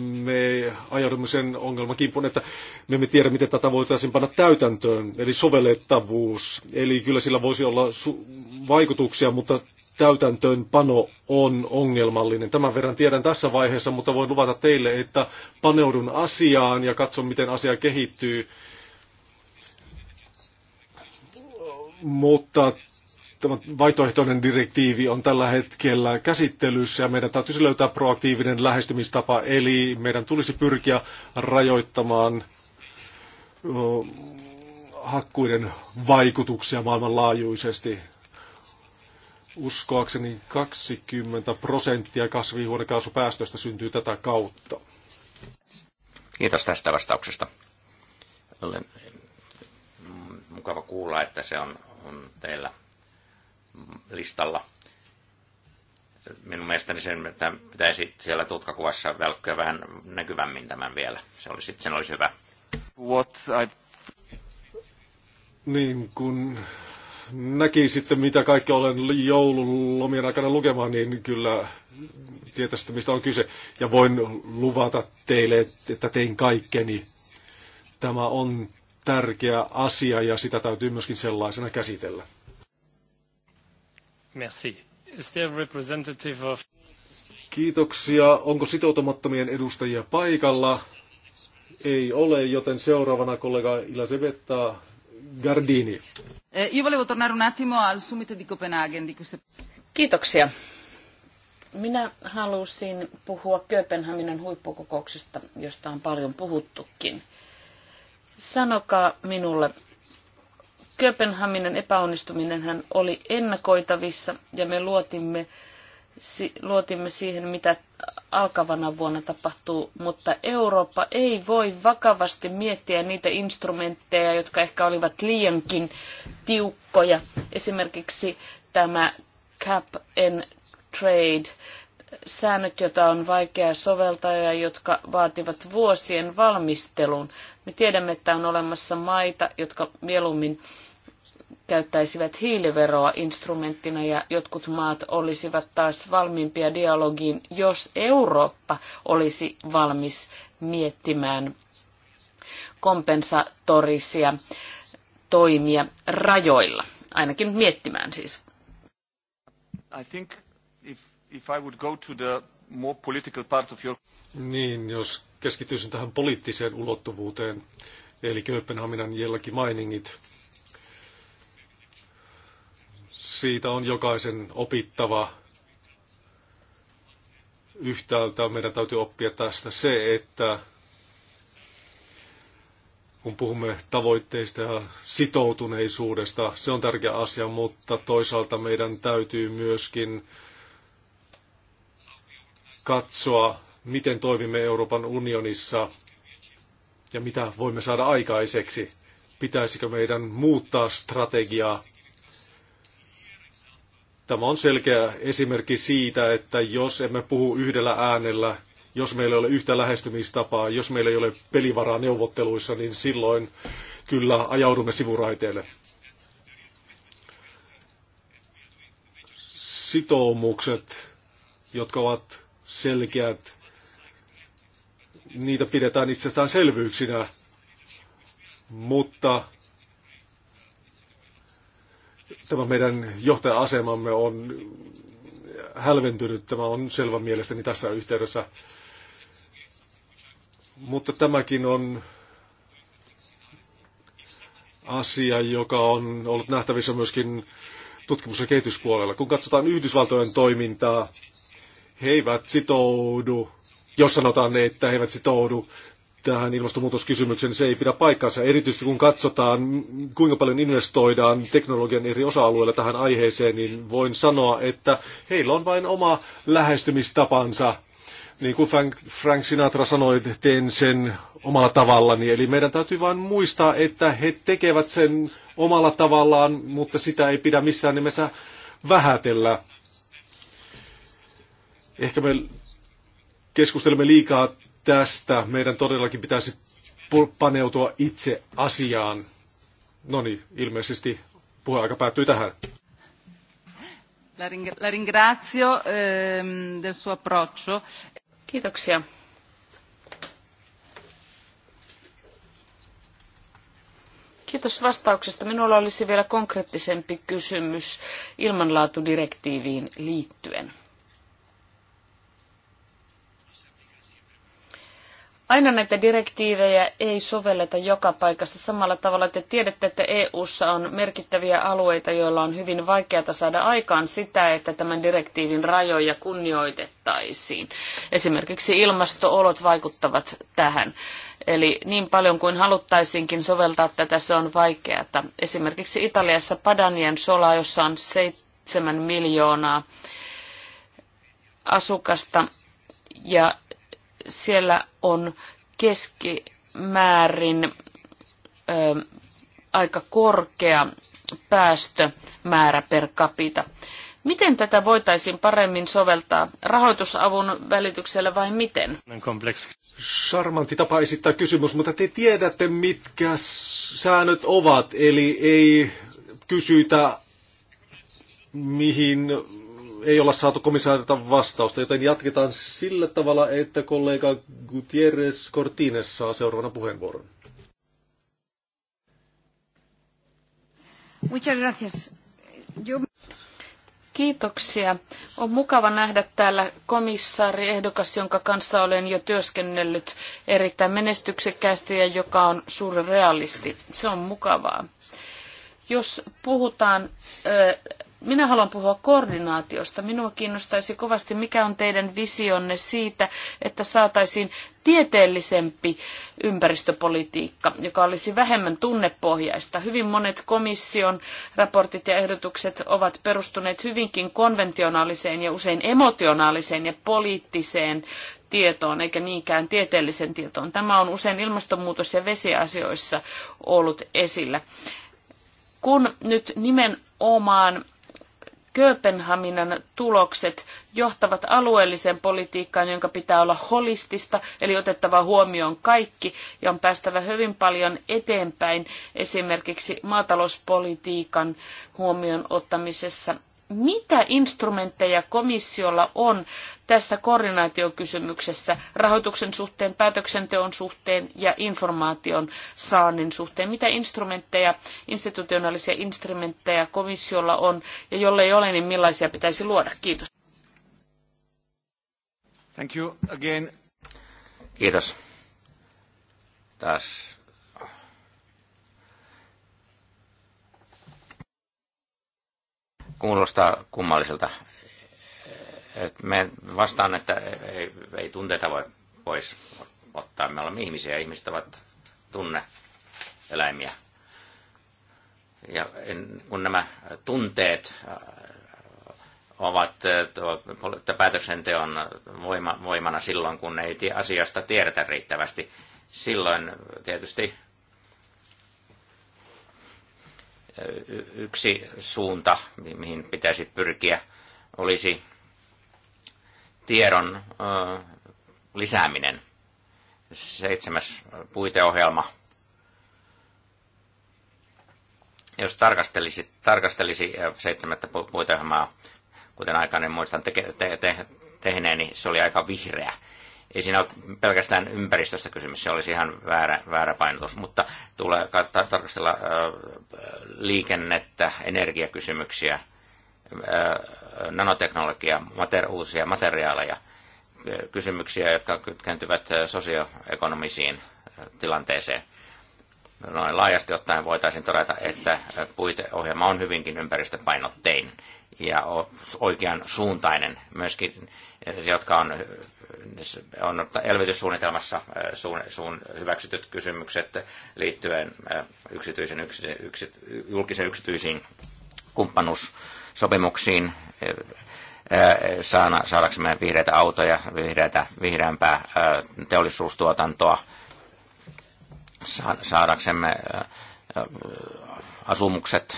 me ajaudumme sen ongelman että me emme tiedä, miten tätä voitaisiin panna täytäntöön, eli sovellettavuus. Eli kyllä sillä voisi olla vaikutuksia, mutta täytäntöönpano on ongelmallinen. Tämän verran tiedän tässä vaiheessa, mutta voin luvata teille, että paneudun asiaan ja katson, miten asia kehittyy. Mutta tämä vaihtoehtoinen direktiivi on tällä hetkellä käsittelyssä ja meidän täytyisi löytää proaktiivinen lähestymistapa, eli meidän tulisi pyrkiä rajoittamaan hakkuiden vaikutuksia maailmanlaajuisesti uskoakseni 20 prosenttia kasvihuonekaasupäästöistä syntyy tätä kautta. Kiitos tästä vastauksesta. Olen mukava kuulla, että se on, on teillä listalla. Minun mielestäni sen pitäisi siellä tutkakuvassa välkkyä vähän näkyvämmin tämän vielä. Se olisi, sen olisi hyvä. What I... Niin, kun sitten mitä kaikki olen joululomien aikana lukemaan, niin kyllä tietäisitte, mistä on kyse. Ja voin luvata teille, että tein kaikkeni. Tämä on tärkeä asia ja sitä täytyy myöskin sellaisena käsitellä. Merci. Is there representative of... Kiitoksia. Onko sitoutumattomien edustajia paikalla? Ei ole, joten seuraavana kollega Ila Gardini. Eh, io volevo tornare un attimo al summit di Copenaghen. Di cui Kiitoksia. Minä halusin puhua Kööpenhaminan huippukokouksesta, josta on paljon puhuttukin. Sanokaa minulle, Kööpenhaminan epäonnistuminen oli ennakoitavissa ja me luotimme luotimme siihen, mitä alkavana vuonna tapahtuu, mutta Eurooppa ei voi vakavasti miettiä niitä instrumentteja, jotka ehkä olivat liiankin tiukkoja. Esimerkiksi tämä cap and trade säännöt, joita on vaikea soveltaa ja jotka vaativat vuosien valmistelun. Me tiedämme, että on olemassa maita, jotka mieluummin käyttäisivät hiiliveroa instrumenttina ja jotkut maat olisivat taas valmiimpia dialogiin, jos Eurooppa olisi valmis miettimään kompensatorisia toimia rajoilla, ainakin miettimään siis. I think if, if I would go to the more political part of your... Niin, jos keskittyisin tähän poliittiseen ulottuvuuteen, eli Kööpenhaminan jellakin mainingit, siitä on jokaisen opittava. Yhtäältä meidän täytyy oppia tästä se, että kun puhumme tavoitteista ja sitoutuneisuudesta, se on tärkeä asia, mutta toisaalta meidän täytyy myöskin katsoa, miten toimimme Euroopan unionissa ja mitä voimme saada aikaiseksi. Pitäisikö meidän muuttaa strategiaa Tämä on selkeä esimerkki siitä, että jos emme puhu yhdellä äänellä, jos meillä ei ole yhtä lähestymistapaa, jos meillä ei ole pelivaraa neuvotteluissa, niin silloin kyllä ajaudumme sivuraiteelle. Sitoumukset, jotka ovat selkeät, niitä pidetään itsestäänselvyyksinä, mutta tämä meidän johtaja-asemamme on hälventynyt. Tämä on selvä mielestäni tässä yhteydessä. Mutta tämäkin on asia, joka on ollut nähtävissä myöskin tutkimus- ja kehityspuolella. Kun katsotaan Yhdysvaltojen toimintaa, he eivät sitoudu, jos sanotaan, että he eivät sitoudu tähän ilmastonmuutoskysymykseen, se ei pidä paikkaansa. Erityisesti kun katsotaan, kuinka paljon investoidaan teknologian eri osa-alueilla tähän aiheeseen, niin voin sanoa, että heillä on vain oma lähestymistapansa. Niin kuin Frank Sinatra sanoi, teen sen omalla tavallani. Eli meidän täytyy vain muistaa, että he tekevät sen omalla tavallaan, mutta sitä ei pidä missään nimessä vähätellä. Ehkä me keskustelemme liikaa tästä. Meidän todellakin pitäisi paneutua itse asiaan. No niin, ilmeisesti puheaika päättyy tähän. La ringrazio ehm, del suo approccio. Kiitoksia. Kiitos vastauksesta. Minulla olisi vielä konkreettisempi kysymys ilmanlaatudirektiiviin liittyen. Aina näitä direktiivejä ei sovelleta joka paikassa samalla tavalla. Te tiedätte, että EU:ssa on merkittäviä alueita, joilla on hyvin vaikeata saada aikaan sitä, että tämän direktiivin rajoja kunnioitettaisiin. Esimerkiksi ilmastoolot vaikuttavat tähän. Eli niin paljon kuin haluttaisiinkin soveltaa tätä, se on vaikeata. Esimerkiksi Italiassa Padanien sola, jossa on 7 miljoonaa asukasta, ja siellä on keskimäärin ö, aika korkea päästömäärä per capita. Miten tätä voitaisiin paremmin soveltaa? Rahoitusavun välityksellä vai miten? Charmantti tapa esittää kysymys, mutta te tiedätte, mitkä säännöt ovat, eli ei kysytä, mihin ei olla saatu komissaarilta vastausta, joten jatketaan sillä tavalla, että kollega Gutierrez Cortines saa seuraavana puheenvuoron. Kiitoksia. On mukava nähdä täällä komissaari ehdokas, jonka kanssa olen jo työskennellyt erittäin menestyksekkäästi ja joka on suuri realisti. Se on mukavaa. Jos puhutaan minä haluan puhua koordinaatiosta. Minua kiinnostaisi kovasti, mikä on teidän visionne siitä, että saataisiin tieteellisempi ympäristöpolitiikka, joka olisi vähemmän tunnepohjaista. Hyvin monet komission raportit ja ehdotukset ovat perustuneet hyvinkin konventionaaliseen ja usein emotionaaliseen ja poliittiseen tietoon, eikä niinkään tieteellisen tietoon. Tämä on usein ilmastonmuutos- ja vesiasioissa ollut esillä. Kun nyt nimenomaan Kööpenhaminan tulokset johtavat alueelliseen politiikkaan, jonka pitää olla holistista, eli otettava huomioon kaikki, ja on päästävä hyvin paljon eteenpäin esimerkiksi maatalouspolitiikan huomioon ottamisessa mitä instrumentteja komissiolla on tässä koordinaatiokysymyksessä rahoituksen suhteen, päätöksenteon suhteen ja informaation saannin suhteen? Mitä instrumentteja, institutionaalisia instrumentteja komissiolla on ja jollei ole, niin millaisia pitäisi luoda? Kiitos. Thank you again. Kiitos. Taas kuulostaa kummalliselta. Et me vastaan, että ei, ei tunteita voi pois ottaa. Me olemme ihmisiä, ihmiset ovat tunne-eläimiä. Ja kun nämä tunteet äh, ovat äh, päätöksenteon voima, voimana silloin, kun ei asiasta tiedetä riittävästi, silloin tietysti Yksi suunta, mihin pitäisi pyrkiä, olisi tiedon lisääminen. Seitsemäs puiteohjelma – jos tarkastelisi, tarkastelisi seitsemättä puiteohjelmaa, kuten aikainen muistan te, te, te, tehneeni, se oli aika vihreä ei siinä ole pelkästään ympäristöstä kysymys, se olisi ihan väärä, väärä painotus, mutta tulee tarkastella liikennettä, energiakysymyksiä, nanoteknologiaa, mater- uusia materiaaleja, kysymyksiä, jotka kytkentyvät sosioekonomisiin tilanteeseen. Noin laajasti ottaen voitaisiin todeta, että puiteohjelma on hyvinkin ympäristöpainotteinen ja oikean suuntainen myöskin, jotka on, on elvytyssuunnitelmassa suun, suun hyväksytyt kysymykset liittyen yksityisen, yksi, yksi, julkisen yksityisiin kumppanuussopimuksiin saada, saadaksemme vihreitä autoja, vihreitä, vihreämpää teollisuustuotantoa, saadaksemme asumukset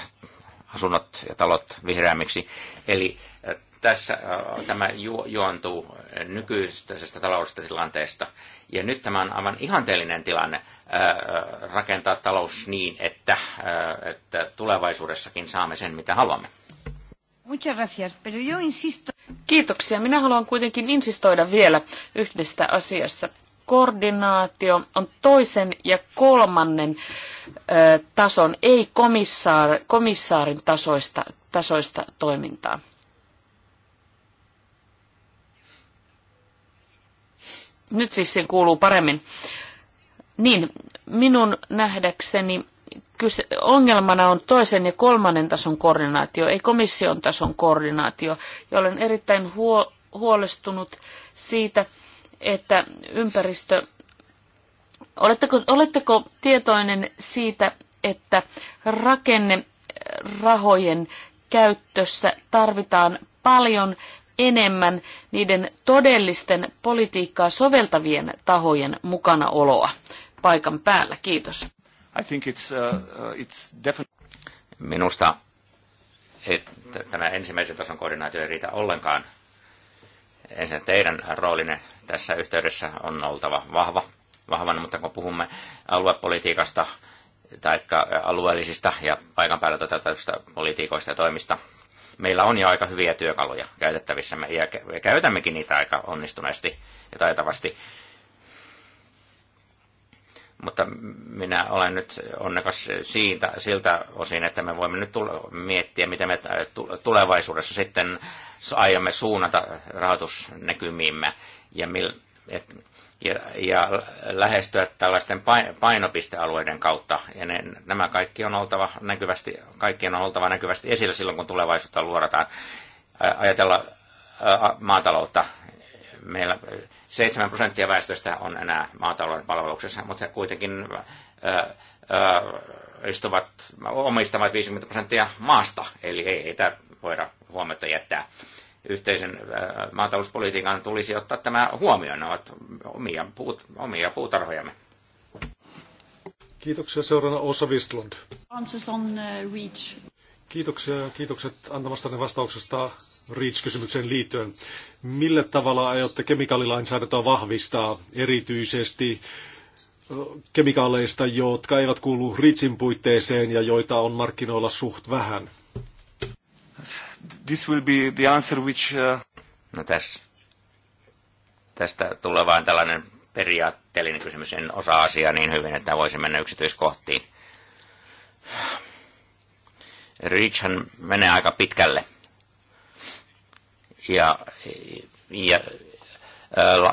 asunnot ja talot vihreämmiksi. Eli äh, tässä äh, tämä ju, juontuu äh, nykyisestä taloudesta tilanteesta. Ja nyt tämä on aivan ihanteellinen tilanne rakentaa talous niin, että, että tulevaisuudessakin saamme sen, mitä haluamme. Kiitoksia. Minä haluan kuitenkin insistoida vielä yhdestä asiassa koordinaatio on toisen ja kolmannen ö, tason, ei komissaar, komissaarin tasoista, tasoista toimintaa. Nyt vissiin kuuluu paremmin. Niin, minun nähdäkseni kyse, ongelmana on toisen ja kolmannen tason koordinaatio, ei komission tason koordinaatio, ja olen erittäin huo, huolestunut siitä, että ympäristö... Oletteko, oletteko tietoinen siitä, että rakennerahojen käyttössä tarvitaan paljon enemmän niiden todellisten politiikkaa soveltavien tahojen mukanaoloa paikan päällä. Kiitos. I think it's, uh, uh it's Minusta että tämä ensimmäisen tason koordinaatio ei riitä ollenkaan ensin teidän roolinne tässä yhteydessä on oltava vahva, vahvan, mutta kun puhumme aluepolitiikasta tai alueellisista ja paikan päällä toteutettavista politiikoista ja toimista, meillä on jo aika hyviä työkaluja käytettävissä ja käytämmekin niitä aika onnistuneesti ja taitavasti mutta minä olen nyt onnekas siitä, siltä osin, että me voimme nyt tulla, miettiä, miten me tulevaisuudessa sitten aiomme suunnata rahoitusnäkymiimme ja, mil, et, ja, ja lähestyä tällaisten painopistealueiden kautta. Ja ne, nämä kaikki on oltava näkyvästi, kaikkien on oltava näkyvästi esillä silloin, kun tulevaisuutta luodataan. Ajatella maataloutta meillä 7 prosenttia väestöstä on enää maatalouden palveluksessa, mutta kuitenkin ää, ää, istuvat, omistavat 50 prosenttia maasta, eli ei heitä voida huomiota jättää. Yhteisen ää, maatalouspolitiikan tulisi ottaa tämä huomioon, ne ovat omia, puut, omia puutarhojamme. Kiitoksia seurana Osa Westlund. Kiitoksia, kiitokset antamastanne vastauksesta REACH-kysymykseen liittyen. Millä tavalla aiotte kemikaalilainsäädäntöä vahvistaa erityisesti kemikaaleista, jotka eivät kuulu REACHin puitteeseen ja joita on markkinoilla suht vähän? This will be the answer which... Uh... No tässä. Tästä tulee vain tällainen periaatteellinen kysymys. En osaa asiaa niin hyvin, että voisin mennä yksityiskohtiin. Reachhan menee aika pitkälle ja, ja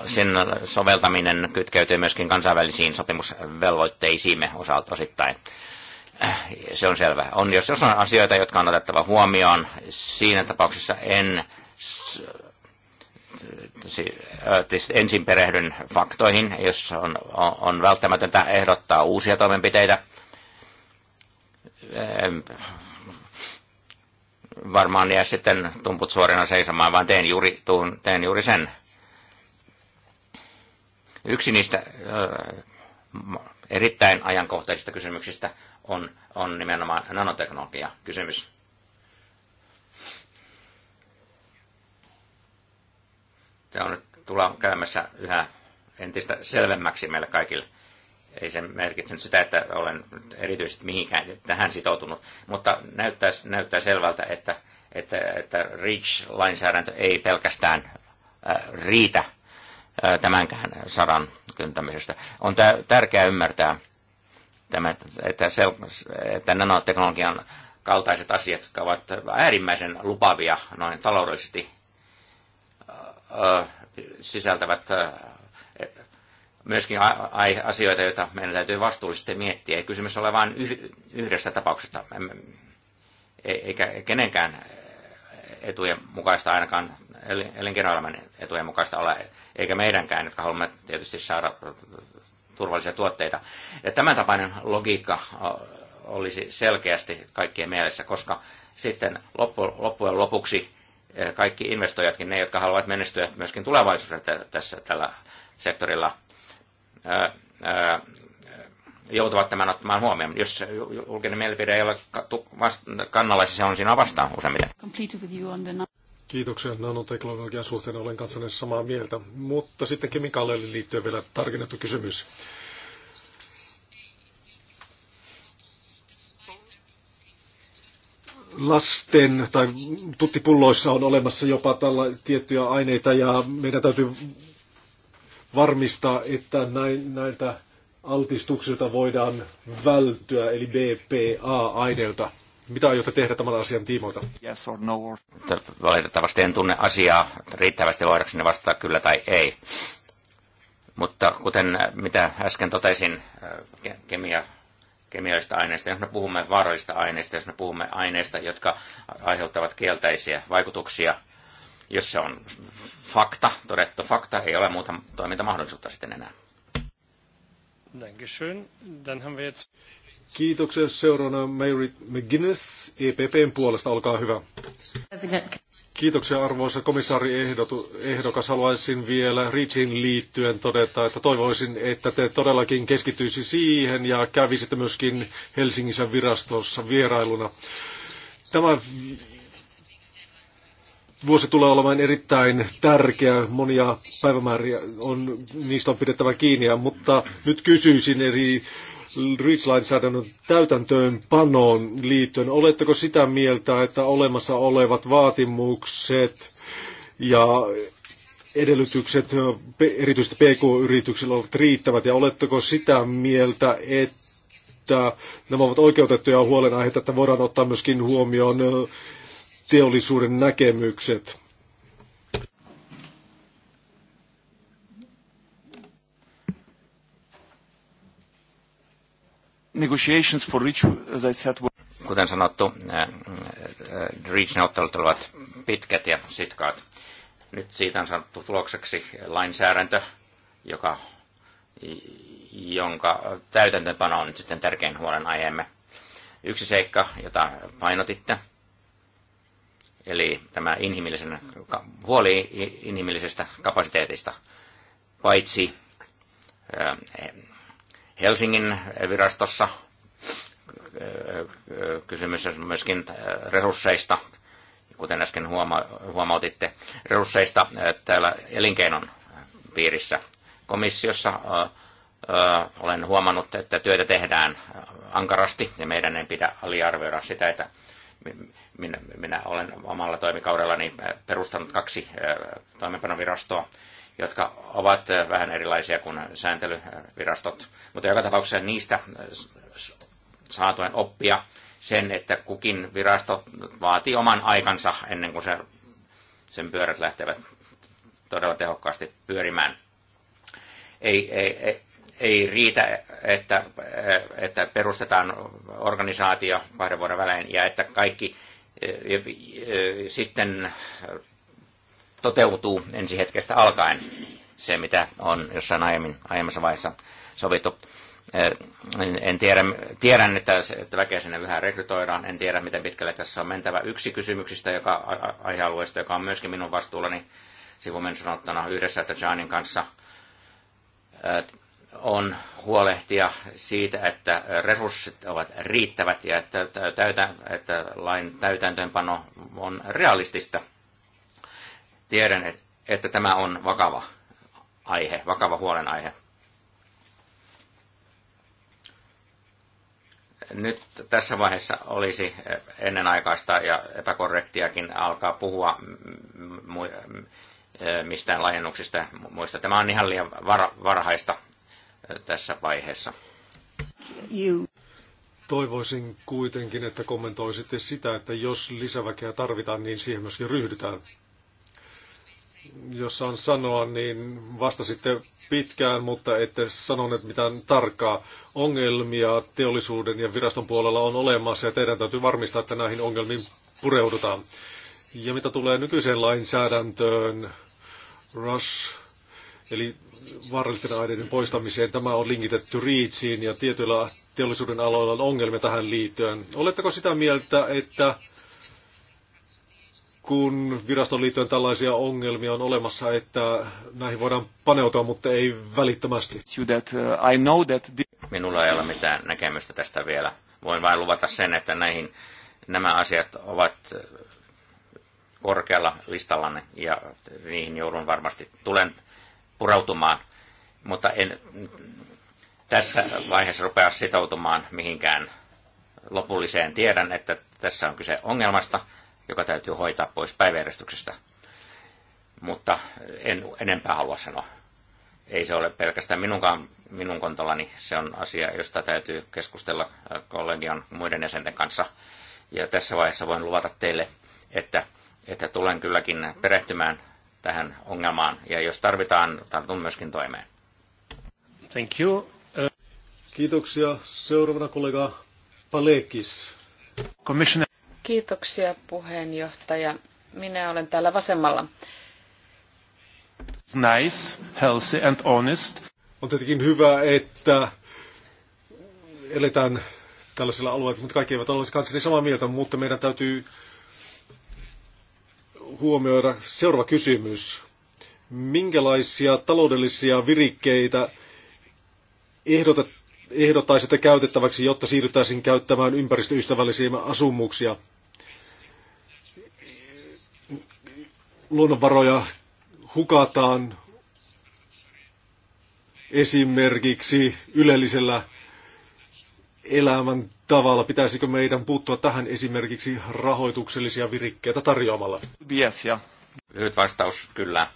sen soveltaminen kytkeytyy myöskin kansainvälisiin sopimusvelvoitteisiimme osalta osittain. Äh, se on selvä. On, jos on asioita, jotka on otettava huomioon, siinä tapauksessa en ensin perehdyn faktoihin, jos on, on välttämätöntä ehdottaa uusia toimenpiteitä varmaan jää sitten tumput suorina seisomaan, vaan teen juuri, tuun, teen juuri sen. Yksi niistä erittäin ajankohtaisista kysymyksistä on, on nimenomaan nanoteknologia kysymys. Tämä on nyt tulla käymässä yhä entistä selvemmäksi meille kaikille ei se merkitsenyt sitä, että olen erityisesti mihinkään tähän sitoutunut, mutta näyttää, näyttää selvältä, että, että, että REACH-lainsäädäntö ei pelkästään riitä tämänkään sadan kyntämisestä. On tärkeää ymmärtää, tämä, että, että nanoteknologian kaltaiset asiat, jotka ovat äärimmäisen lupavia noin taloudellisesti, sisältävät myöskin asioita, joita meidän täytyy vastuullisesti miettiä. Ei kysymys ole vain yhdessä tapauksessa, e, eikä kenenkään etujen mukaista ainakaan elinkeinoelämän etujen mukaista ole, eikä meidänkään, jotka haluamme tietysti saada turvallisia tuotteita. Ja tämän tapainen logiikka olisi selkeästi kaikkien mielessä, koska sitten loppujen lopuksi e, kaikki investoijatkin, ne jotka haluavat menestyä myöskin tulevaisuudessa tässä tällä sektorilla, joutuvat tämän ottamaan huomioon. Jos julkinen mielipide ei ole kannalla, siis se on siinä vastaan useimmiten. Kiitoksia nanoteknologian suhteen, olen kanssanne samaa mieltä. Mutta sitten kemikaaleille liittyen vielä tarkennettu kysymys. Lasten tai tuttipulloissa on olemassa jopa tällä tiettyjä aineita ja meidän täytyy varmistaa, että näiltä altistuksilta voidaan välttyä, eli BPA-aineilta. Mitä aiotte tehdä tämän asian tiimoilta? Yes or no or... Valitettavasti en tunne asiaa riittävästi voidakseni vastata kyllä tai ei. Mutta kuten äh, mitä äsken totesin, äh, kemia kemiallisista aineista, jos me puhumme vaarallisista aineista, jos me puhumme aineista, jotka aiheuttavat kielteisiä vaikutuksia jos se on fakta, todettu fakta, ei ole muuta toimintamahdollisuutta sitten enää. Dankeschön. Dann haben wir jetzt... Kiitoksia. Seuraavana Mary McGuinness EPPn puolesta. Olkaa hyvä. Kiitoksia arvoisa komissaari ehdotu, ehdokas. Haluaisin vielä Richin liittyen todeta, että toivoisin, että te todellakin keskittyisi siihen ja kävisitte myöskin Helsingissä virastossa vierailuna. Tämä vuosi tulee olemaan erittäin tärkeä. Monia päivämääriä on, niistä on pidettävä kiinni, mutta nyt kysyisin eri REACH-lainsäädännön täytäntöönpanoon liittyen. Oletteko sitä mieltä, että olemassa olevat vaatimukset ja edellytykset erityisesti PK-yrityksillä ovat riittävät ja oletteko sitä mieltä, että nämä ovat oikeutettuja huolenaiheita, että voidaan ottaa myöskin huomioon teollisuuden näkemykset. Negotiations for reach, as I said, were... Kuten sanottu, äh, äh, Reach-neuvottelut olivat pitkät ja sitkaat. Nyt siitä on sanottu tulokseksi lainsäädäntö, joka, jonka täytäntöönpano on sitten tärkein huolenaiheemme. Yksi seikka, jota painotitte, Eli tämä inhimillisen, huoli inhimillisestä kapasiteetista. Paitsi e, Helsingin virastossa kysymys on myöskin resursseista, kuten äsken huoma- huomautitte, resursseista täällä elinkeinon piirissä. Komissiossa olen huomannut, että työtä tehdään ankarasti ja meidän ei pidä aliarvioida sitä, että minä, minä olen omalla toimikaudellani perustanut kaksi toimenpanovirastoa, jotka ovat vähän erilaisia kuin sääntelyvirastot. Mutta joka tapauksessa niistä saatuen oppia sen, että kukin virasto vaatii oman aikansa ennen kuin se, sen pyörät lähtevät todella tehokkaasti pyörimään. Ei, ei, ei, ei riitä, että, että perustetaan organisaatio kahden vuoden välein ja että kaikki eh, eh, sitten toteutuu ensi hetkestä alkaen se, mitä on jossain aiemmin, aiemmassa vaiheessa sovittu. Eh, en tiedä, tiedän, että, että väkeä sinne yhä rekrytoidaan. En tiedä, miten pitkälle tässä on mentävä. Yksi kysymyksistä, joka aihealueesta, joka on myöskin minun vastuullani sivumen sanottuna yhdessä Janin kanssa, on huolehtia siitä, että resurssit ovat riittävät ja että, täytä, että lain täytäntöönpano on realistista. Tiedän, että tämä on vakava aihe, vakava huolenaihe. Nyt tässä vaiheessa olisi ennenaikaista ja epäkorrektiakin alkaa puhua mistään laajennuksista muista. Tämä on ihan liian varhaista tässä vaiheessa. Toivoisin kuitenkin, että kommentoisitte sitä, että jos lisäväkeä tarvitaan, niin siihen myöskin ryhdytään. Jos saan sanoa, niin vastasitte pitkään, mutta ette sanoneet mitään tarkkaa. Ongelmia teollisuuden ja viraston puolella on olemassa ja teidän täytyy varmistaa, että näihin ongelmiin pureudutaan. Ja mitä tulee nykyiseen lainsäädäntöön, Rush, eli vaarallisten aineiden poistamiseen. Tämä on linkitetty riitsiin ja tietyillä teollisuuden aloilla on ongelmia tähän liittyen. Oletteko sitä mieltä, että kun viraston liittyen tällaisia ongelmia on olemassa, että näihin voidaan paneutua, mutta ei välittömästi? Minulla ei ole mitään näkemystä tästä vielä. Voin vain luvata sen, että näihin nämä asiat ovat korkealla listallanne ja niihin joudun varmasti, tulen purautumaan, mutta en tässä vaiheessa rupea sitoutumaan mihinkään lopulliseen. Tiedän, että tässä on kyse ongelmasta, joka täytyy hoitaa pois päiväjärjestyksestä, mutta en enempää halua sanoa. Ei se ole pelkästään minunkaan, minun kontollani. Se on asia, josta täytyy keskustella kollegian muiden jäsenten kanssa. Ja tässä vaiheessa voin luvata teille, että, että tulen kylläkin perehtymään tähän ongelmaan. Ja jos tarvitaan, tartun myöskin toimeen. Thank you. Uh... Kiitoksia. Seuraavana kollega Palekis. Commissioner. Kiitoksia puheenjohtaja. Minä olen täällä vasemmalla. Nice, healthy and honest. On tietenkin hyvä, että eletään tällaisilla alueilla, mutta kaikki eivät ole kanssani niin samaa mieltä, mutta meidän täytyy huomioida seuraava kysymys. Minkälaisia taloudellisia virikkeitä ehdotat, ehdottaisitte käytettäväksi, jotta siirrytäisiin käyttämään ympäristöystävällisiä asumuksia? Luonnonvaroja hukataan esimerkiksi ylellisellä elämän tavalla pitäisikö meidän puuttua tähän esimerkiksi rahoituksellisia virikkeitä tarjoamalla? Yes, ja. Lyhyt vastaus, kyllä.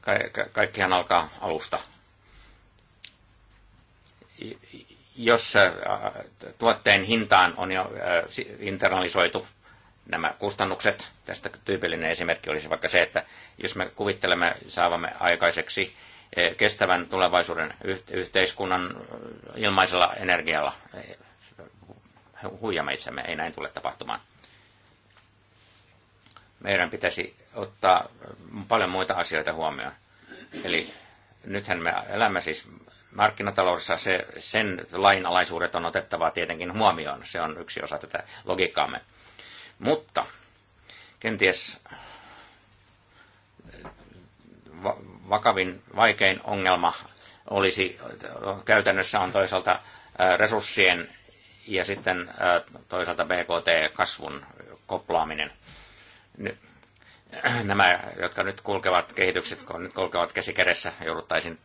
Ka- ka- kaikkihan alkaa alusta. Jos äh, tuotteen hintaan on jo äh, internalisoitu nämä kustannukset, tästä tyypillinen esimerkki olisi vaikka se, että jos me kuvittelemme saavamme aikaiseksi Eh, kestävän tulevaisuuden yhteiskunnan eh, ilmaisella energialla. Eh, huijamme itsemme, ei näin tule tapahtumaan. Meidän pitäisi ottaa paljon muita asioita huomioon. Eli nythän me elämme siis markkinataloudessa, se, sen lainalaisuudet on otettava tietenkin huomioon. Se on yksi osa tätä logiikkaamme. Mutta kenties vakavin, vaikein ongelma olisi käytännössä on toisaalta resurssien ja sitten toisaalta BKT-kasvun koplaaminen. Nämä, jotka nyt kulkevat kehitykset, kun nyt kulkevat käsikädessä, jouduttaisiin,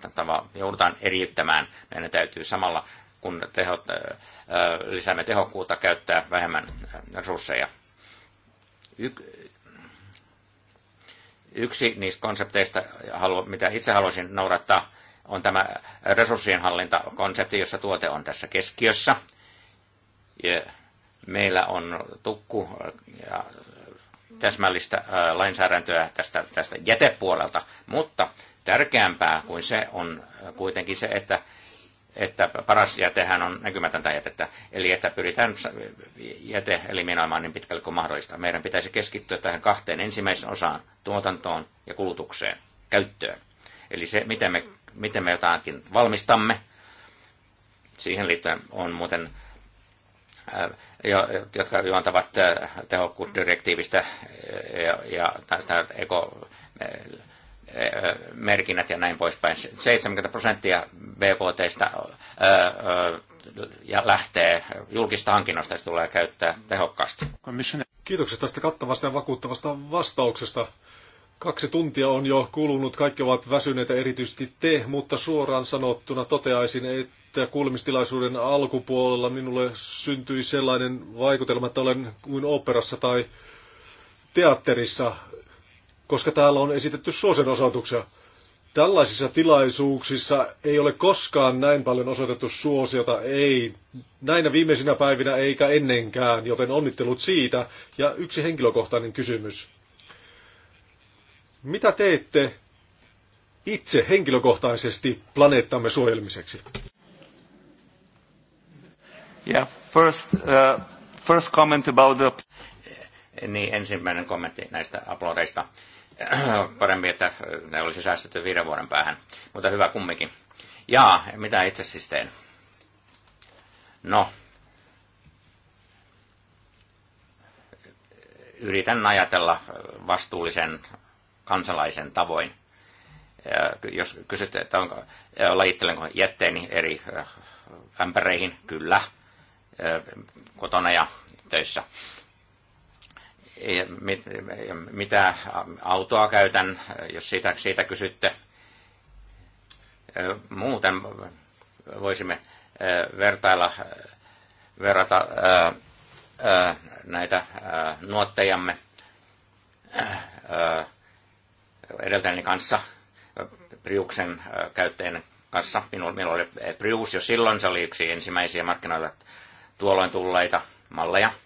joudutaan eriyttämään. ne täytyy samalla, kun tehot, lisäämme tehokkuutta, käyttää vähemmän resursseja. Yksi niistä konsepteista, mitä itse haluaisin noudattaa, on tämä resurssien hallintakonsepti, jossa tuote on tässä keskiössä. Ja meillä on tukku ja täsmällistä lainsäädäntöä tästä, tästä jätepuolelta, mutta tärkeämpää kuin se on kuitenkin se, että että paras jätehän on näkymätöntä jätettä, eli että pyritään jäte eliminoimaan niin pitkälle kuin mahdollista. Meidän pitäisi keskittyä tähän kahteen ensimmäisen osaan, tuotantoon ja kulutukseen, käyttöön. Eli se, miten me, miten me jotakin valmistamme, siihen liittyen on muuten äh, jo, jotka juontavat äh, tehokkuusdirektiivistä äh, ja, ja tästä eko merkinnät ja näin poispäin. 70 prosenttia BKTstä ja lähtee julkista hankinnoista, ja tulee käyttää tehokkaasti. Kiitokset tästä kattavasta ja vakuuttavasta vastauksesta. Kaksi tuntia on jo kulunut, kaikki ovat väsyneitä, erityisesti te, mutta suoraan sanottuna toteaisin, että kuulemistilaisuuden alkupuolella minulle syntyi sellainen vaikutelma, että olen kuin operassa tai teatterissa koska täällä on esitetty osoituksia. Tällaisissa tilaisuuksissa ei ole koskaan näin paljon osoitettu suosiota, ei näinä viimeisinä päivinä eikä ennenkään, joten onnittelut siitä. Ja yksi henkilökohtainen kysymys. Mitä teette itse henkilökohtaisesti planeettamme suojelmiseksi? Yeah, first, uh, first comment about the... Niin, ensimmäinen kommentti näistä aplodeista. Parempi, että ne olisi säästetty viiden vuoden päähän, mutta hyvä kumminkin. Jaa, mitä itse siis teen? No, yritän ajatella vastuullisen kansalaisen tavoin. Jos kysytte, että onko, lajittelenko jätteeni eri ämpäreihin, kyllä, kotona ja töissä mit, mitä autoa käytän, jos siitä, siitä kysytte. Muuten voisimme vertailla, verrata näitä nuottejamme edeltäjäni kanssa, Priuksen käyttäjän kanssa. Minulla, minulla oli Prius jo silloin, se oli yksi ensimmäisiä markkinoille tuolloin tulleita malleja –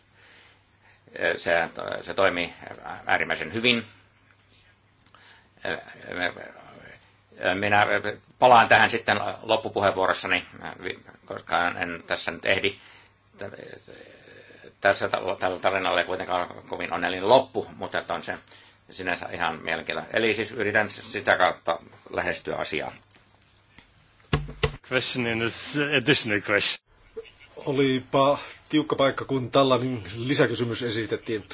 se, se toimii äärimmäisen hyvin. Minä palaan tähän sitten loppupuheenvuorossani, koska en tässä nyt ehdi tässä tällä tarinalla ei kuitenkaan kovin onnellinen loppu, mutta on se sinänsä ihan mielenkiintoinen. Eli siis yritän sitä kautta lähestyä asiaa. Question in this additional question. Olipa tiukka paikka, kun tällainen lisäkysymys esitettiin.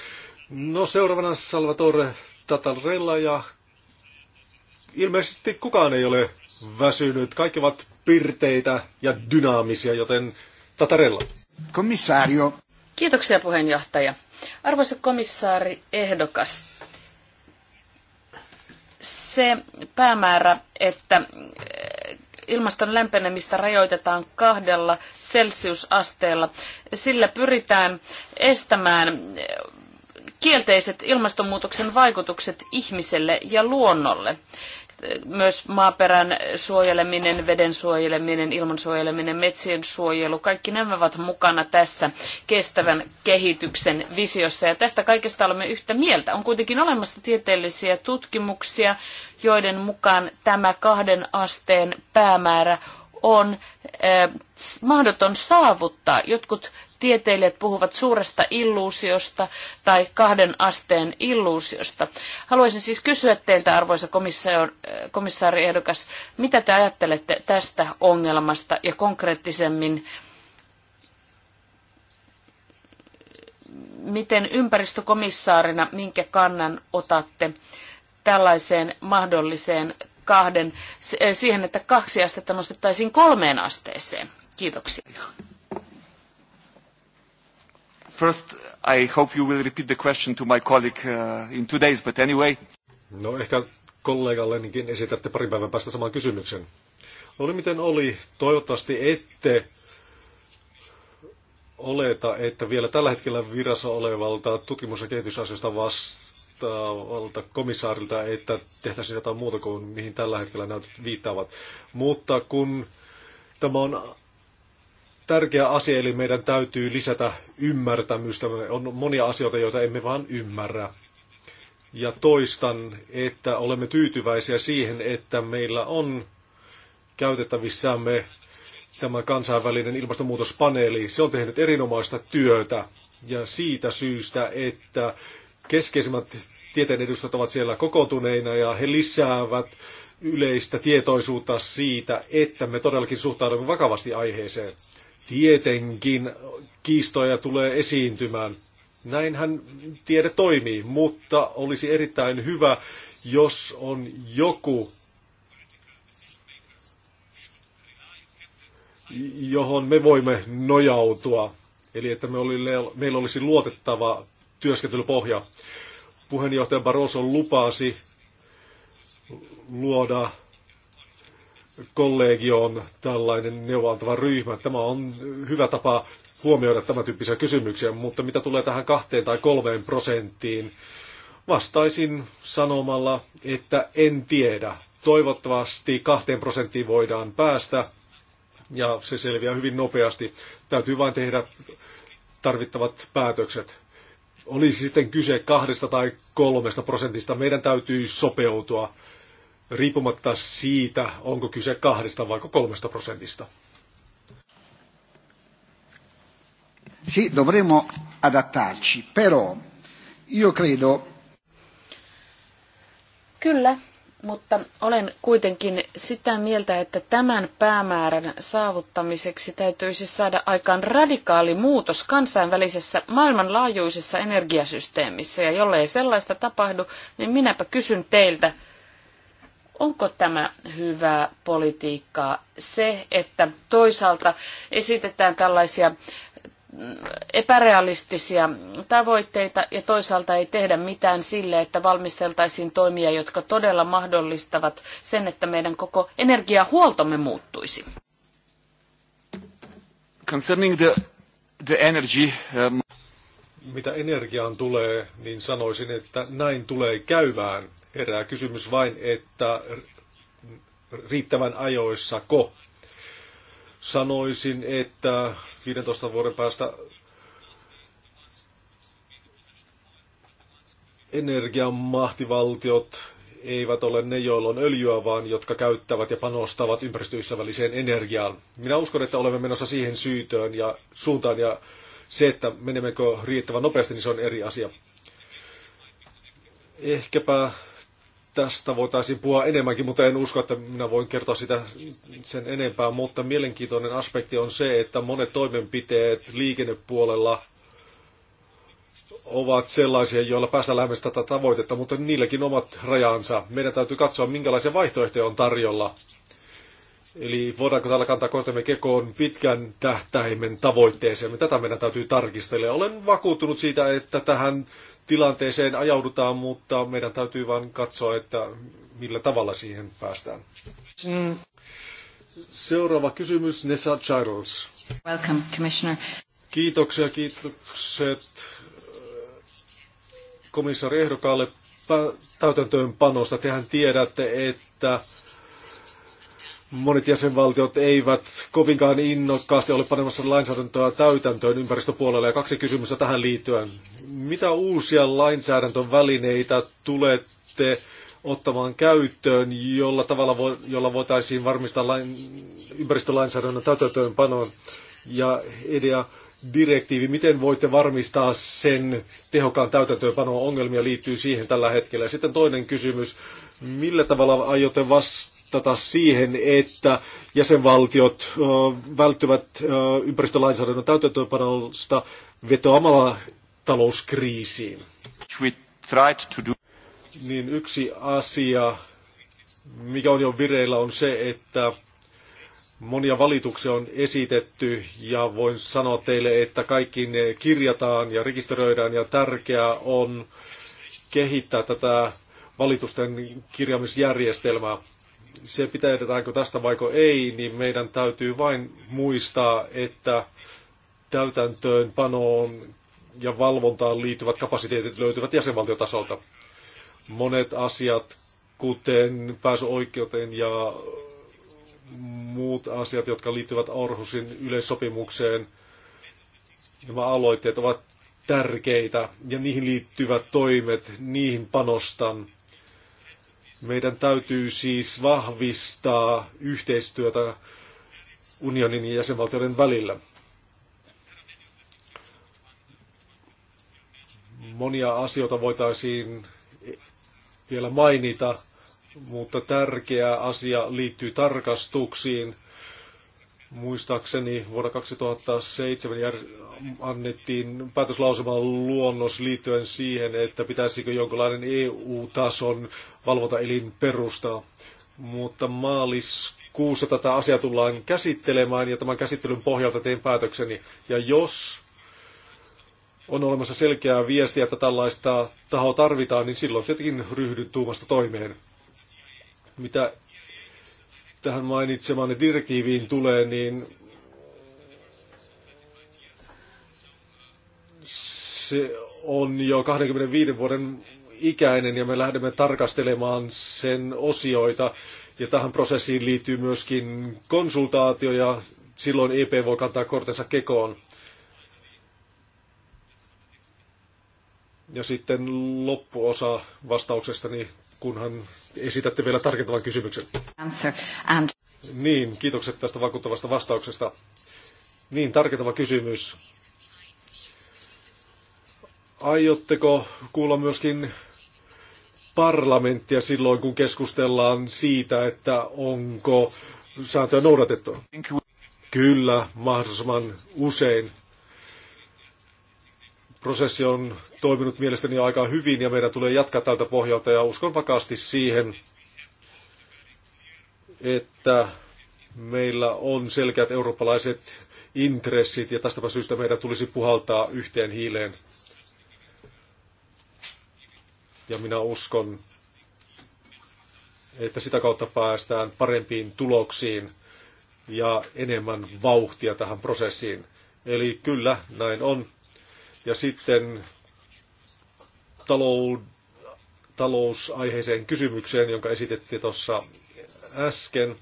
No seuraavana Salvatore Tatarella ja ilmeisesti kukaan ei ole väsynyt. Kaikki ovat pirteitä ja dynaamisia, joten Tatarella. Komissaario. Kiitoksia puheenjohtaja. Arvoisa komissaari ehdokas, se päämäärä, että ilmaston lämpenemistä rajoitetaan kahdella celsiusasteella. Sillä pyritään estämään eh, kielteiset ilmastonmuutoksen vaikutukset ihmiselle ja luonnolle myös maaperän suojeleminen, veden suojeleminen, ilman suojeleminen, metsien suojelu, kaikki nämä ovat mukana tässä kestävän kehityksen visiossa. Ja tästä kaikesta olemme yhtä mieltä. On kuitenkin olemassa tieteellisiä tutkimuksia, joiden mukaan tämä kahden asteen päämäärä on eh, mahdoton saavuttaa. Jotkut Tieteilijät puhuvat suuresta illuusiosta tai kahden asteen illuusiosta. Haluaisin siis kysyä teiltä, arvoisa komissaari ehdokas, mitä te ajattelette tästä ongelmasta ja konkreettisemmin, miten ympäristökomissaarina, minkä kannan otatte tällaiseen mahdolliseen kahden, siihen, että kaksi astetta nostettaisiin kolmeen asteeseen? Kiitoksia. First, I hope you will repeat the question to my colleague uh, in two days, but anyway. No ehkä kollegallenikin esitätte parin päivän päästä saman kysymyksen. Oli miten oli, toivottavasti ette oleta, että vielä tällä hetkellä virassa olevalta tutkimus- ja kehitysasioista vastaavalta komissaarilta, että tehtäisiin jotain muuta kuin mihin tällä hetkellä näytöt viittaavat. Mutta kun tämä on tärkeä asia, eli meidän täytyy lisätä ymmärtämystä. On monia asioita, joita emme vaan ymmärrä. Ja toistan, että olemme tyytyväisiä siihen, että meillä on käytettävissämme tämä kansainvälinen ilmastonmuutospaneeli. Se on tehnyt erinomaista työtä ja siitä syystä, että keskeisimmät tieteen edustajat ovat siellä kokoontuneina ja he lisäävät yleistä tietoisuutta siitä, että me todellakin suhtaudumme vakavasti aiheeseen. Tietenkin kiistoja tulee esiintymään. Näinhän tiede toimii, mutta olisi erittäin hyvä, jos on joku, johon me voimme nojautua. Eli että me oli, meillä olisi luotettava työskentelypohja. Puheenjohtaja Barroso lupasi luoda kollegioon tällainen neuvontava ryhmä. Tämä on hyvä tapa huomioida tämän tyyppisiä kysymyksiä, mutta mitä tulee tähän kahteen tai kolmeen prosenttiin, vastaisin sanomalla, että en tiedä. Toivottavasti kahteen prosenttiin voidaan päästä ja se selviää hyvin nopeasti. Täytyy vain tehdä tarvittavat päätökset. Olisi sitten kyse kahdesta tai kolmesta prosentista, meidän täytyy sopeutua – riippumatta siitä, onko kyse kahdesta vai kolmesta prosentista. Sì, dovremmo adattarci, però io credo... Kyllä, mutta olen kuitenkin sitä mieltä, että tämän päämäärän saavuttamiseksi täytyisi saada aikaan radikaali muutos kansainvälisessä maailmanlaajuisessa energiasysteemissä. Ja jollei sellaista tapahdu, niin minäpä kysyn teiltä, Onko tämä hyvää politiikkaa se, että toisaalta esitetään tällaisia epärealistisia tavoitteita ja toisaalta ei tehdä mitään sille, että valmisteltaisiin toimia, jotka todella mahdollistavat sen, että meidän koko energiahuoltomme muuttuisi. Concerning the, the energy, um... Mitä energiaan tulee, niin sanoisin, että näin tulee käymään. Herää kysymys vain, että riittävän ajoissako. Sanoisin, että 15 vuoden päästä energian mahtivaltiot eivät ole ne, joilla on öljyä, vaan jotka käyttävät ja panostavat ympäristöystävälliseen energiaan. Minä uskon, että olemme menossa siihen syytöön ja suuntaan, ja se, että menemmekö riittävän nopeasti, niin se on eri asia. Ehkäpä tästä voitaisiin puhua enemmänkin, mutta en usko, että minä voin kertoa sitä sen enempää. Mutta mielenkiintoinen aspekti on se, että monet toimenpiteet liikennepuolella ovat sellaisia, joilla päästään lähemmäs tätä tavoitetta, mutta niilläkin omat rajansa. Meidän täytyy katsoa, minkälaisia vaihtoehtoja on tarjolla. Eli voidaanko täällä kantaa kortemme kekoon pitkän tähtäimen tavoitteeseen. Tätä meidän täytyy tarkistella. Olen vakuuttunut siitä, että tähän tilanteeseen ajaudutaan, mutta meidän täytyy vain katsoa, että millä tavalla siihen päästään. Mm. Seuraava kysymys, Nessa Childs. Welcome, Commissioner. Kiitoksia, kiitokset äh, komissaari ehdokkaalle täytäntöönpanosta. Tehän tiedätte, että monet jäsenvaltiot eivät kovinkaan innokkaasti ole panemassa lainsäädäntöä täytäntöön ympäristöpuolella. Ja kaksi kysymystä tähän liittyen. Mitä uusia lainsäädäntövälineitä tulette ottamaan käyttöön, jolla tavalla vo, jolla voitaisiin varmistaa lain, ympäristölainsäädännön täytäntöönpanoon ja idea direktiivi, miten voitte varmistaa sen tehokkaan täytäntöönpanon Ongelmia liittyy siihen tällä hetkellä. Ja sitten toinen kysymys, millä tavalla aiotte vastata viittata siihen, että jäsenvaltiot välttyvät ympäristölainsäädännön täytäntöönpanosta vetoamalla talouskriisiin. Niin yksi asia, mikä on jo vireillä, on se, että monia valituksia on esitetty ja voin sanoa teille, että kaikki ne kirjataan ja rekisteröidään ja tärkeää on kehittää tätä valitusten kirjaamisjärjestelmää se pitäydetäänkö tästä vaiko ei, niin meidän täytyy vain muistaa, että täytäntöönpanoon ja valvontaan liittyvät kapasiteetit löytyvät jäsenvaltiotasolta. Monet asiat, kuten pääsyoikeuteen ja muut asiat, jotka liittyvät Orhusin yleissopimukseen, nämä aloitteet ovat tärkeitä ja niihin liittyvät toimet, niihin panostan – meidän täytyy siis vahvistaa yhteistyötä unionin ja jäsenvaltioiden välillä. Monia asioita voitaisiin vielä mainita, mutta tärkeä asia liittyy tarkastuksiin – Muistaakseni vuonna 2007 jär- annettiin päätöslausuman luonnos liittyen siihen, että pitäisikö jonkinlainen EU-tason valvontaelin perustaa. Mutta maaliskuussa tätä asiaa tullaan käsittelemään ja tämän käsittelyn pohjalta teen päätökseni. Ja jos on olemassa selkeää viestiä, että tällaista tahoa tarvitaan, niin silloin tietenkin ryhdyn tuumasta toimeen. Mitä tähän mainitsemaan direktiiviin tulee, niin se on jo 25 vuoden ikäinen ja me lähdemme tarkastelemaan sen osioita. Ja tähän prosessiin liittyy myöskin konsultaatio ja silloin EP voi kantaa kortensa kekoon. Ja sitten loppuosa vastauksestani kunhan esitätte vielä tarkentavan kysymyksen. And... Niin, kiitokset tästä vakuuttavasta vastauksesta. Niin, tarkentava kysymys. Aiotteko kuulla myöskin parlamenttia silloin, kun keskustellaan siitä, että onko sääntöä noudatettu? Kyllä, mahdollisimman usein prosessi on toiminut mielestäni aika hyvin ja meidän tulee jatkaa tältä pohjalta ja uskon vakaasti siihen, että meillä on selkeät eurooppalaiset intressit ja tästäpä syystä meidän tulisi puhaltaa yhteen hiileen. Ja minä uskon, että sitä kautta päästään parempiin tuloksiin ja enemmän vauhtia tähän prosessiin. Eli kyllä, näin on. Ja sitten talou, kysymykseen, jonka esitettiin tuossa äsken.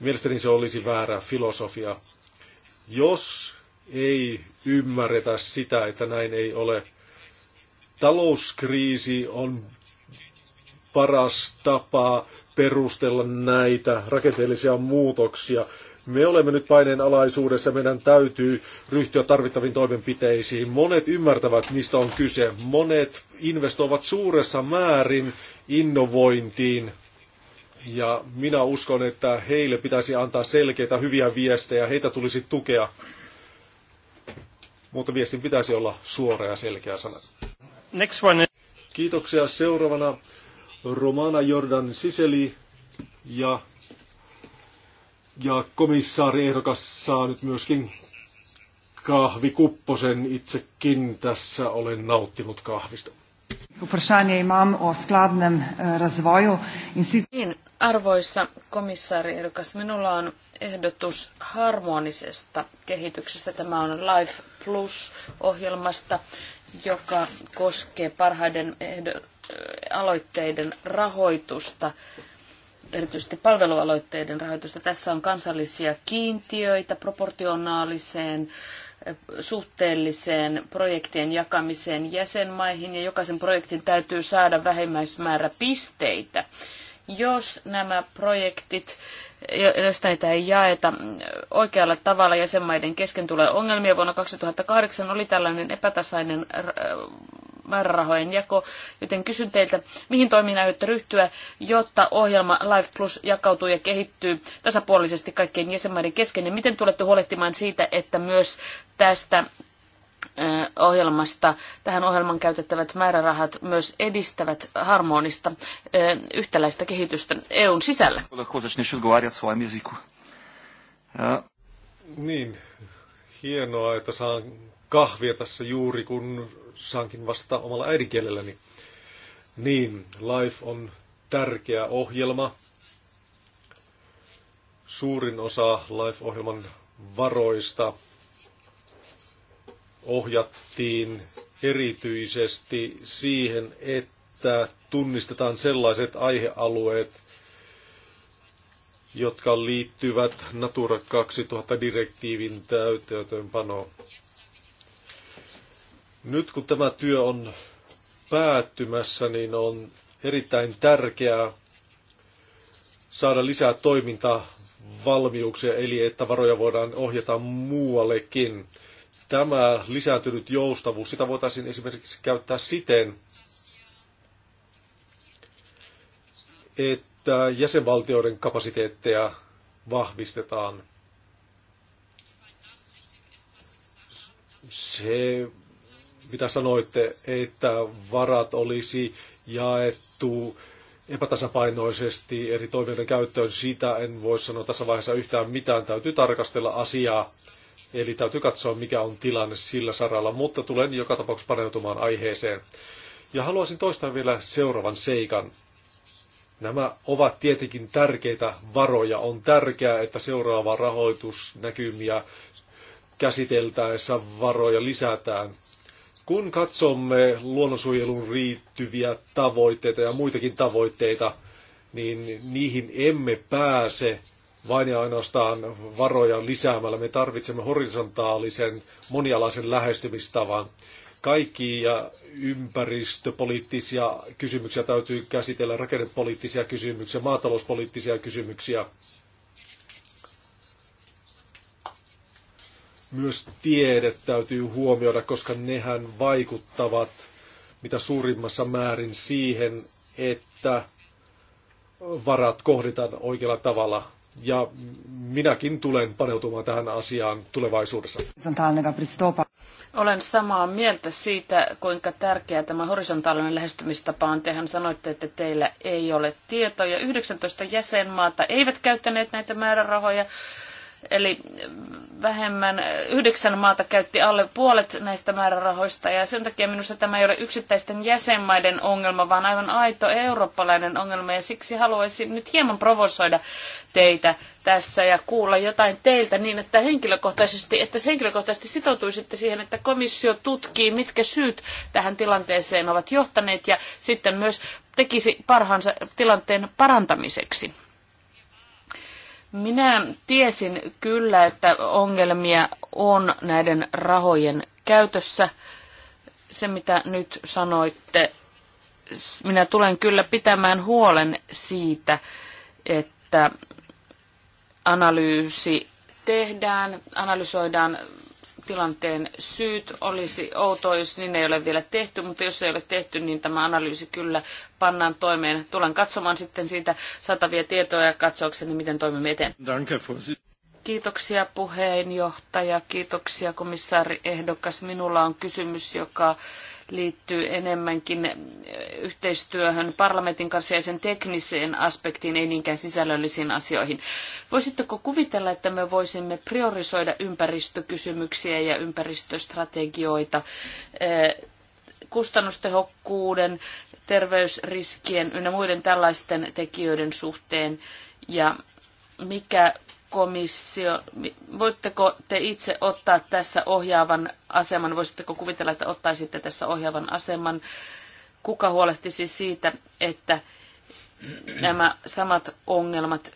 Mielestäni se olisi väärä filosofia. Jos ei ymmärretä sitä, että näin ei ole, talouskriisi on paras tapa perustella näitä rakenteellisia muutoksia me olemme nyt paineen alaisuudessa, meidän täytyy ryhtyä tarvittaviin toimenpiteisiin. Monet ymmärtävät, mistä on kyse. Monet investoivat suuressa määrin innovointiin. Ja minä uskon, että heille pitäisi antaa selkeitä, hyviä viestejä. Heitä tulisi tukea. Mutta viestin pitäisi olla suora ja selkeä sana. Next one. Kiitoksia. Seuraavana Romana Jordan Siseli ja ja komissaari ehdokas saa nyt myöskin kahvikupposen. Itsekin tässä olen nauttinut kahvista. Vprašanje imam o skladnem eh, razvoju. Niin, arvoissa komissaari ehdokas, minulla on ehdotus harmonisesta kehityksestä. Tämä on Life Plus-ohjelmasta, joka koskee parhaiden ehdo- aloitteiden rahoitusta erityisesti palvelualoitteiden rahoitusta. Tässä on kansallisia kiintiöitä proportionaaliseen eh, suhteelliseen projektien jakamiseen jäsenmaihin ja jokaisen projektin täytyy saada vähimmäismäärä pisteitä. Jos nämä projektit jos näitä ei jaeta mm, oikealla tavalla jäsenmaiden kesken tulee ongelmia. Vuonna 2008 oli tällainen epätasainen määrärahojen jako, joten kysyn teiltä, mihin toimiin aiotte ryhtyä, jotta ohjelma Life Plus jakautuu ja kehittyy tasapuolisesti kaikkien jäsenmaiden kesken, ja miten tulette huolehtimaan siitä, että myös tästä ohjelmasta. Tähän ohjelman käytettävät määrärahat myös edistävät harmonista yhtäläistä kehitystä EUn sisällä. Niin, hienoa, että saan kahvia tässä juuri, kun saankin vastata omalla äidinkielelläni. Niin, Life on tärkeä ohjelma. Suurin osa Life-ohjelman varoista ohjattiin erityisesti siihen, että tunnistetaan sellaiset aihealueet, jotka liittyvät Natura 2000-direktiivin täytäntöönpanoon. Nyt kun tämä työ on päättymässä, niin on erittäin tärkeää saada lisää toimintavalmiuksia, eli että varoja voidaan ohjata muuallekin. Tämä lisääntynyt joustavuus, sitä voitaisiin esimerkiksi käyttää siten, että jäsenvaltioiden kapasiteetteja vahvistetaan. Se mitä sanoitte, että varat olisi jaettu epätasapainoisesti eri toimijoiden käyttöön. Sitä en voi sanoa tässä vaiheessa yhtään mitään. Täytyy tarkastella asiaa, eli täytyy katsoa, mikä on tilanne sillä saralla, mutta tulen joka tapauksessa paneutumaan aiheeseen. Ja haluaisin toistaa vielä seuraavan seikan. Nämä ovat tietenkin tärkeitä varoja. On tärkeää, että seuraava rahoitusnäkymiä käsiteltäessä varoja lisätään. Kun katsomme luonnonsuojeluun riittyviä tavoitteita ja muitakin tavoitteita, niin niihin emme pääse vain ja ainoastaan varoja lisäämällä. Me tarvitsemme horisontaalisen, monialaisen lähestymistavan. Kaikki ja ympäristöpoliittisia kysymyksiä täytyy käsitellä, rakennepoliittisia kysymyksiä, maatalouspoliittisia kysymyksiä. myös tiede täytyy huomioida, koska nehän vaikuttavat mitä suurimmassa määrin siihen, että varat kohditaan oikealla tavalla. Ja minäkin tulen paneutumaan tähän asiaan tulevaisuudessa. Olen samaa mieltä siitä, kuinka tärkeää tämä horisontaalinen lähestymistapa on. Tehän sanoitte, että teillä ei ole tietoja. 19 jäsenmaata eivät käyttäneet näitä määrärahoja. Eli vähemmän, yhdeksän maata käytti alle puolet näistä määrärahoista ja sen takia minusta tämä ei ole yksittäisten jäsenmaiden ongelma, vaan aivan aito eurooppalainen ongelma ja siksi haluaisin nyt hieman provosoida teitä tässä ja kuulla jotain teiltä niin, että henkilökohtaisesti, että henkilökohtaisesti sitoutuisitte siihen, että komissio tutkii, mitkä syyt tähän tilanteeseen ovat johtaneet ja sitten myös tekisi parhaansa tilanteen parantamiseksi. Minä tiesin kyllä, että ongelmia on näiden rahojen käytössä. Se, mitä nyt sanoitte, minä tulen kyllä pitämään huolen siitä, että analyysi tehdään, analysoidaan tilanteen syyt olisi outoa, jos niin ei ole vielä tehty, mutta jos ei ole tehty, niin tämä analyysi kyllä pannaan toimeen. Tulen katsomaan sitten siitä saatavia tietoja ja katsoakseni, miten toimimme eteen. Kiitoksia puheenjohtaja, kiitoksia komissaari ehdokas. Minulla on kysymys, joka liittyy enemmänkin yhteistyöhön parlamentin kanssa ja sen tekniseen aspektiin, ei niinkään sisällöllisiin asioihin. Voisitteko kuvitella, että me voisimme priorisoida ympäristökysymyksiä ja ympäristöstrategioita eh, kustannustehokkuuden, terveysriskien ynnä muiden tällaisten tekijöiden suhteen ja mikä komissio, voitteko te itse ottaa tässä ohjaavan aseman, voisitteko kuvitella, että ottaisitte tässä ohjaavan aseman, kuka huolehtisi siitä, että nämä samat ongelmat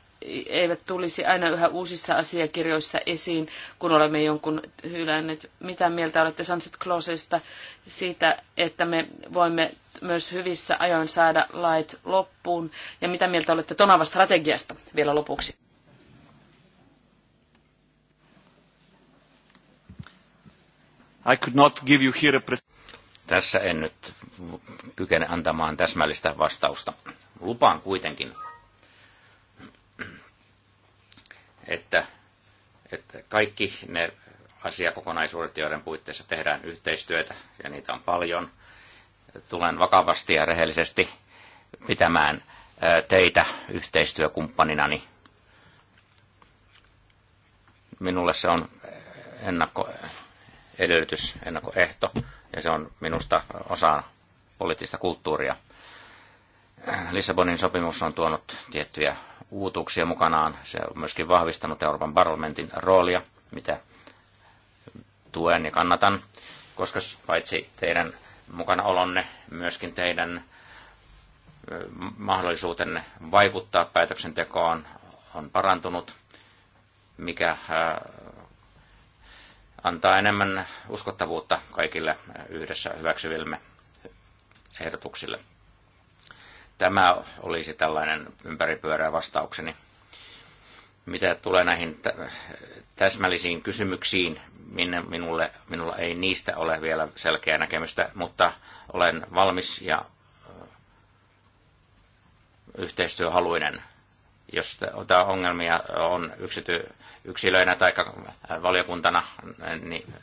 eivät tulisi aina yhä uusissa asiakirjoissa esiin, kun olemme jonkun hylänneet. Mitä mieltä olette Sunset Clausesta siitä, että me voimme myös hyvissä ajoin saada lait loppuun? Ja mitä mieltä olette Tonavan strategiasta vielä lopuksi? I could not give you here a Tässä en nyt kykene antamaan täsmällistä vastausta. Lupaan kuitenkin, että, että kaikki ne asiakokonaisuudet, joiden puitteissa tehdään yhteistyötä, ja niitä on paljon, tulen vakavasti ja rehellisesti pitämään teitä yhteistyökumppaninani. Minulle se on ennakko edellytys, ennakkoehto, ja se on minusta osa poliittista kulttuuria. Lissabonin sopimus on tuonut tiettyjä uutuuksia mukanaan. Se on myöskin vahvistanut Euroopan parlamentin roolia, mitä tuen ja kannatan, koska paitsi teidän mukanaolonne, myöskin teidän mahdollisuutenne vaikuttaa päätöksentekoon on parantunut, mikä antaa enemmän uskottavuutta kaikille yhdessä hyväksyville ehdotuksille. Tämä olisi tällainen ympäripyörä vastaukseni. Mitä tulee näihin täsmällisiin kysymyksiin, minne minulle, minulla ei niistä ole vielä selkeää näkemystä, mutta olen valmis ja yhteistyöhaluinen. Jos ongelmia on yksity, yksilöinä tai valiokuntana niin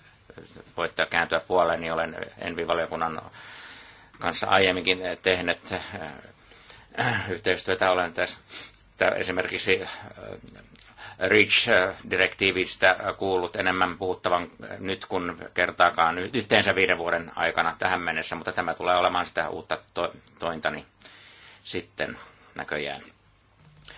voitte kääntyä puoleen, niin olen Envi-valiokunnan kanssa aiemminkin tehnyt äh, yhteistyötä. Olen tästä esimerkiksi äh, REACH-direktiivistä kuullut enemmän puhuttavan nyt kuin kertaakaan yhteensä viiden vuoden aikana tähän mennessä, mutta tämä tulee olemaan sitä uutta to- tointani sitten näköjään.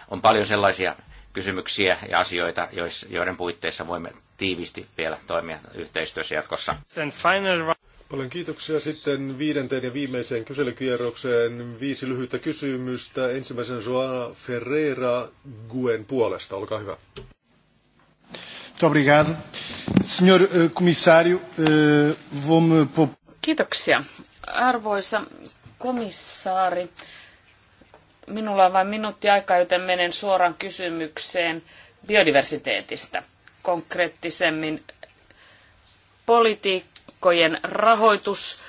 On paljon sellaisia kysymyksiä ja asioita, joiden puitteissa voimme tiivisti vielä toimia yhteistyössä jatkossa. Paljon kiitoksia. Sitten viidenteen ja viimeiseen kyselykierrokseen viisi lyhyttä kysymystä. Ensimmäisen Joa Ferreira Guen puolesta. Olkaa hyvä. Eh, eh, kiitoksia. Arvoisa komissaari, Minulla on vain minuutti aikaa, joten menen suoraan kysymykseen biodiversiteetistä konkreettisemmin politiikkojen rahoitus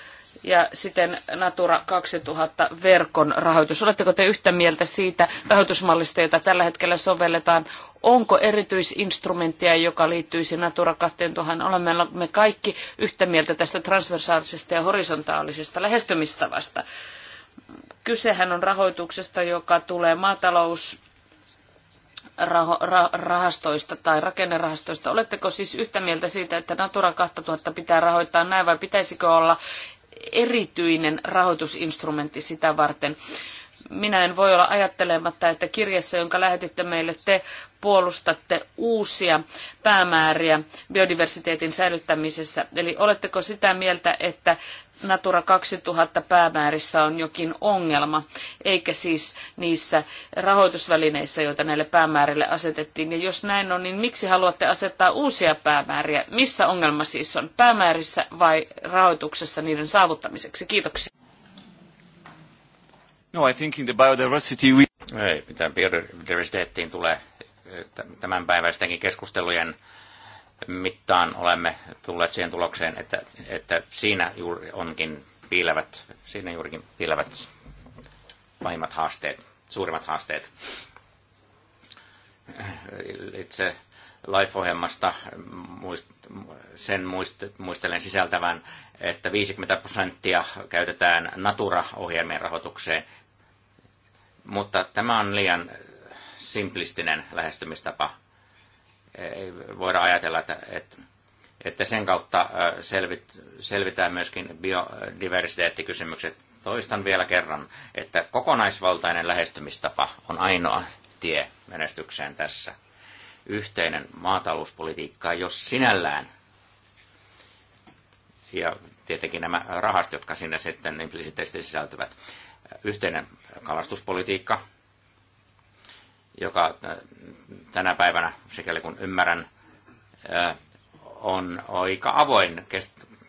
ja siten Natura 2000 verkon rahoitus. Oletteko te yhtä mieltä siitä rahoitusmallista, jota tällä hetkellä sovelletaan? Onko erityisinstrumenttia, joka liittyisi Natura 2000? Olemme me kaikki yhtä mieltä tästä transversaalisesta ja horisontaalisesta lähestymistavasta. Kysehän on rahoituksesta, joka tulee maatalousrahastoista rahastoista tai rakennerahastoista. Oletteko siis yhtä mieltä siitä, että Natura 2000 pitää rahoittaa näin vai pitäisikö olla erityinen rahoitusinstrumentti sitä varten? Minä en voi olla ajattelematta, että kirjassa, jonka lähetitte meille, te puolustatte uusia päämääriä biodiversiteetin säilyttämisessä? Eli oletteko sitä mieltä, että Natura 2000 päämäärissä on jokin ongelma, eikä siis niissä rahoitusvälineissä, joita näille päämäärille asetettiin. Ja jos näin on, niin miksi haluatte asettaa uusia päämääriä? Missä ongelma siis on? Päämäärissä vai rahoituksessa niiden saavuttamiseksi? Kiitoksia. No, I think in the biodiversity we... Ei, pitää biodiversiteettiin tulee tämänpäiväistenkin keskustelujen mittaan olemme tulleet siihen tulokseen, että, että siinä juuri onkin piilevät, siinä juurikin piilevät pahimmat haasteet, suurimmat haasteet. Itse Life-ohjelmasta sen muistelen sisältävän, että 50 prosenttia käytetään Natura-ohjelmien rahoitukseen, mutta tämä on liian simplistinen lähestymistapa. Ei voida ajatella, että, että, että sen kautta selvit, selvitään myöskin biodiversiteettikysymykset. Toistan vielä kerran, että kokonaisvaltainen lähestymistapa on ainoa tie menestykseen tässä. Yhteinen maatalouspolitiikka, jos sinällään ja tietenkin nämä rahastot, jotka sinne sitten implisiteisesti sisältyvät. Yhteinen kalastuspolitiikka, joka äh, tänä päivänä, sikäli kun ymmärrän, äh, on aika avoin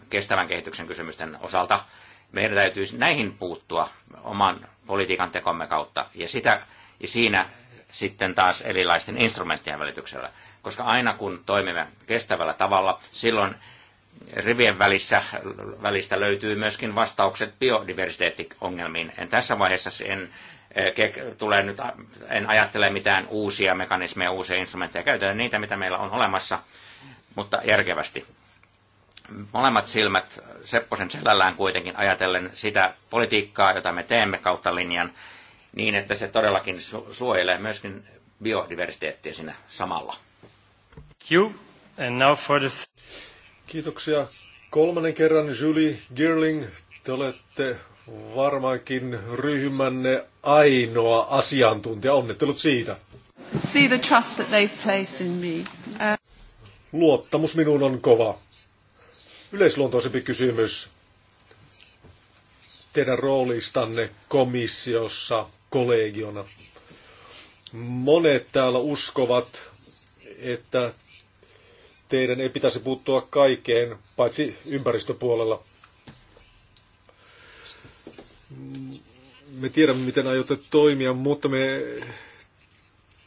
kestävän kehityksen kysymysten osalta. Meidän täytyy näihin puuttua oman politiikan tekomme kautta ja, sitä, ja siinä sitten taas erilaisten instrumenttien välityksellä. Koska aina kun toimimme kestävällä tavalla, silloin rivien välissä, välistä löytyy myöskin vastaukset biodiversiteettiongelmiin. En tässä vaiheessa en Eh, tulee nyt, en ajattele mitään uusia mekanismeja, uusia instrumentteja, käytetään niitä, mitä meillä on olemassa, mutta järkevästi. Molemmat silmät Sepposen selällään kuitenkin ajatellen sitä politiikkaa, jota me teemme kautta linjan, niin että se todellakin su- suojelee myöskin biodiversiteettiä siinä samalla. Kiitoksia. Kolmannen kerran Julie Girling, te olette varmaankin ryhmänne ainoa asiantuntija. Onnittelut siitä. See the trust that they place in me. Uh... Luottamus minuun on kova. Yleisluontoisempi kysymys teidän roolistanne komissiossa kollegiona. Monet täällä uskovat, että teidän ei pitäisi puuttua kaikkeen, paitsi ympäristöpuolella me tiedämme, miten aiotte toimia, mutta me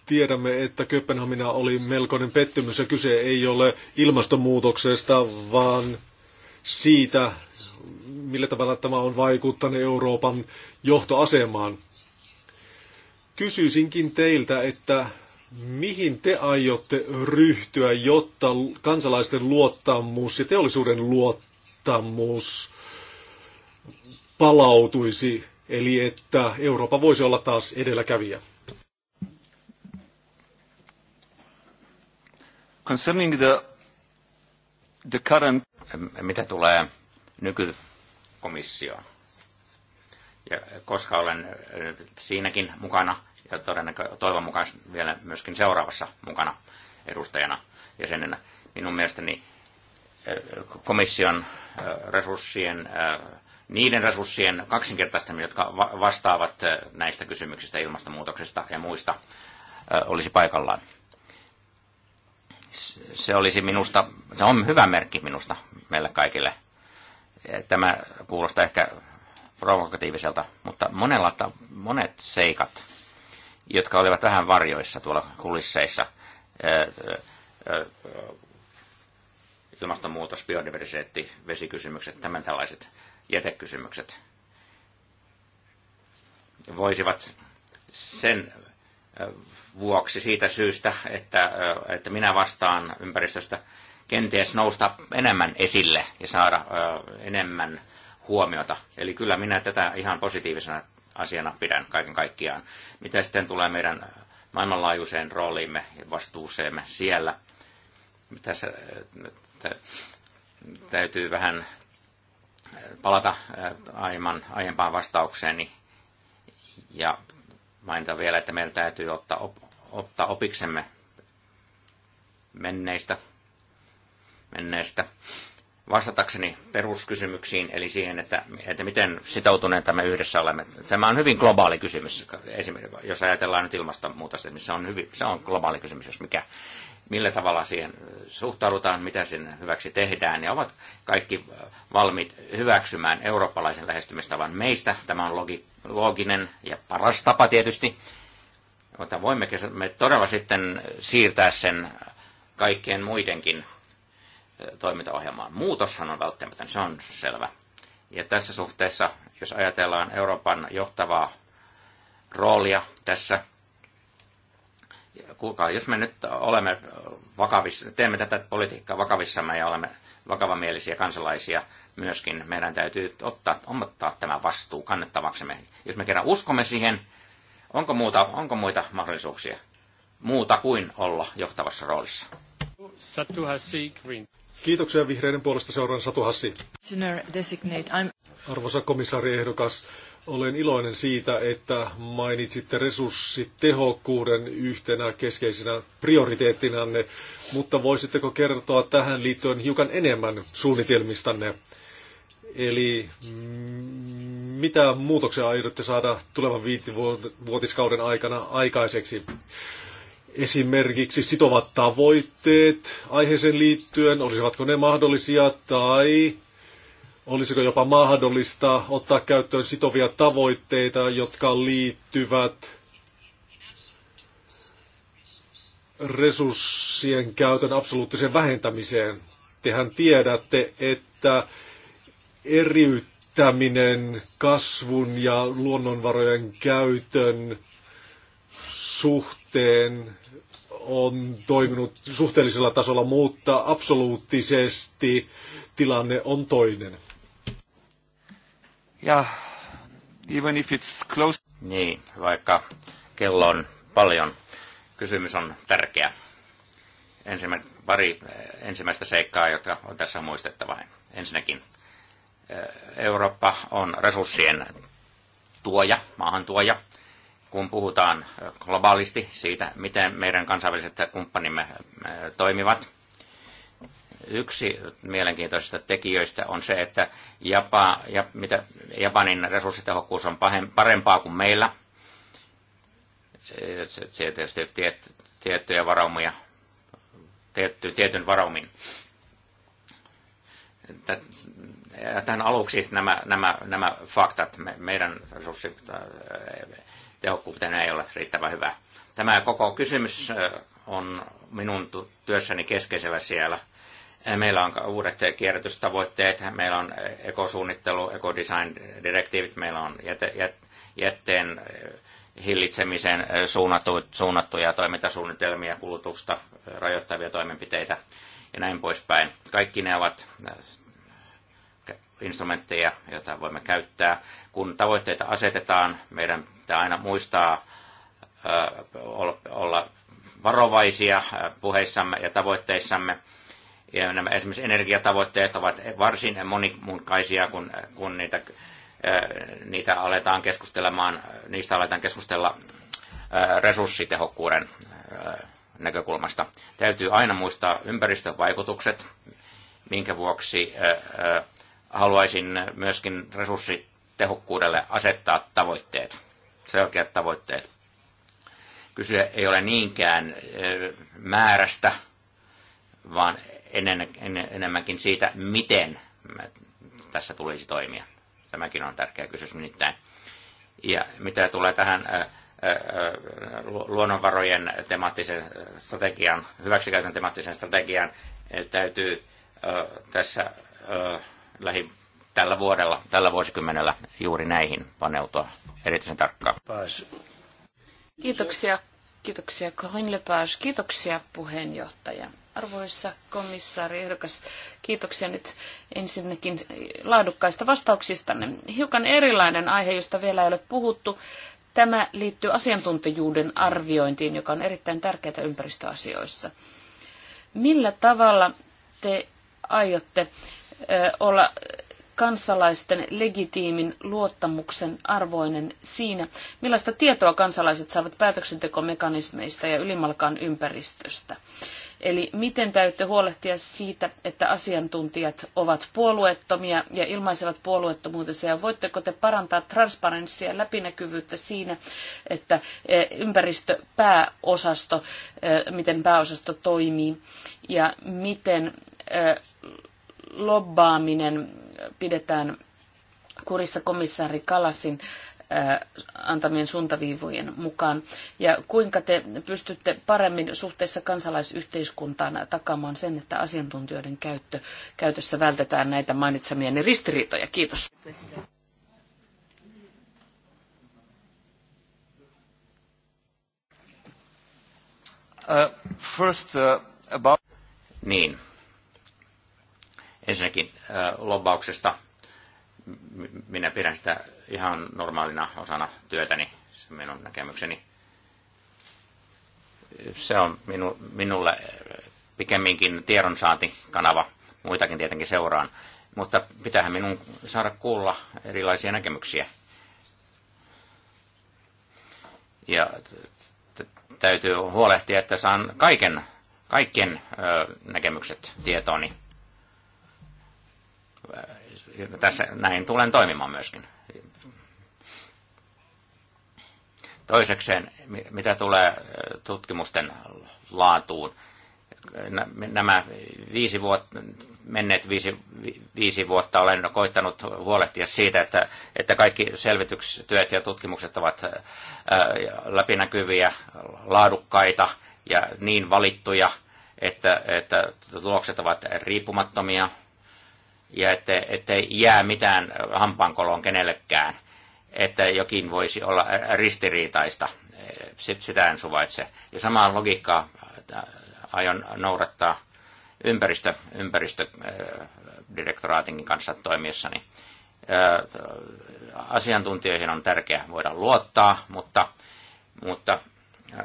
tiedämme, että Kööpenhamina oli melkoinen pettymys ja kyse ei ole ilmastonmuutoksesta, vaan siitä, millä tavalla tämä on vaikuttanut Euroopan johtoasemaan. Kysyisinkin teiltä, että mihin te aiotte ryhtyä, jotta kansalaisten luottamus ja teollisuuden luottamus palautuisi, eli että Eurooppa voisi olla taas edelläkävijä. Concerning the, the current... Mitä tulee nykykomissioon? Ja koska olen eh, siinäkin mukana ja todennäköisesti toivon mukaan vielä myöskin seuraavassa mukana edustajana jäsenenä, minun mielestäni eh, komission eh, resurssien niiden resurssien kaksinkertaistaminen, jotka vastaavat näistä kysymyksistä, ilmastonmuutoksesta ja muista, olisi paikallaan. Se olisi minusta, se on hyvä merkki minusta meille kaikille. Tämä kuulostaa ehkä provokatiiviselta, mutta monella, monet seikat, jotka olivat vähän varjoissa tuolla kulisseissa, ilmastonmuutos, biodiversiteetti, vesikysymykset, tämän tällaiset jätekysymykset voisivat sen vuoksi siitä syystä, että, että minä vastaan ympäristöstä kenties nousta enemmän esille ja saada enemmän huomiota. Eli kyllä minä tätä ihan positiivisena asiana pidän kaiken kaikkiaan. Mitä sitten tulee meidän maailmanlaajuiseen rooliimme ja vastuuseemme siellä? Tässä täytyy vähän palata äh, aiemman, aiempaan vastaukseeni ja mainita vielä, että meidän täytyy ottaa, op, ottaa opiksemme menneistä, menneistä vastatakseni peruskysymyksiin, eli siihen, että, että miten sitoutuneita me yhdessä olemme. Tämä on hyvin globaali kysymys, Esimerkiksi, jos ajatellaan nyt ilmastonmuutosta, niin se on, hyvin, se on globaali kysymys, jos mikä millä tavalla siihen suhtaudutaan, mitä sen hyväksi tehdään, ja ovat kaikki valmiit hyväksymään eurooppalaisen lähestymistavan meistä. Tämä on logi, looginen ja paras tapa tietysti, mutta voimme me todella sitten siirtää sen kaikkien muidenkin toimintaohjelmaan. Muutoshan on välttämätön, se on selvä. Ja tässä suhteessa, jos ajatellaan Euroopan johtavaa roolia tässä – kuulkaa, jos me nyt olemme vakavissa, teemme tätä politiikkaa vakavissamme ja olemme vakavamielisiä kansalaisia myöskin, meidän täytyy ottaa, ottaa tämä vastuu kannettavaksemme. Jos me kerran uskomme siihen, onko, muuta, onko muita mahdollisuuksia muuta kuin olla johtavassa roolissa? Satu Green. Kiitoksia vihreiden puolesta seuraan Satu Hassi. Arvoisa komissaari ehdokas, olen iloinen siitä, että mainitsitte resurssitehokkuuden yhtenä keskeisenä prioriteettinanne, mutta voisitteko kertoa tähän liittyen hiukan enemmän suunnitelmistanne? Eli mitä muutoksia aiotte saada tulevan viitivuotiskauden aikana aikaiseksi? Esimerkiksi sitovat tavoitteet aiheeseen liittyen, olisivatko ne mahdollisia, tai Olisiko jopa mahdollista ottaa käyttöön sitovia tavoitteita, jotka liittyvät resurssien käytön absoluuttiseen vähentämiseen? Tehän tiedätte, että eriyttäminen kasvun ja luonnonvarojen käytön suhteen on toiminut suhteellisella tasolla, mutta absoluuttisesti tilanne on toinen. Ja even if it's close... Niin, vaikka kello on paljon, kysymys on tärkeä. Ensimmä, pari eh, ensimmäistä seikkaa, jotka on tässä muistettava. Ensinnäkin eh, Eurooppa on resurssien tuoja, maahantuoja. Kun puhutaan eh, globaalisti siitä, miten meidän kansainväliset kumppanimme toimivat – Yksi mielenkiintoisista tekijöistä on se, että Japa, ja, mitä, Japanin resurssitehokkuus on pahem, parempaa kuin meillä. Sieltä tietysti tiet, tiettyjä varaumia, tietty, tietyn varaumin. Tämän aluksi nämä, nämä, nämä faktat, me, meidän resurssitehokkuuteen ei ole riittävän hyvä. Tämä koko kysymys on minun työssäni keskeisellä siellä – Meillä on uudet kierrätystavoitteet, meillä on eh, ekosuunnittelu, ekodesign-direktiivit, meillä on jäte, jät, jätteen eh, hillitsemiseen eh, suunnattu, suunnattuja toimintasuunnitelmia, kulutusta rajoittavia toimenpiteitä ja näin poispäin. Kaikki ne ovat instrumentteja, joita voimme käyttää. Kun tavoitteita asetetaan, meidän pitää aina muistaa olla varovaisia puheissamme ja tavoitteissamme – ja nämä esimerkiksi energiatavoitteet ovat varsin monimutkaisia, kun, kun niitä, äh, niitä aletaan keskustelemaan, niistä aletaan keskustella äh, resurssitehokkuuden äh, näkökulmasta. Täytyy aina muistaa ympäristövaikutukset, minkä vuoksi haluaisin myöskin resurssitehokkuudelle asettaa tavoitteet, selkeät tavoitteet. Kyse ei ole niinkään määrästä, vaan ennen, en, enemmänkin siitä, miten tässä tulisi toimia. Tämäkin on tärkeä kysymys nimittäin. Ja mitä tulee tähän ä, luonnonvarojen temaattisen strategian, hyväksikäytön temaattisen strategian, täytyy tässä lähi tällä vuodella, tällä vuosikymmenellä juuri näihin paneutua erityisen tarkkaan. Kiitoksia, kiitoksia Corinne Lepage, kiitoksia puheenjohtaja. Arvoisa komissaari ehdokas, kiitoksia nyt ensinnäkin laadukkaista vastauksistanne. Hiukan erilainen aihe, josta vielä ei ole puhuttu. Tämä liittyy asiantuntijuuden arviointiin, joka on erittäin tärkeää ympäristöasioissa. Millä tavalla te aiotte olla kansalaisten legitiimin luottamuksen arvoinen siinä, millaista tietoa kansalaiset saavat päätöksentekomekanismeista ja ylimalkaan ympäristöstä. Eli miten täytyy huolehtia siitä, että asiantuntijat ovat puolueettomia ja ilmaisevat puolueettomuutensa? Ja voitteko te parantaa transparenssia ja läpinäkyvyyttä siinä, että e, ympäristöpääosasto, e, miten pääosasto toimii ja miten e, lobbaaminen pidetään kurissa komissaari Kalasin antamien suuntaviivojen mukaan ja kuinka te pystytte paremmin suhteessa kansalaisyhteiskuntaan takaamaan sen, että asiantuntijoiden käyttö, käytössä vältetään näitä mainitsemienne ristiriitoja. Kiitos. Uh, first, uh, about... Niin. Ensinnäkin uh, lobbauksesta minä pidän sitä ihan normaalina osana työtäni, se minun näkemykseni. Se on minu, minulle pikemminkin tiedonsaantikanava, muitakin tietenkin seuraan, mutta pitäähän minun saada kuulla erilaisia näkemyksiä. Ja täytyy huolehtia, että saan kaiken, kaikkien ö, näkemykset tietooni tässä näin tulen toimimaan myöskin. Toisekseen, mitä tulee tutkimusten laatuun, nämä viisi vuotta, menneet viisi, viisi vuotta olen koittanut huolehtia siitä, että, että kaikki selvitystyöt ja tutkimukset ovat läpinäkyviä, laadukkaita ja niin valittuja, että, että tulokset ovat riippumattomia, ja että, ettei jää mitään hampaankoloon kenellekään, että jokin voisi olla ristiriitaista. Sitä en suvaitse. Ja samaa logiikkaa aion noudattaa ympäristö, ympäristödirektoraatinkin kanssa toimiessani. Asiantuntijoihin on tärkeää voida luottaa, mutta, mutta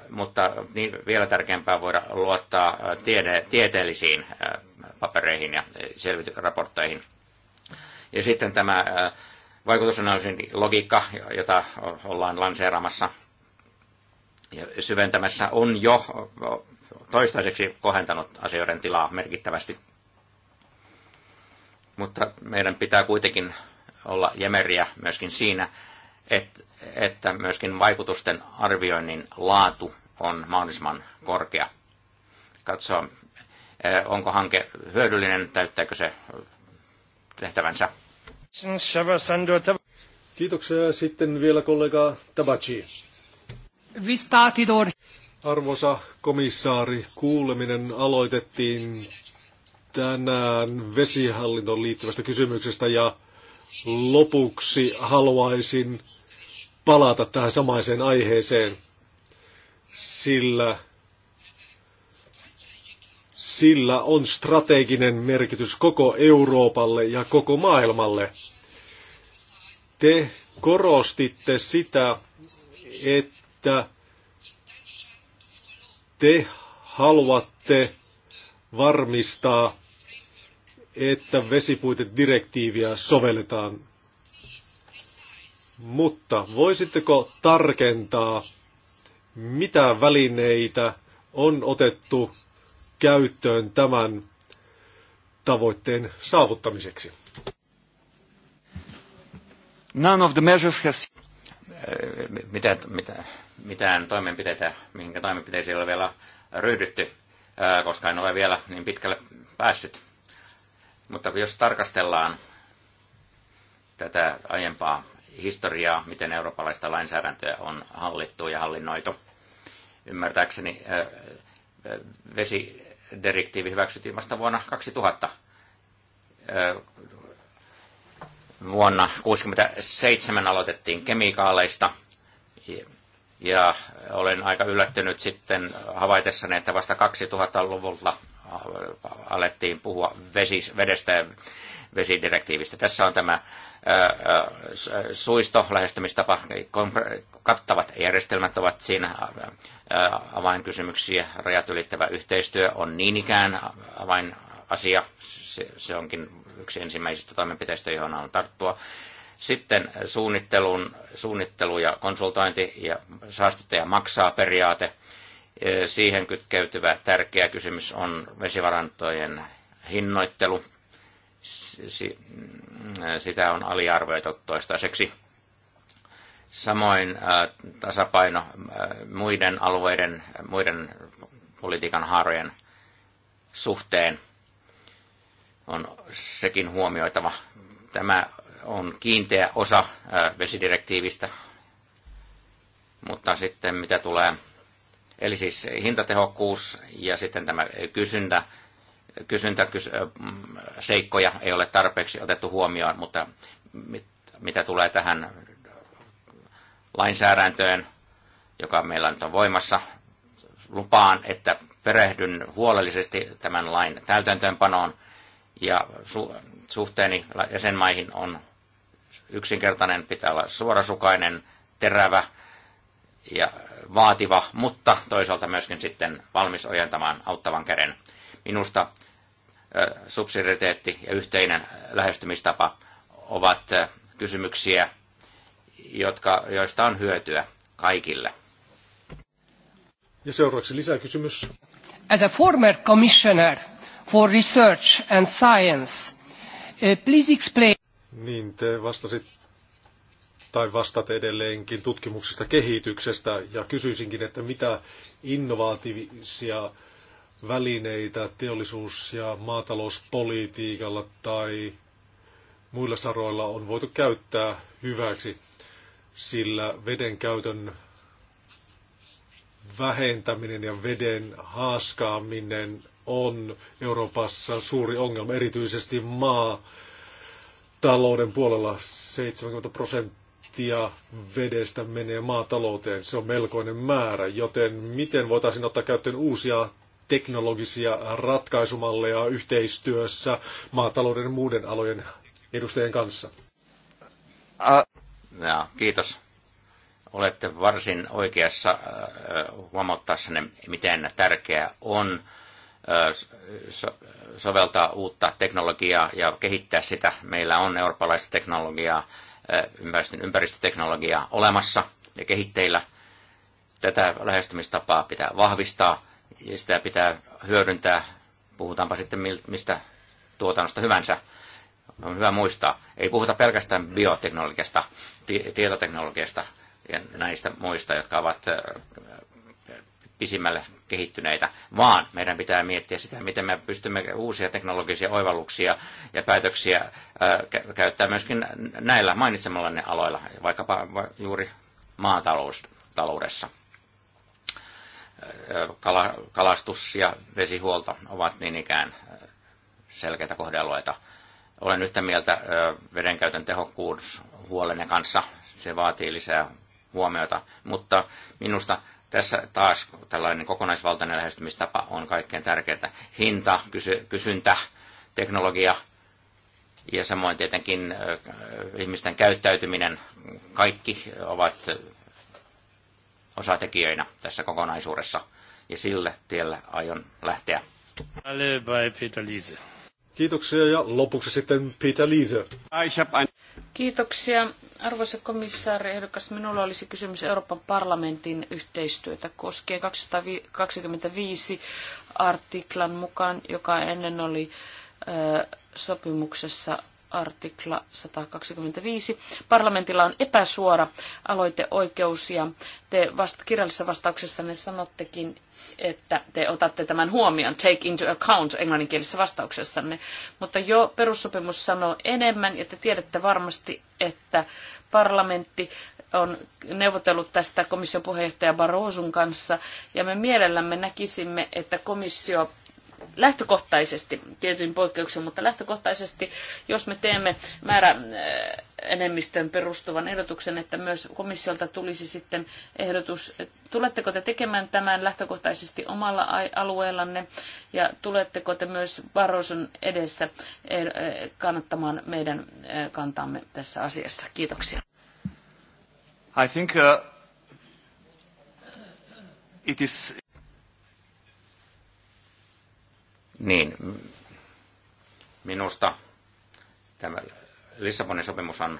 mutta niin vielä tärkeämpää voida luottaa äh, tiede, tieteellisiin äh, papereihin ja äh, selvitysraportteihin. Ja sitten tämä vaikutusanalyysin logiikka, jota ollaan lanseeraamassa ja syventämässä, on jo toistaiseksi kohentanut asioiden tilaa merkittävästi. Mutta meidän pitää kuitenkin olla jämeriä myöskin siinä, että myöskin vaikutusten arvioinnin laatu on mahdollisimman korkea. Katsoa, eh, onko hanke hyödyllinen, täyttääkö se tehtävänsä. Kiitoksia. Sitten vielä kollega Tabachi. Arvoisa komissaari, kuuleminen aloitettiin tänään vesihallintoon liittyvästä kysymyksestä ja lopuksi haluaisin palata tähän samaiseen aiheeseen, sillä sillä on strateginen merkitys koko Euroopalle ja koko maailmalle. Te korostitte sitä, että te haluatte varmistaa, että vesipuitedirektiiviä sovelletaan mutta voisitteko tarkentaa, mitä välineitä on otettu käyttöön tämän tavoitteen saavuttamiseksi? None of the measures has... Äh, mitä, mitä, mitään toimenpiteitä, minkä toimenpiteisiin ei ole vielä ryhdytty, äh, koska en ole vielä niin pitkälle päässyt. Mutta jos tarkastellaan tätä aiempaa historiaa, miten eurooppalaista lainsäädäntöä on hallittu ja hallinnoitu. Ymmärtääkseni vesidirektiivi hyväksyttiin vasta vuonna 2000. Vuonna 1967 aloitettiin kemikaaleista ja olen aika yllättynyt sitten havaitessani, että vasta 2000-luvulta alettiin puhua vesis, vedestä ja vesidirektiivistä. Tässä on tämä suisto lähestymistapa, niin kattavat järjestelmät ovat siinä avainkysymyksiä. Rajat ylittävä yhteistyö on niin ikään avainasia. Se, se onkin yksi ensimmäisistä toimenpiteistä, johon on tarttua. Sitten suunnittelun, suunnittelu ja konsultointi ja saastuttaja maksaa periaate. Siihen kytkeytyvä tärkeä kysymys on vesivarantojen hinnoittelu – sitä on aliarvioitu toistaiseksi. Samoin tasapaino muiden alueiden, muiden politiikan haarojen suhteen on sekin huomioitava. Tämä on kiinteä osa vesidirektiivistä, mutta sitten mitä tulee, eli siis hintatehokkuus ja sitten tämä kysyntä kysyntäseikkoja äh, ei ole tarpeeksi otettu huomioon, mutta mit, mitä tulee tähän lainsäädäntöön, joka meillä nyt on voimassa, lupaan, että perehdyn huolellisesti tämän lain täytäntöönpanoon ja su- suhteeni jäsenmaihin on yksinkertainen, pitää olla suorasukainen, terävä ja vaativa, mutta toisaalta myöskin sitten valmis ojentamaan auttavan käden. Minusta subsidiariteetti ja yhteinen lähestymistapa ovat kysymyksiä, jotka, joista on hyötyä kaikille. Ja seuraavaksi lisäkysymys. As a former commissioner for research and science, please explain... Niin, te vastasit tai vastat edelleenkin tutkimuksesta kehityksestä ja kysyisinkin, että mitä innovatiivisia välineitä teollisuus- ja maatalouspolitiikalla tai muilla saroilla on voitu käyttää hyväksi, sillä veden käytön vähentäminen ja veden haaskaaminen on Euroopassa suuri ongelma, erityisesti maa talouden puolella 70 prosenttia vedestä menee maatalouteen. Se on melkoinen määrä, joten miten voitaisiin ottaa käyttöön uusia teknologisia ratkaisumalleja yhteistyössä maatalouden ja muiden alojen edustajien kanssa. Ja, kiitos. Olette varsin oikeassa äh, huomauttaessanne, miten tärkeää on äh, soveltaa uutta teknologiaa ja kehittää sitä. Meillä on eurooppalaista teknologiaa, äh, ympäristön ympäristöteknologiaa olemassa ja kehitteillä. Tätä lähestymistapaa pitää vahvistaa ja sitä pitää hyödyntää, puhutaanpa sitten mistä tuotannosta hyvänsä. On hyvä muistaa, ei puhuta pelkästään bioteknologiasta, tietoteknologiasta ja näistä muista, jotka ovat pisimmälle kehittyneitä, vaan meidän pitää miettiä sitä, miten me pystymme uusia teknologisia oivalluksia ja päätöksiä käyttämään myöskin näillä mainitsemallanne aloilla, vaikkapa juuri maataloudessa kalastus ja vesihuolto ovat niin ikään selkeitä kohdealueita. Olen yhtä mieltä vedenkäytön tehokkuus huolenne kanssa. Se vaatii lisää huomiota, mutta minusta tässä taas tällainen kokonaisvaltainen lähestymistapa on kaikkein tärkeintä. Hinta, kysy, kysyntä, teknologia ja samoin tietenkin ihmisten käyttäytyminen, kaikki ovat osatekijöinä tässä kokonaisuudessa. Ja sille tielle aion lähteä. Kiitoksia ja lopuksi sitten Peter Liese. Kiitoksia. Arvoisa komissaari ehdokas, minulla olisi kysymys Euroopan parlamentin yhteistyötä koskien 225 artiklan mukaan, joka ennen oli sopimuksessa artikla 125. Parlamentilla on epäsuora aloiteoikeus ja te vasta, kirjallisessa ne sanottekin, että te otatte tämän huomioon, take into account englanninkielisessä vastauksessanne. Mutta jo perussopimus sanoo enemmän ja te tiedätte varmasti, että parlamentti on neuvotellut tästä komission puheenjohtaja Barroson kanssa, ja me mielellämme näkisimme, että komissio lähtökohtaisesti, tietyin poikkeuksin, mutta lähtökohtaisesti, jos me teemme määrä äh, enemmistön perustuvan ehdotuksen, että myös komissiolta tulisi sitten ehdotus, tuletteko te tekemään tämän lähtökohtaisesti omalla alueellanne ja tuletteko te myös Barroson edessä eh, eh, kannattamaan meidän eh, kantaamme tässä asiassa? Kiitoksia. I think, uh, it is... Niin, minusta tämä Lissabonin sopimus on,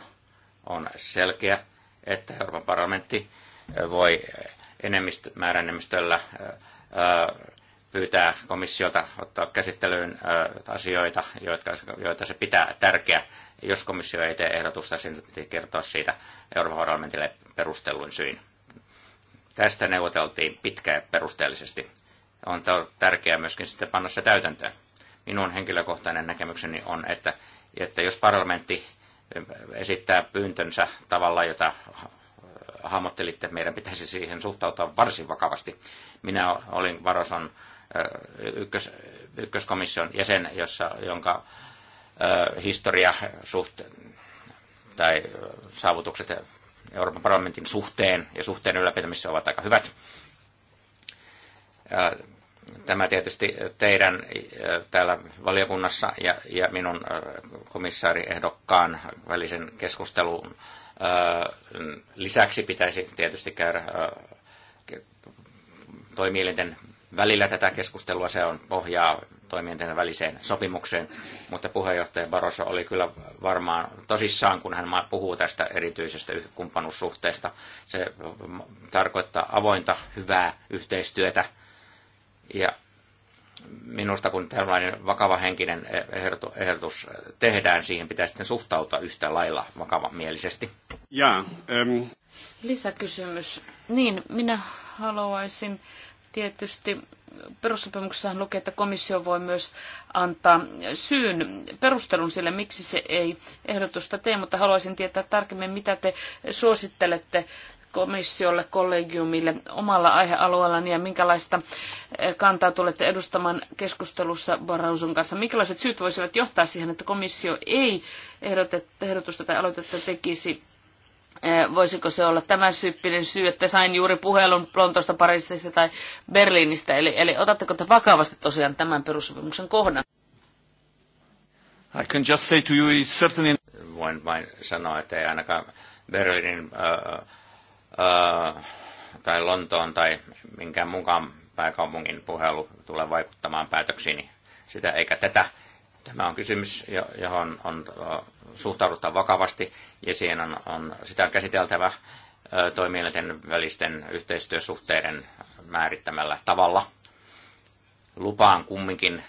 on selkeä, että Euroopan parlamentti voi enemmistö, määräenemmistöllä pyytää komissiota ottaa käsittelyyn asioita, joita, joita se pitää tärkeä. Jos komissio ei tee ehdotusta, sen piti kertoa siitä Euroopan parlamentille perustelluin syyn. Tästä neuvoteltiin pitkään perusteellisesti on tärkeää myöskin sitten panna se täytäntöön. Minun henkilökohtainen näkemykseni on, että, että jos parlamentti eh, esittää pyyntönsä tavalla, jota hahmottelitte, meidän pitäisi siihen suhtautua varsin vakavasti. Minä olin Varoson eh, ykkös, ykköskomission jäsen, jossa, jonka eh, historia suht, tai saavutukset Euroopan parlamentin suhteen ja suhteen ylläpitämisessä ovat aika hyvät. Tämä tietysti teidän täällä valiokunnassa ja, ja minun komissaariehdokkaan välisen keskustelun lisäksi pitäisi tietysti käydä toimielinten välillä tätä keskustelua. Se on pohjaa toimijoiden väliseen sopimukseen, mutta puheenjohtaja Barossa oli kyllä varmaan tosissaan, kun hän puhuu tästä erityisestä kumppanuussuhteesta. Se tarkoittaa avointa, hyvää yhteistyötä ja minusta kun tällainen vakava henkinen ehdotus tehdään, siihen pitää sitten suhtautua yhtä lailla vakavamielisesti. Ja, äm... Lisäkysymys. Niin, minä haluaisin tietysti perussopimuksessa lukee, että komissio voi myös antaa syyn, perustelun sille, miksi se ei ehdotusta tee, mutta haluaisin tietää tarkemmin, mitä te suosittelette komissiolle, kollegiumille omalla aihealueellani ja minkälaista eh, kantaa tulette edustamaan keskustelussa Barroson kanssa? Minkälaiset syyt voisivat johtaa siihen, että komissio ei ehdotusta tai aloitetta tekisi? Eh, voisiko se olla tämän tyyppinen syy, että sain juuri puhelun Lontoosta, Pariisista tai Berliinistä? Eli, eli otatteko te vakavasti tosiaan tämän perussopimuksen kohdan? I can just say to you, certainly... Voin vain sanoa, että ei ainakaan Berliinin tai öö, Lontoon tai minkään mukaan pääkaupungin puhelu tulee vaikuttamaan päätöksiin, sitä eikä tätä. Tämä on kysymys, johon on suhtauduttava vakavasti ja siihen on, on sitä käsiteltävä toimielinten välisten yhteistyösuhteiden määrittämällä tavalla. Lupaan kumminkin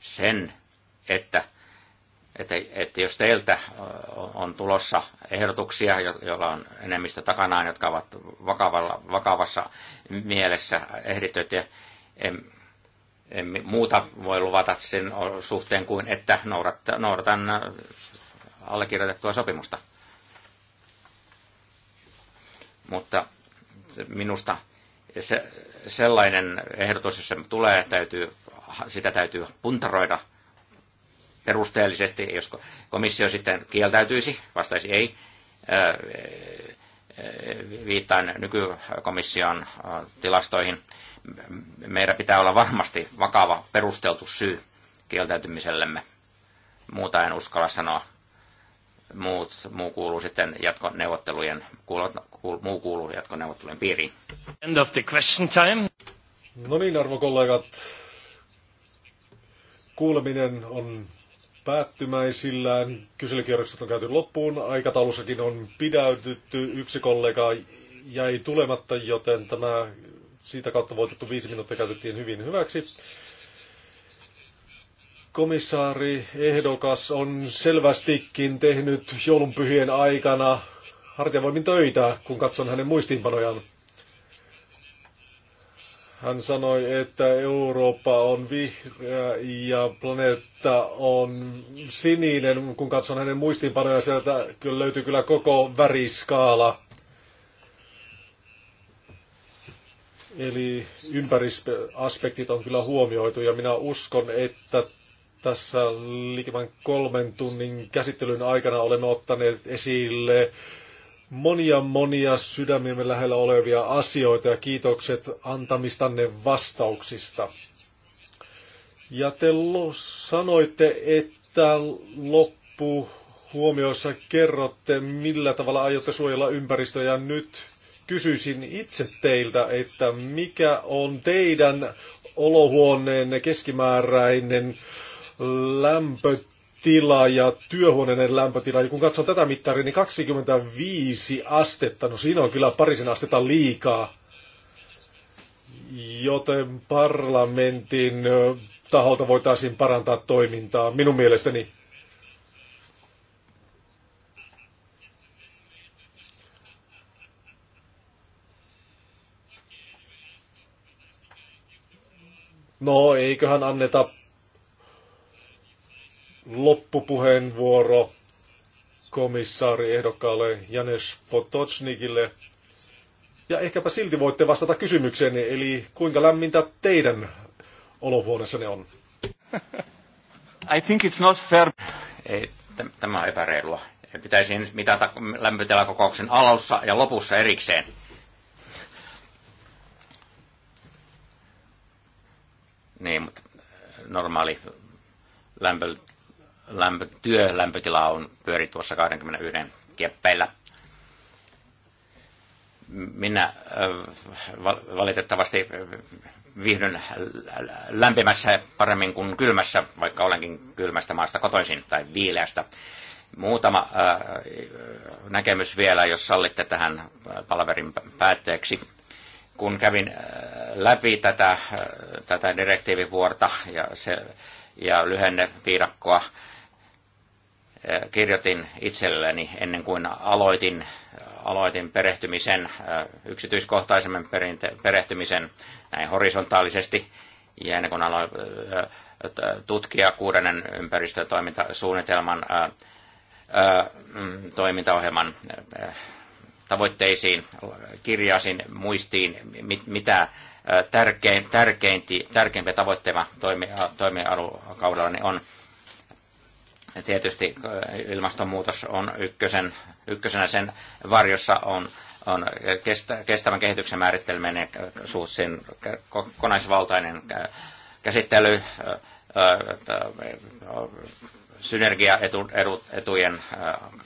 sen, että että, että jos teiltä on tulossa ehdotuksia, joilla on enemmistö takanaan, jotka ovat vakavalla, vakavassa mielessä ehdityt, ja en, en muuta voi luvata sen suhteen kuin, että noudatan allekirjoitettua sopimusta. Mutta minusta se, sellainen ehdotus, jos se tulee, täytyy, sitä täytyy puntaroida – perusteellisesti, jos komissio sitten kieltäytyisi, vastaisi ei, viittaan nykykomission tilastoihin, meidän pitää olla varmasti vakava perusteltu syy kieltäytymisellemme. Muuta en uskalla sanoa. Muut, muu kuuluu sitten jatkoneuvottelujen, kuulu, kuul, muu kuuluu jatkoneuvottelujen piiriin. End of the question time. No niin, arvokollegat. Kuuleminen on päättymäisillään. Kyselykierrokset on käyty loppuun. Aikataulussakin on pidäytytty. Yksi kollega jäi tulematta, joten tämä siitä kautta voitettu viisi minuuttia käytettiin hyvin hyväksi. Komissaari ehdokas on selvästikin tehnyt joulunpyhien aikana hartiavoimin töitä, kun katson hänen muistiinpanojaan. Hän sanoi, että Eurooppa on vihreä ja planeetta on sininen. Kun katson hänen muistiinpanoja, sieltä kyllä löytyy kyllä koko väriskaala. Eli ympäristöaspektit on kyllä huomioitu ja minä uskon, että tässä likimain kolmen tunnin käsittelyn aikana olemme ottaneet esille monia monia sydämiemme lähellä olevia asioita ja kiitokset antamistanne vastauksista. Ja te sanoitte, että loppu huomioissa kerrotte, millä tavalla aiotte suojella ympäristöä ja nyt kysyisin itse teiltä, että mikä on teidän olohuoneen keskimääräinen lämpötila? tila ja työhuoneen lämpötila. Ja kun katsoo tätä mittaria, niin 25 astetta, no siinä on kyllä parisen astetta liikaa. Joten parlamentin taholta voitaisiin parantaa toimintaa, minun mielestäni. No, eiköhän anneta loppupuheenvuoro komissaari ehdokkaalle Janes Potocnikille. Ja ehkäpä silti voitte vastata kysymykseen, eli kuinka lämmintä teidän olohuoneessanne on? I think it's not fair. Ei, tämä on epäreilua. Pitäisi mitata lämpötilakokouksen alussa ja lopussa erikseen. Niin, mutta normaali lämpö, lämpö, työlämpötila on pyöri tuossa 21 keppeillä. Minä äh, valitettavasti äh, viihdyn lämpimässä paremmin kuin kylmässä, vaikka olenkin kylmästä maasta kotoisin tai viileästä. Muutama äh, näkemys vielä, jos sallitte tähän palaverin päätteeksi kun kävin läpi tätä, tätä direktiivivuorta ja, se, ja piirakkoa, Äh, kirjoitin itselleni ennen kuin aloitin, äh, aloitin perehtymisen, äh, yksityiskohtaisemman perehtymisen näin horisontaalisesti, ja ennen kuin aloin tutkia kuudennen ympäristötoimintasuunnitelman mm, toimintaohjelman tavoitteisiin, kirjasin muistiin, mitä tärkein, tärkein, tärkeimpiä tavoitteita toimi, toimialukaudella on – ja tietysti äh, ilmastonmuutos on ykkösen, ykkösenä sen varjossa on, on kestä, kestävän kehityksen määritteleminen, äh, suutsin kokonaisvaltainen äh, käsittely, synergiaetujen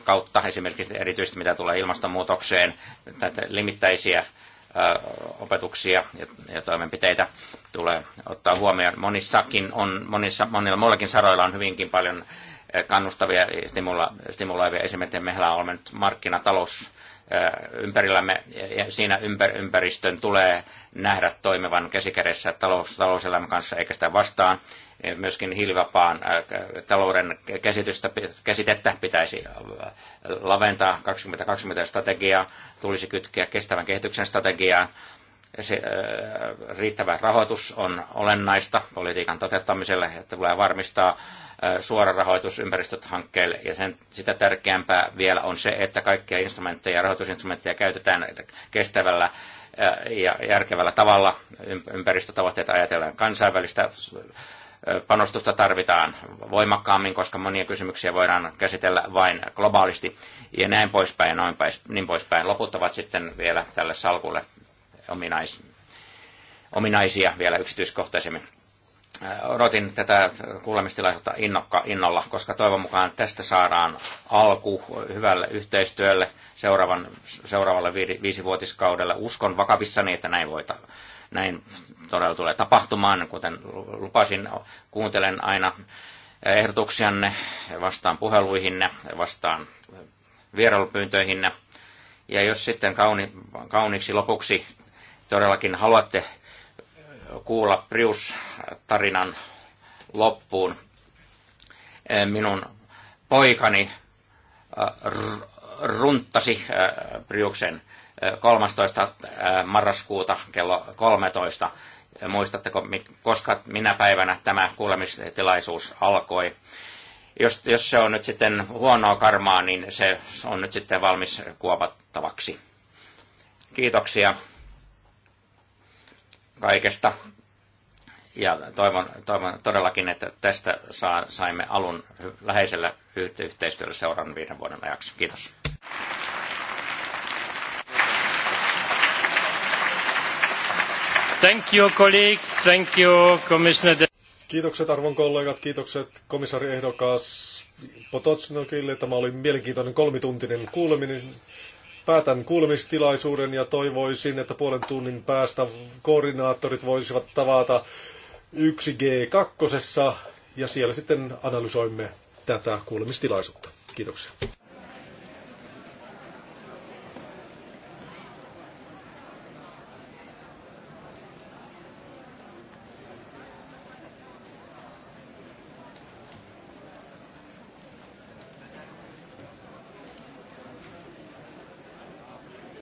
kautta, esimerkiksi erityisesti mitä tulee ilmastonmuutokseen, näitä limittäisiä opetuksia ja, ja toimenpiteitä tulee ottaa huomioon. Monissakin on, monissa, monilla muillakin saroilla on hyvinkin paljon kannustavia stimula, stimuloivia esimerkkejä. Meillä on nyt markkinatalous äh, ympärillämme ja siinä ympäristön tulee nähdä toimivan käsikädessä talous, talouselämän kanssa eikä sitä vastaan. Myöskin hiilivapaan äh, talouden käsitystä, käsitettä pitäisi äh, laventaa 2020 strategiaa, tulisi kytkeä kestävän kehityksen strategiaan se, äh, riittävä rahoitus on olennaista politiikan toteuttamiselle, että tulee varmistaa äh, suora rahoitus hankkeelle. Ja sen, sitä tärkeämpää vielä on se, että kaikkia instrumentteja ja rahoitusinstrumentteja käytetään kestävällä äh, ja järkevällä tavalla ympäristötavoitteita ajatellen. Kansainvälistä panostusta tarvitaan voimakkaammin, koska monia kysymyksiä voidaan käsitellä vain globaalisti ja näin poispäin ja noin päin, niin poispäin. Loput ovat sitten vielä tälle salkulle ominais, ominaisia vielä yksityiskohtaisemmin. Äh, odotin tätä kuulemistilaisuutta innokka, innolla, koska toivon mukaan tästä saadaan alku hyvälle yhteistyölle seuraavan, seuraavalle viisivuotiskaudelle. Uskon vakavissani, että näin voita, näin todella tulee tapahtumaan. Kuten lupasin, kuuntelen aina ehdotuksianne, vastaan puheluihinne, vastaan vierailupyyntöihinne. Ja jos sitten kauni, kauniiksi lopuksi todellakin haluatte kuulla Prius-tarinan loppuun, eh, minun poikani eh, runttasi eh, Priuksen 13. marraskuuta kello 13. Muistatteko, koska minä päivänä tämä kuulemistilaisuus alkoi? Jos, jos se on nyt sitten huonoa karmaa, niin se on nyt sitten valmis kuopattavaksi. Kiitoksia kaikesta. Ja toivon, toivon todellakin, että tästä saa, saimme alun läheisellä yhteistyöllä seuraavan viiden vuoden ajaksi. Kiitos. Thank you, colleagues. Thank you, Commissioner. Kiitokset arvon kollegat, kiitokset komissaari ehdokas Potocnokille. Tämä oli mielenkiintoinen kolmituntinen kuuleminen päätän kuulemistilaisuuden ja toivoisin, että puolen tunnin päästä koordinaattorit voisivat tavata 1G2 ja siellä sitten analysoimme tätä kuulemistilaisuutta. Kiitoksia.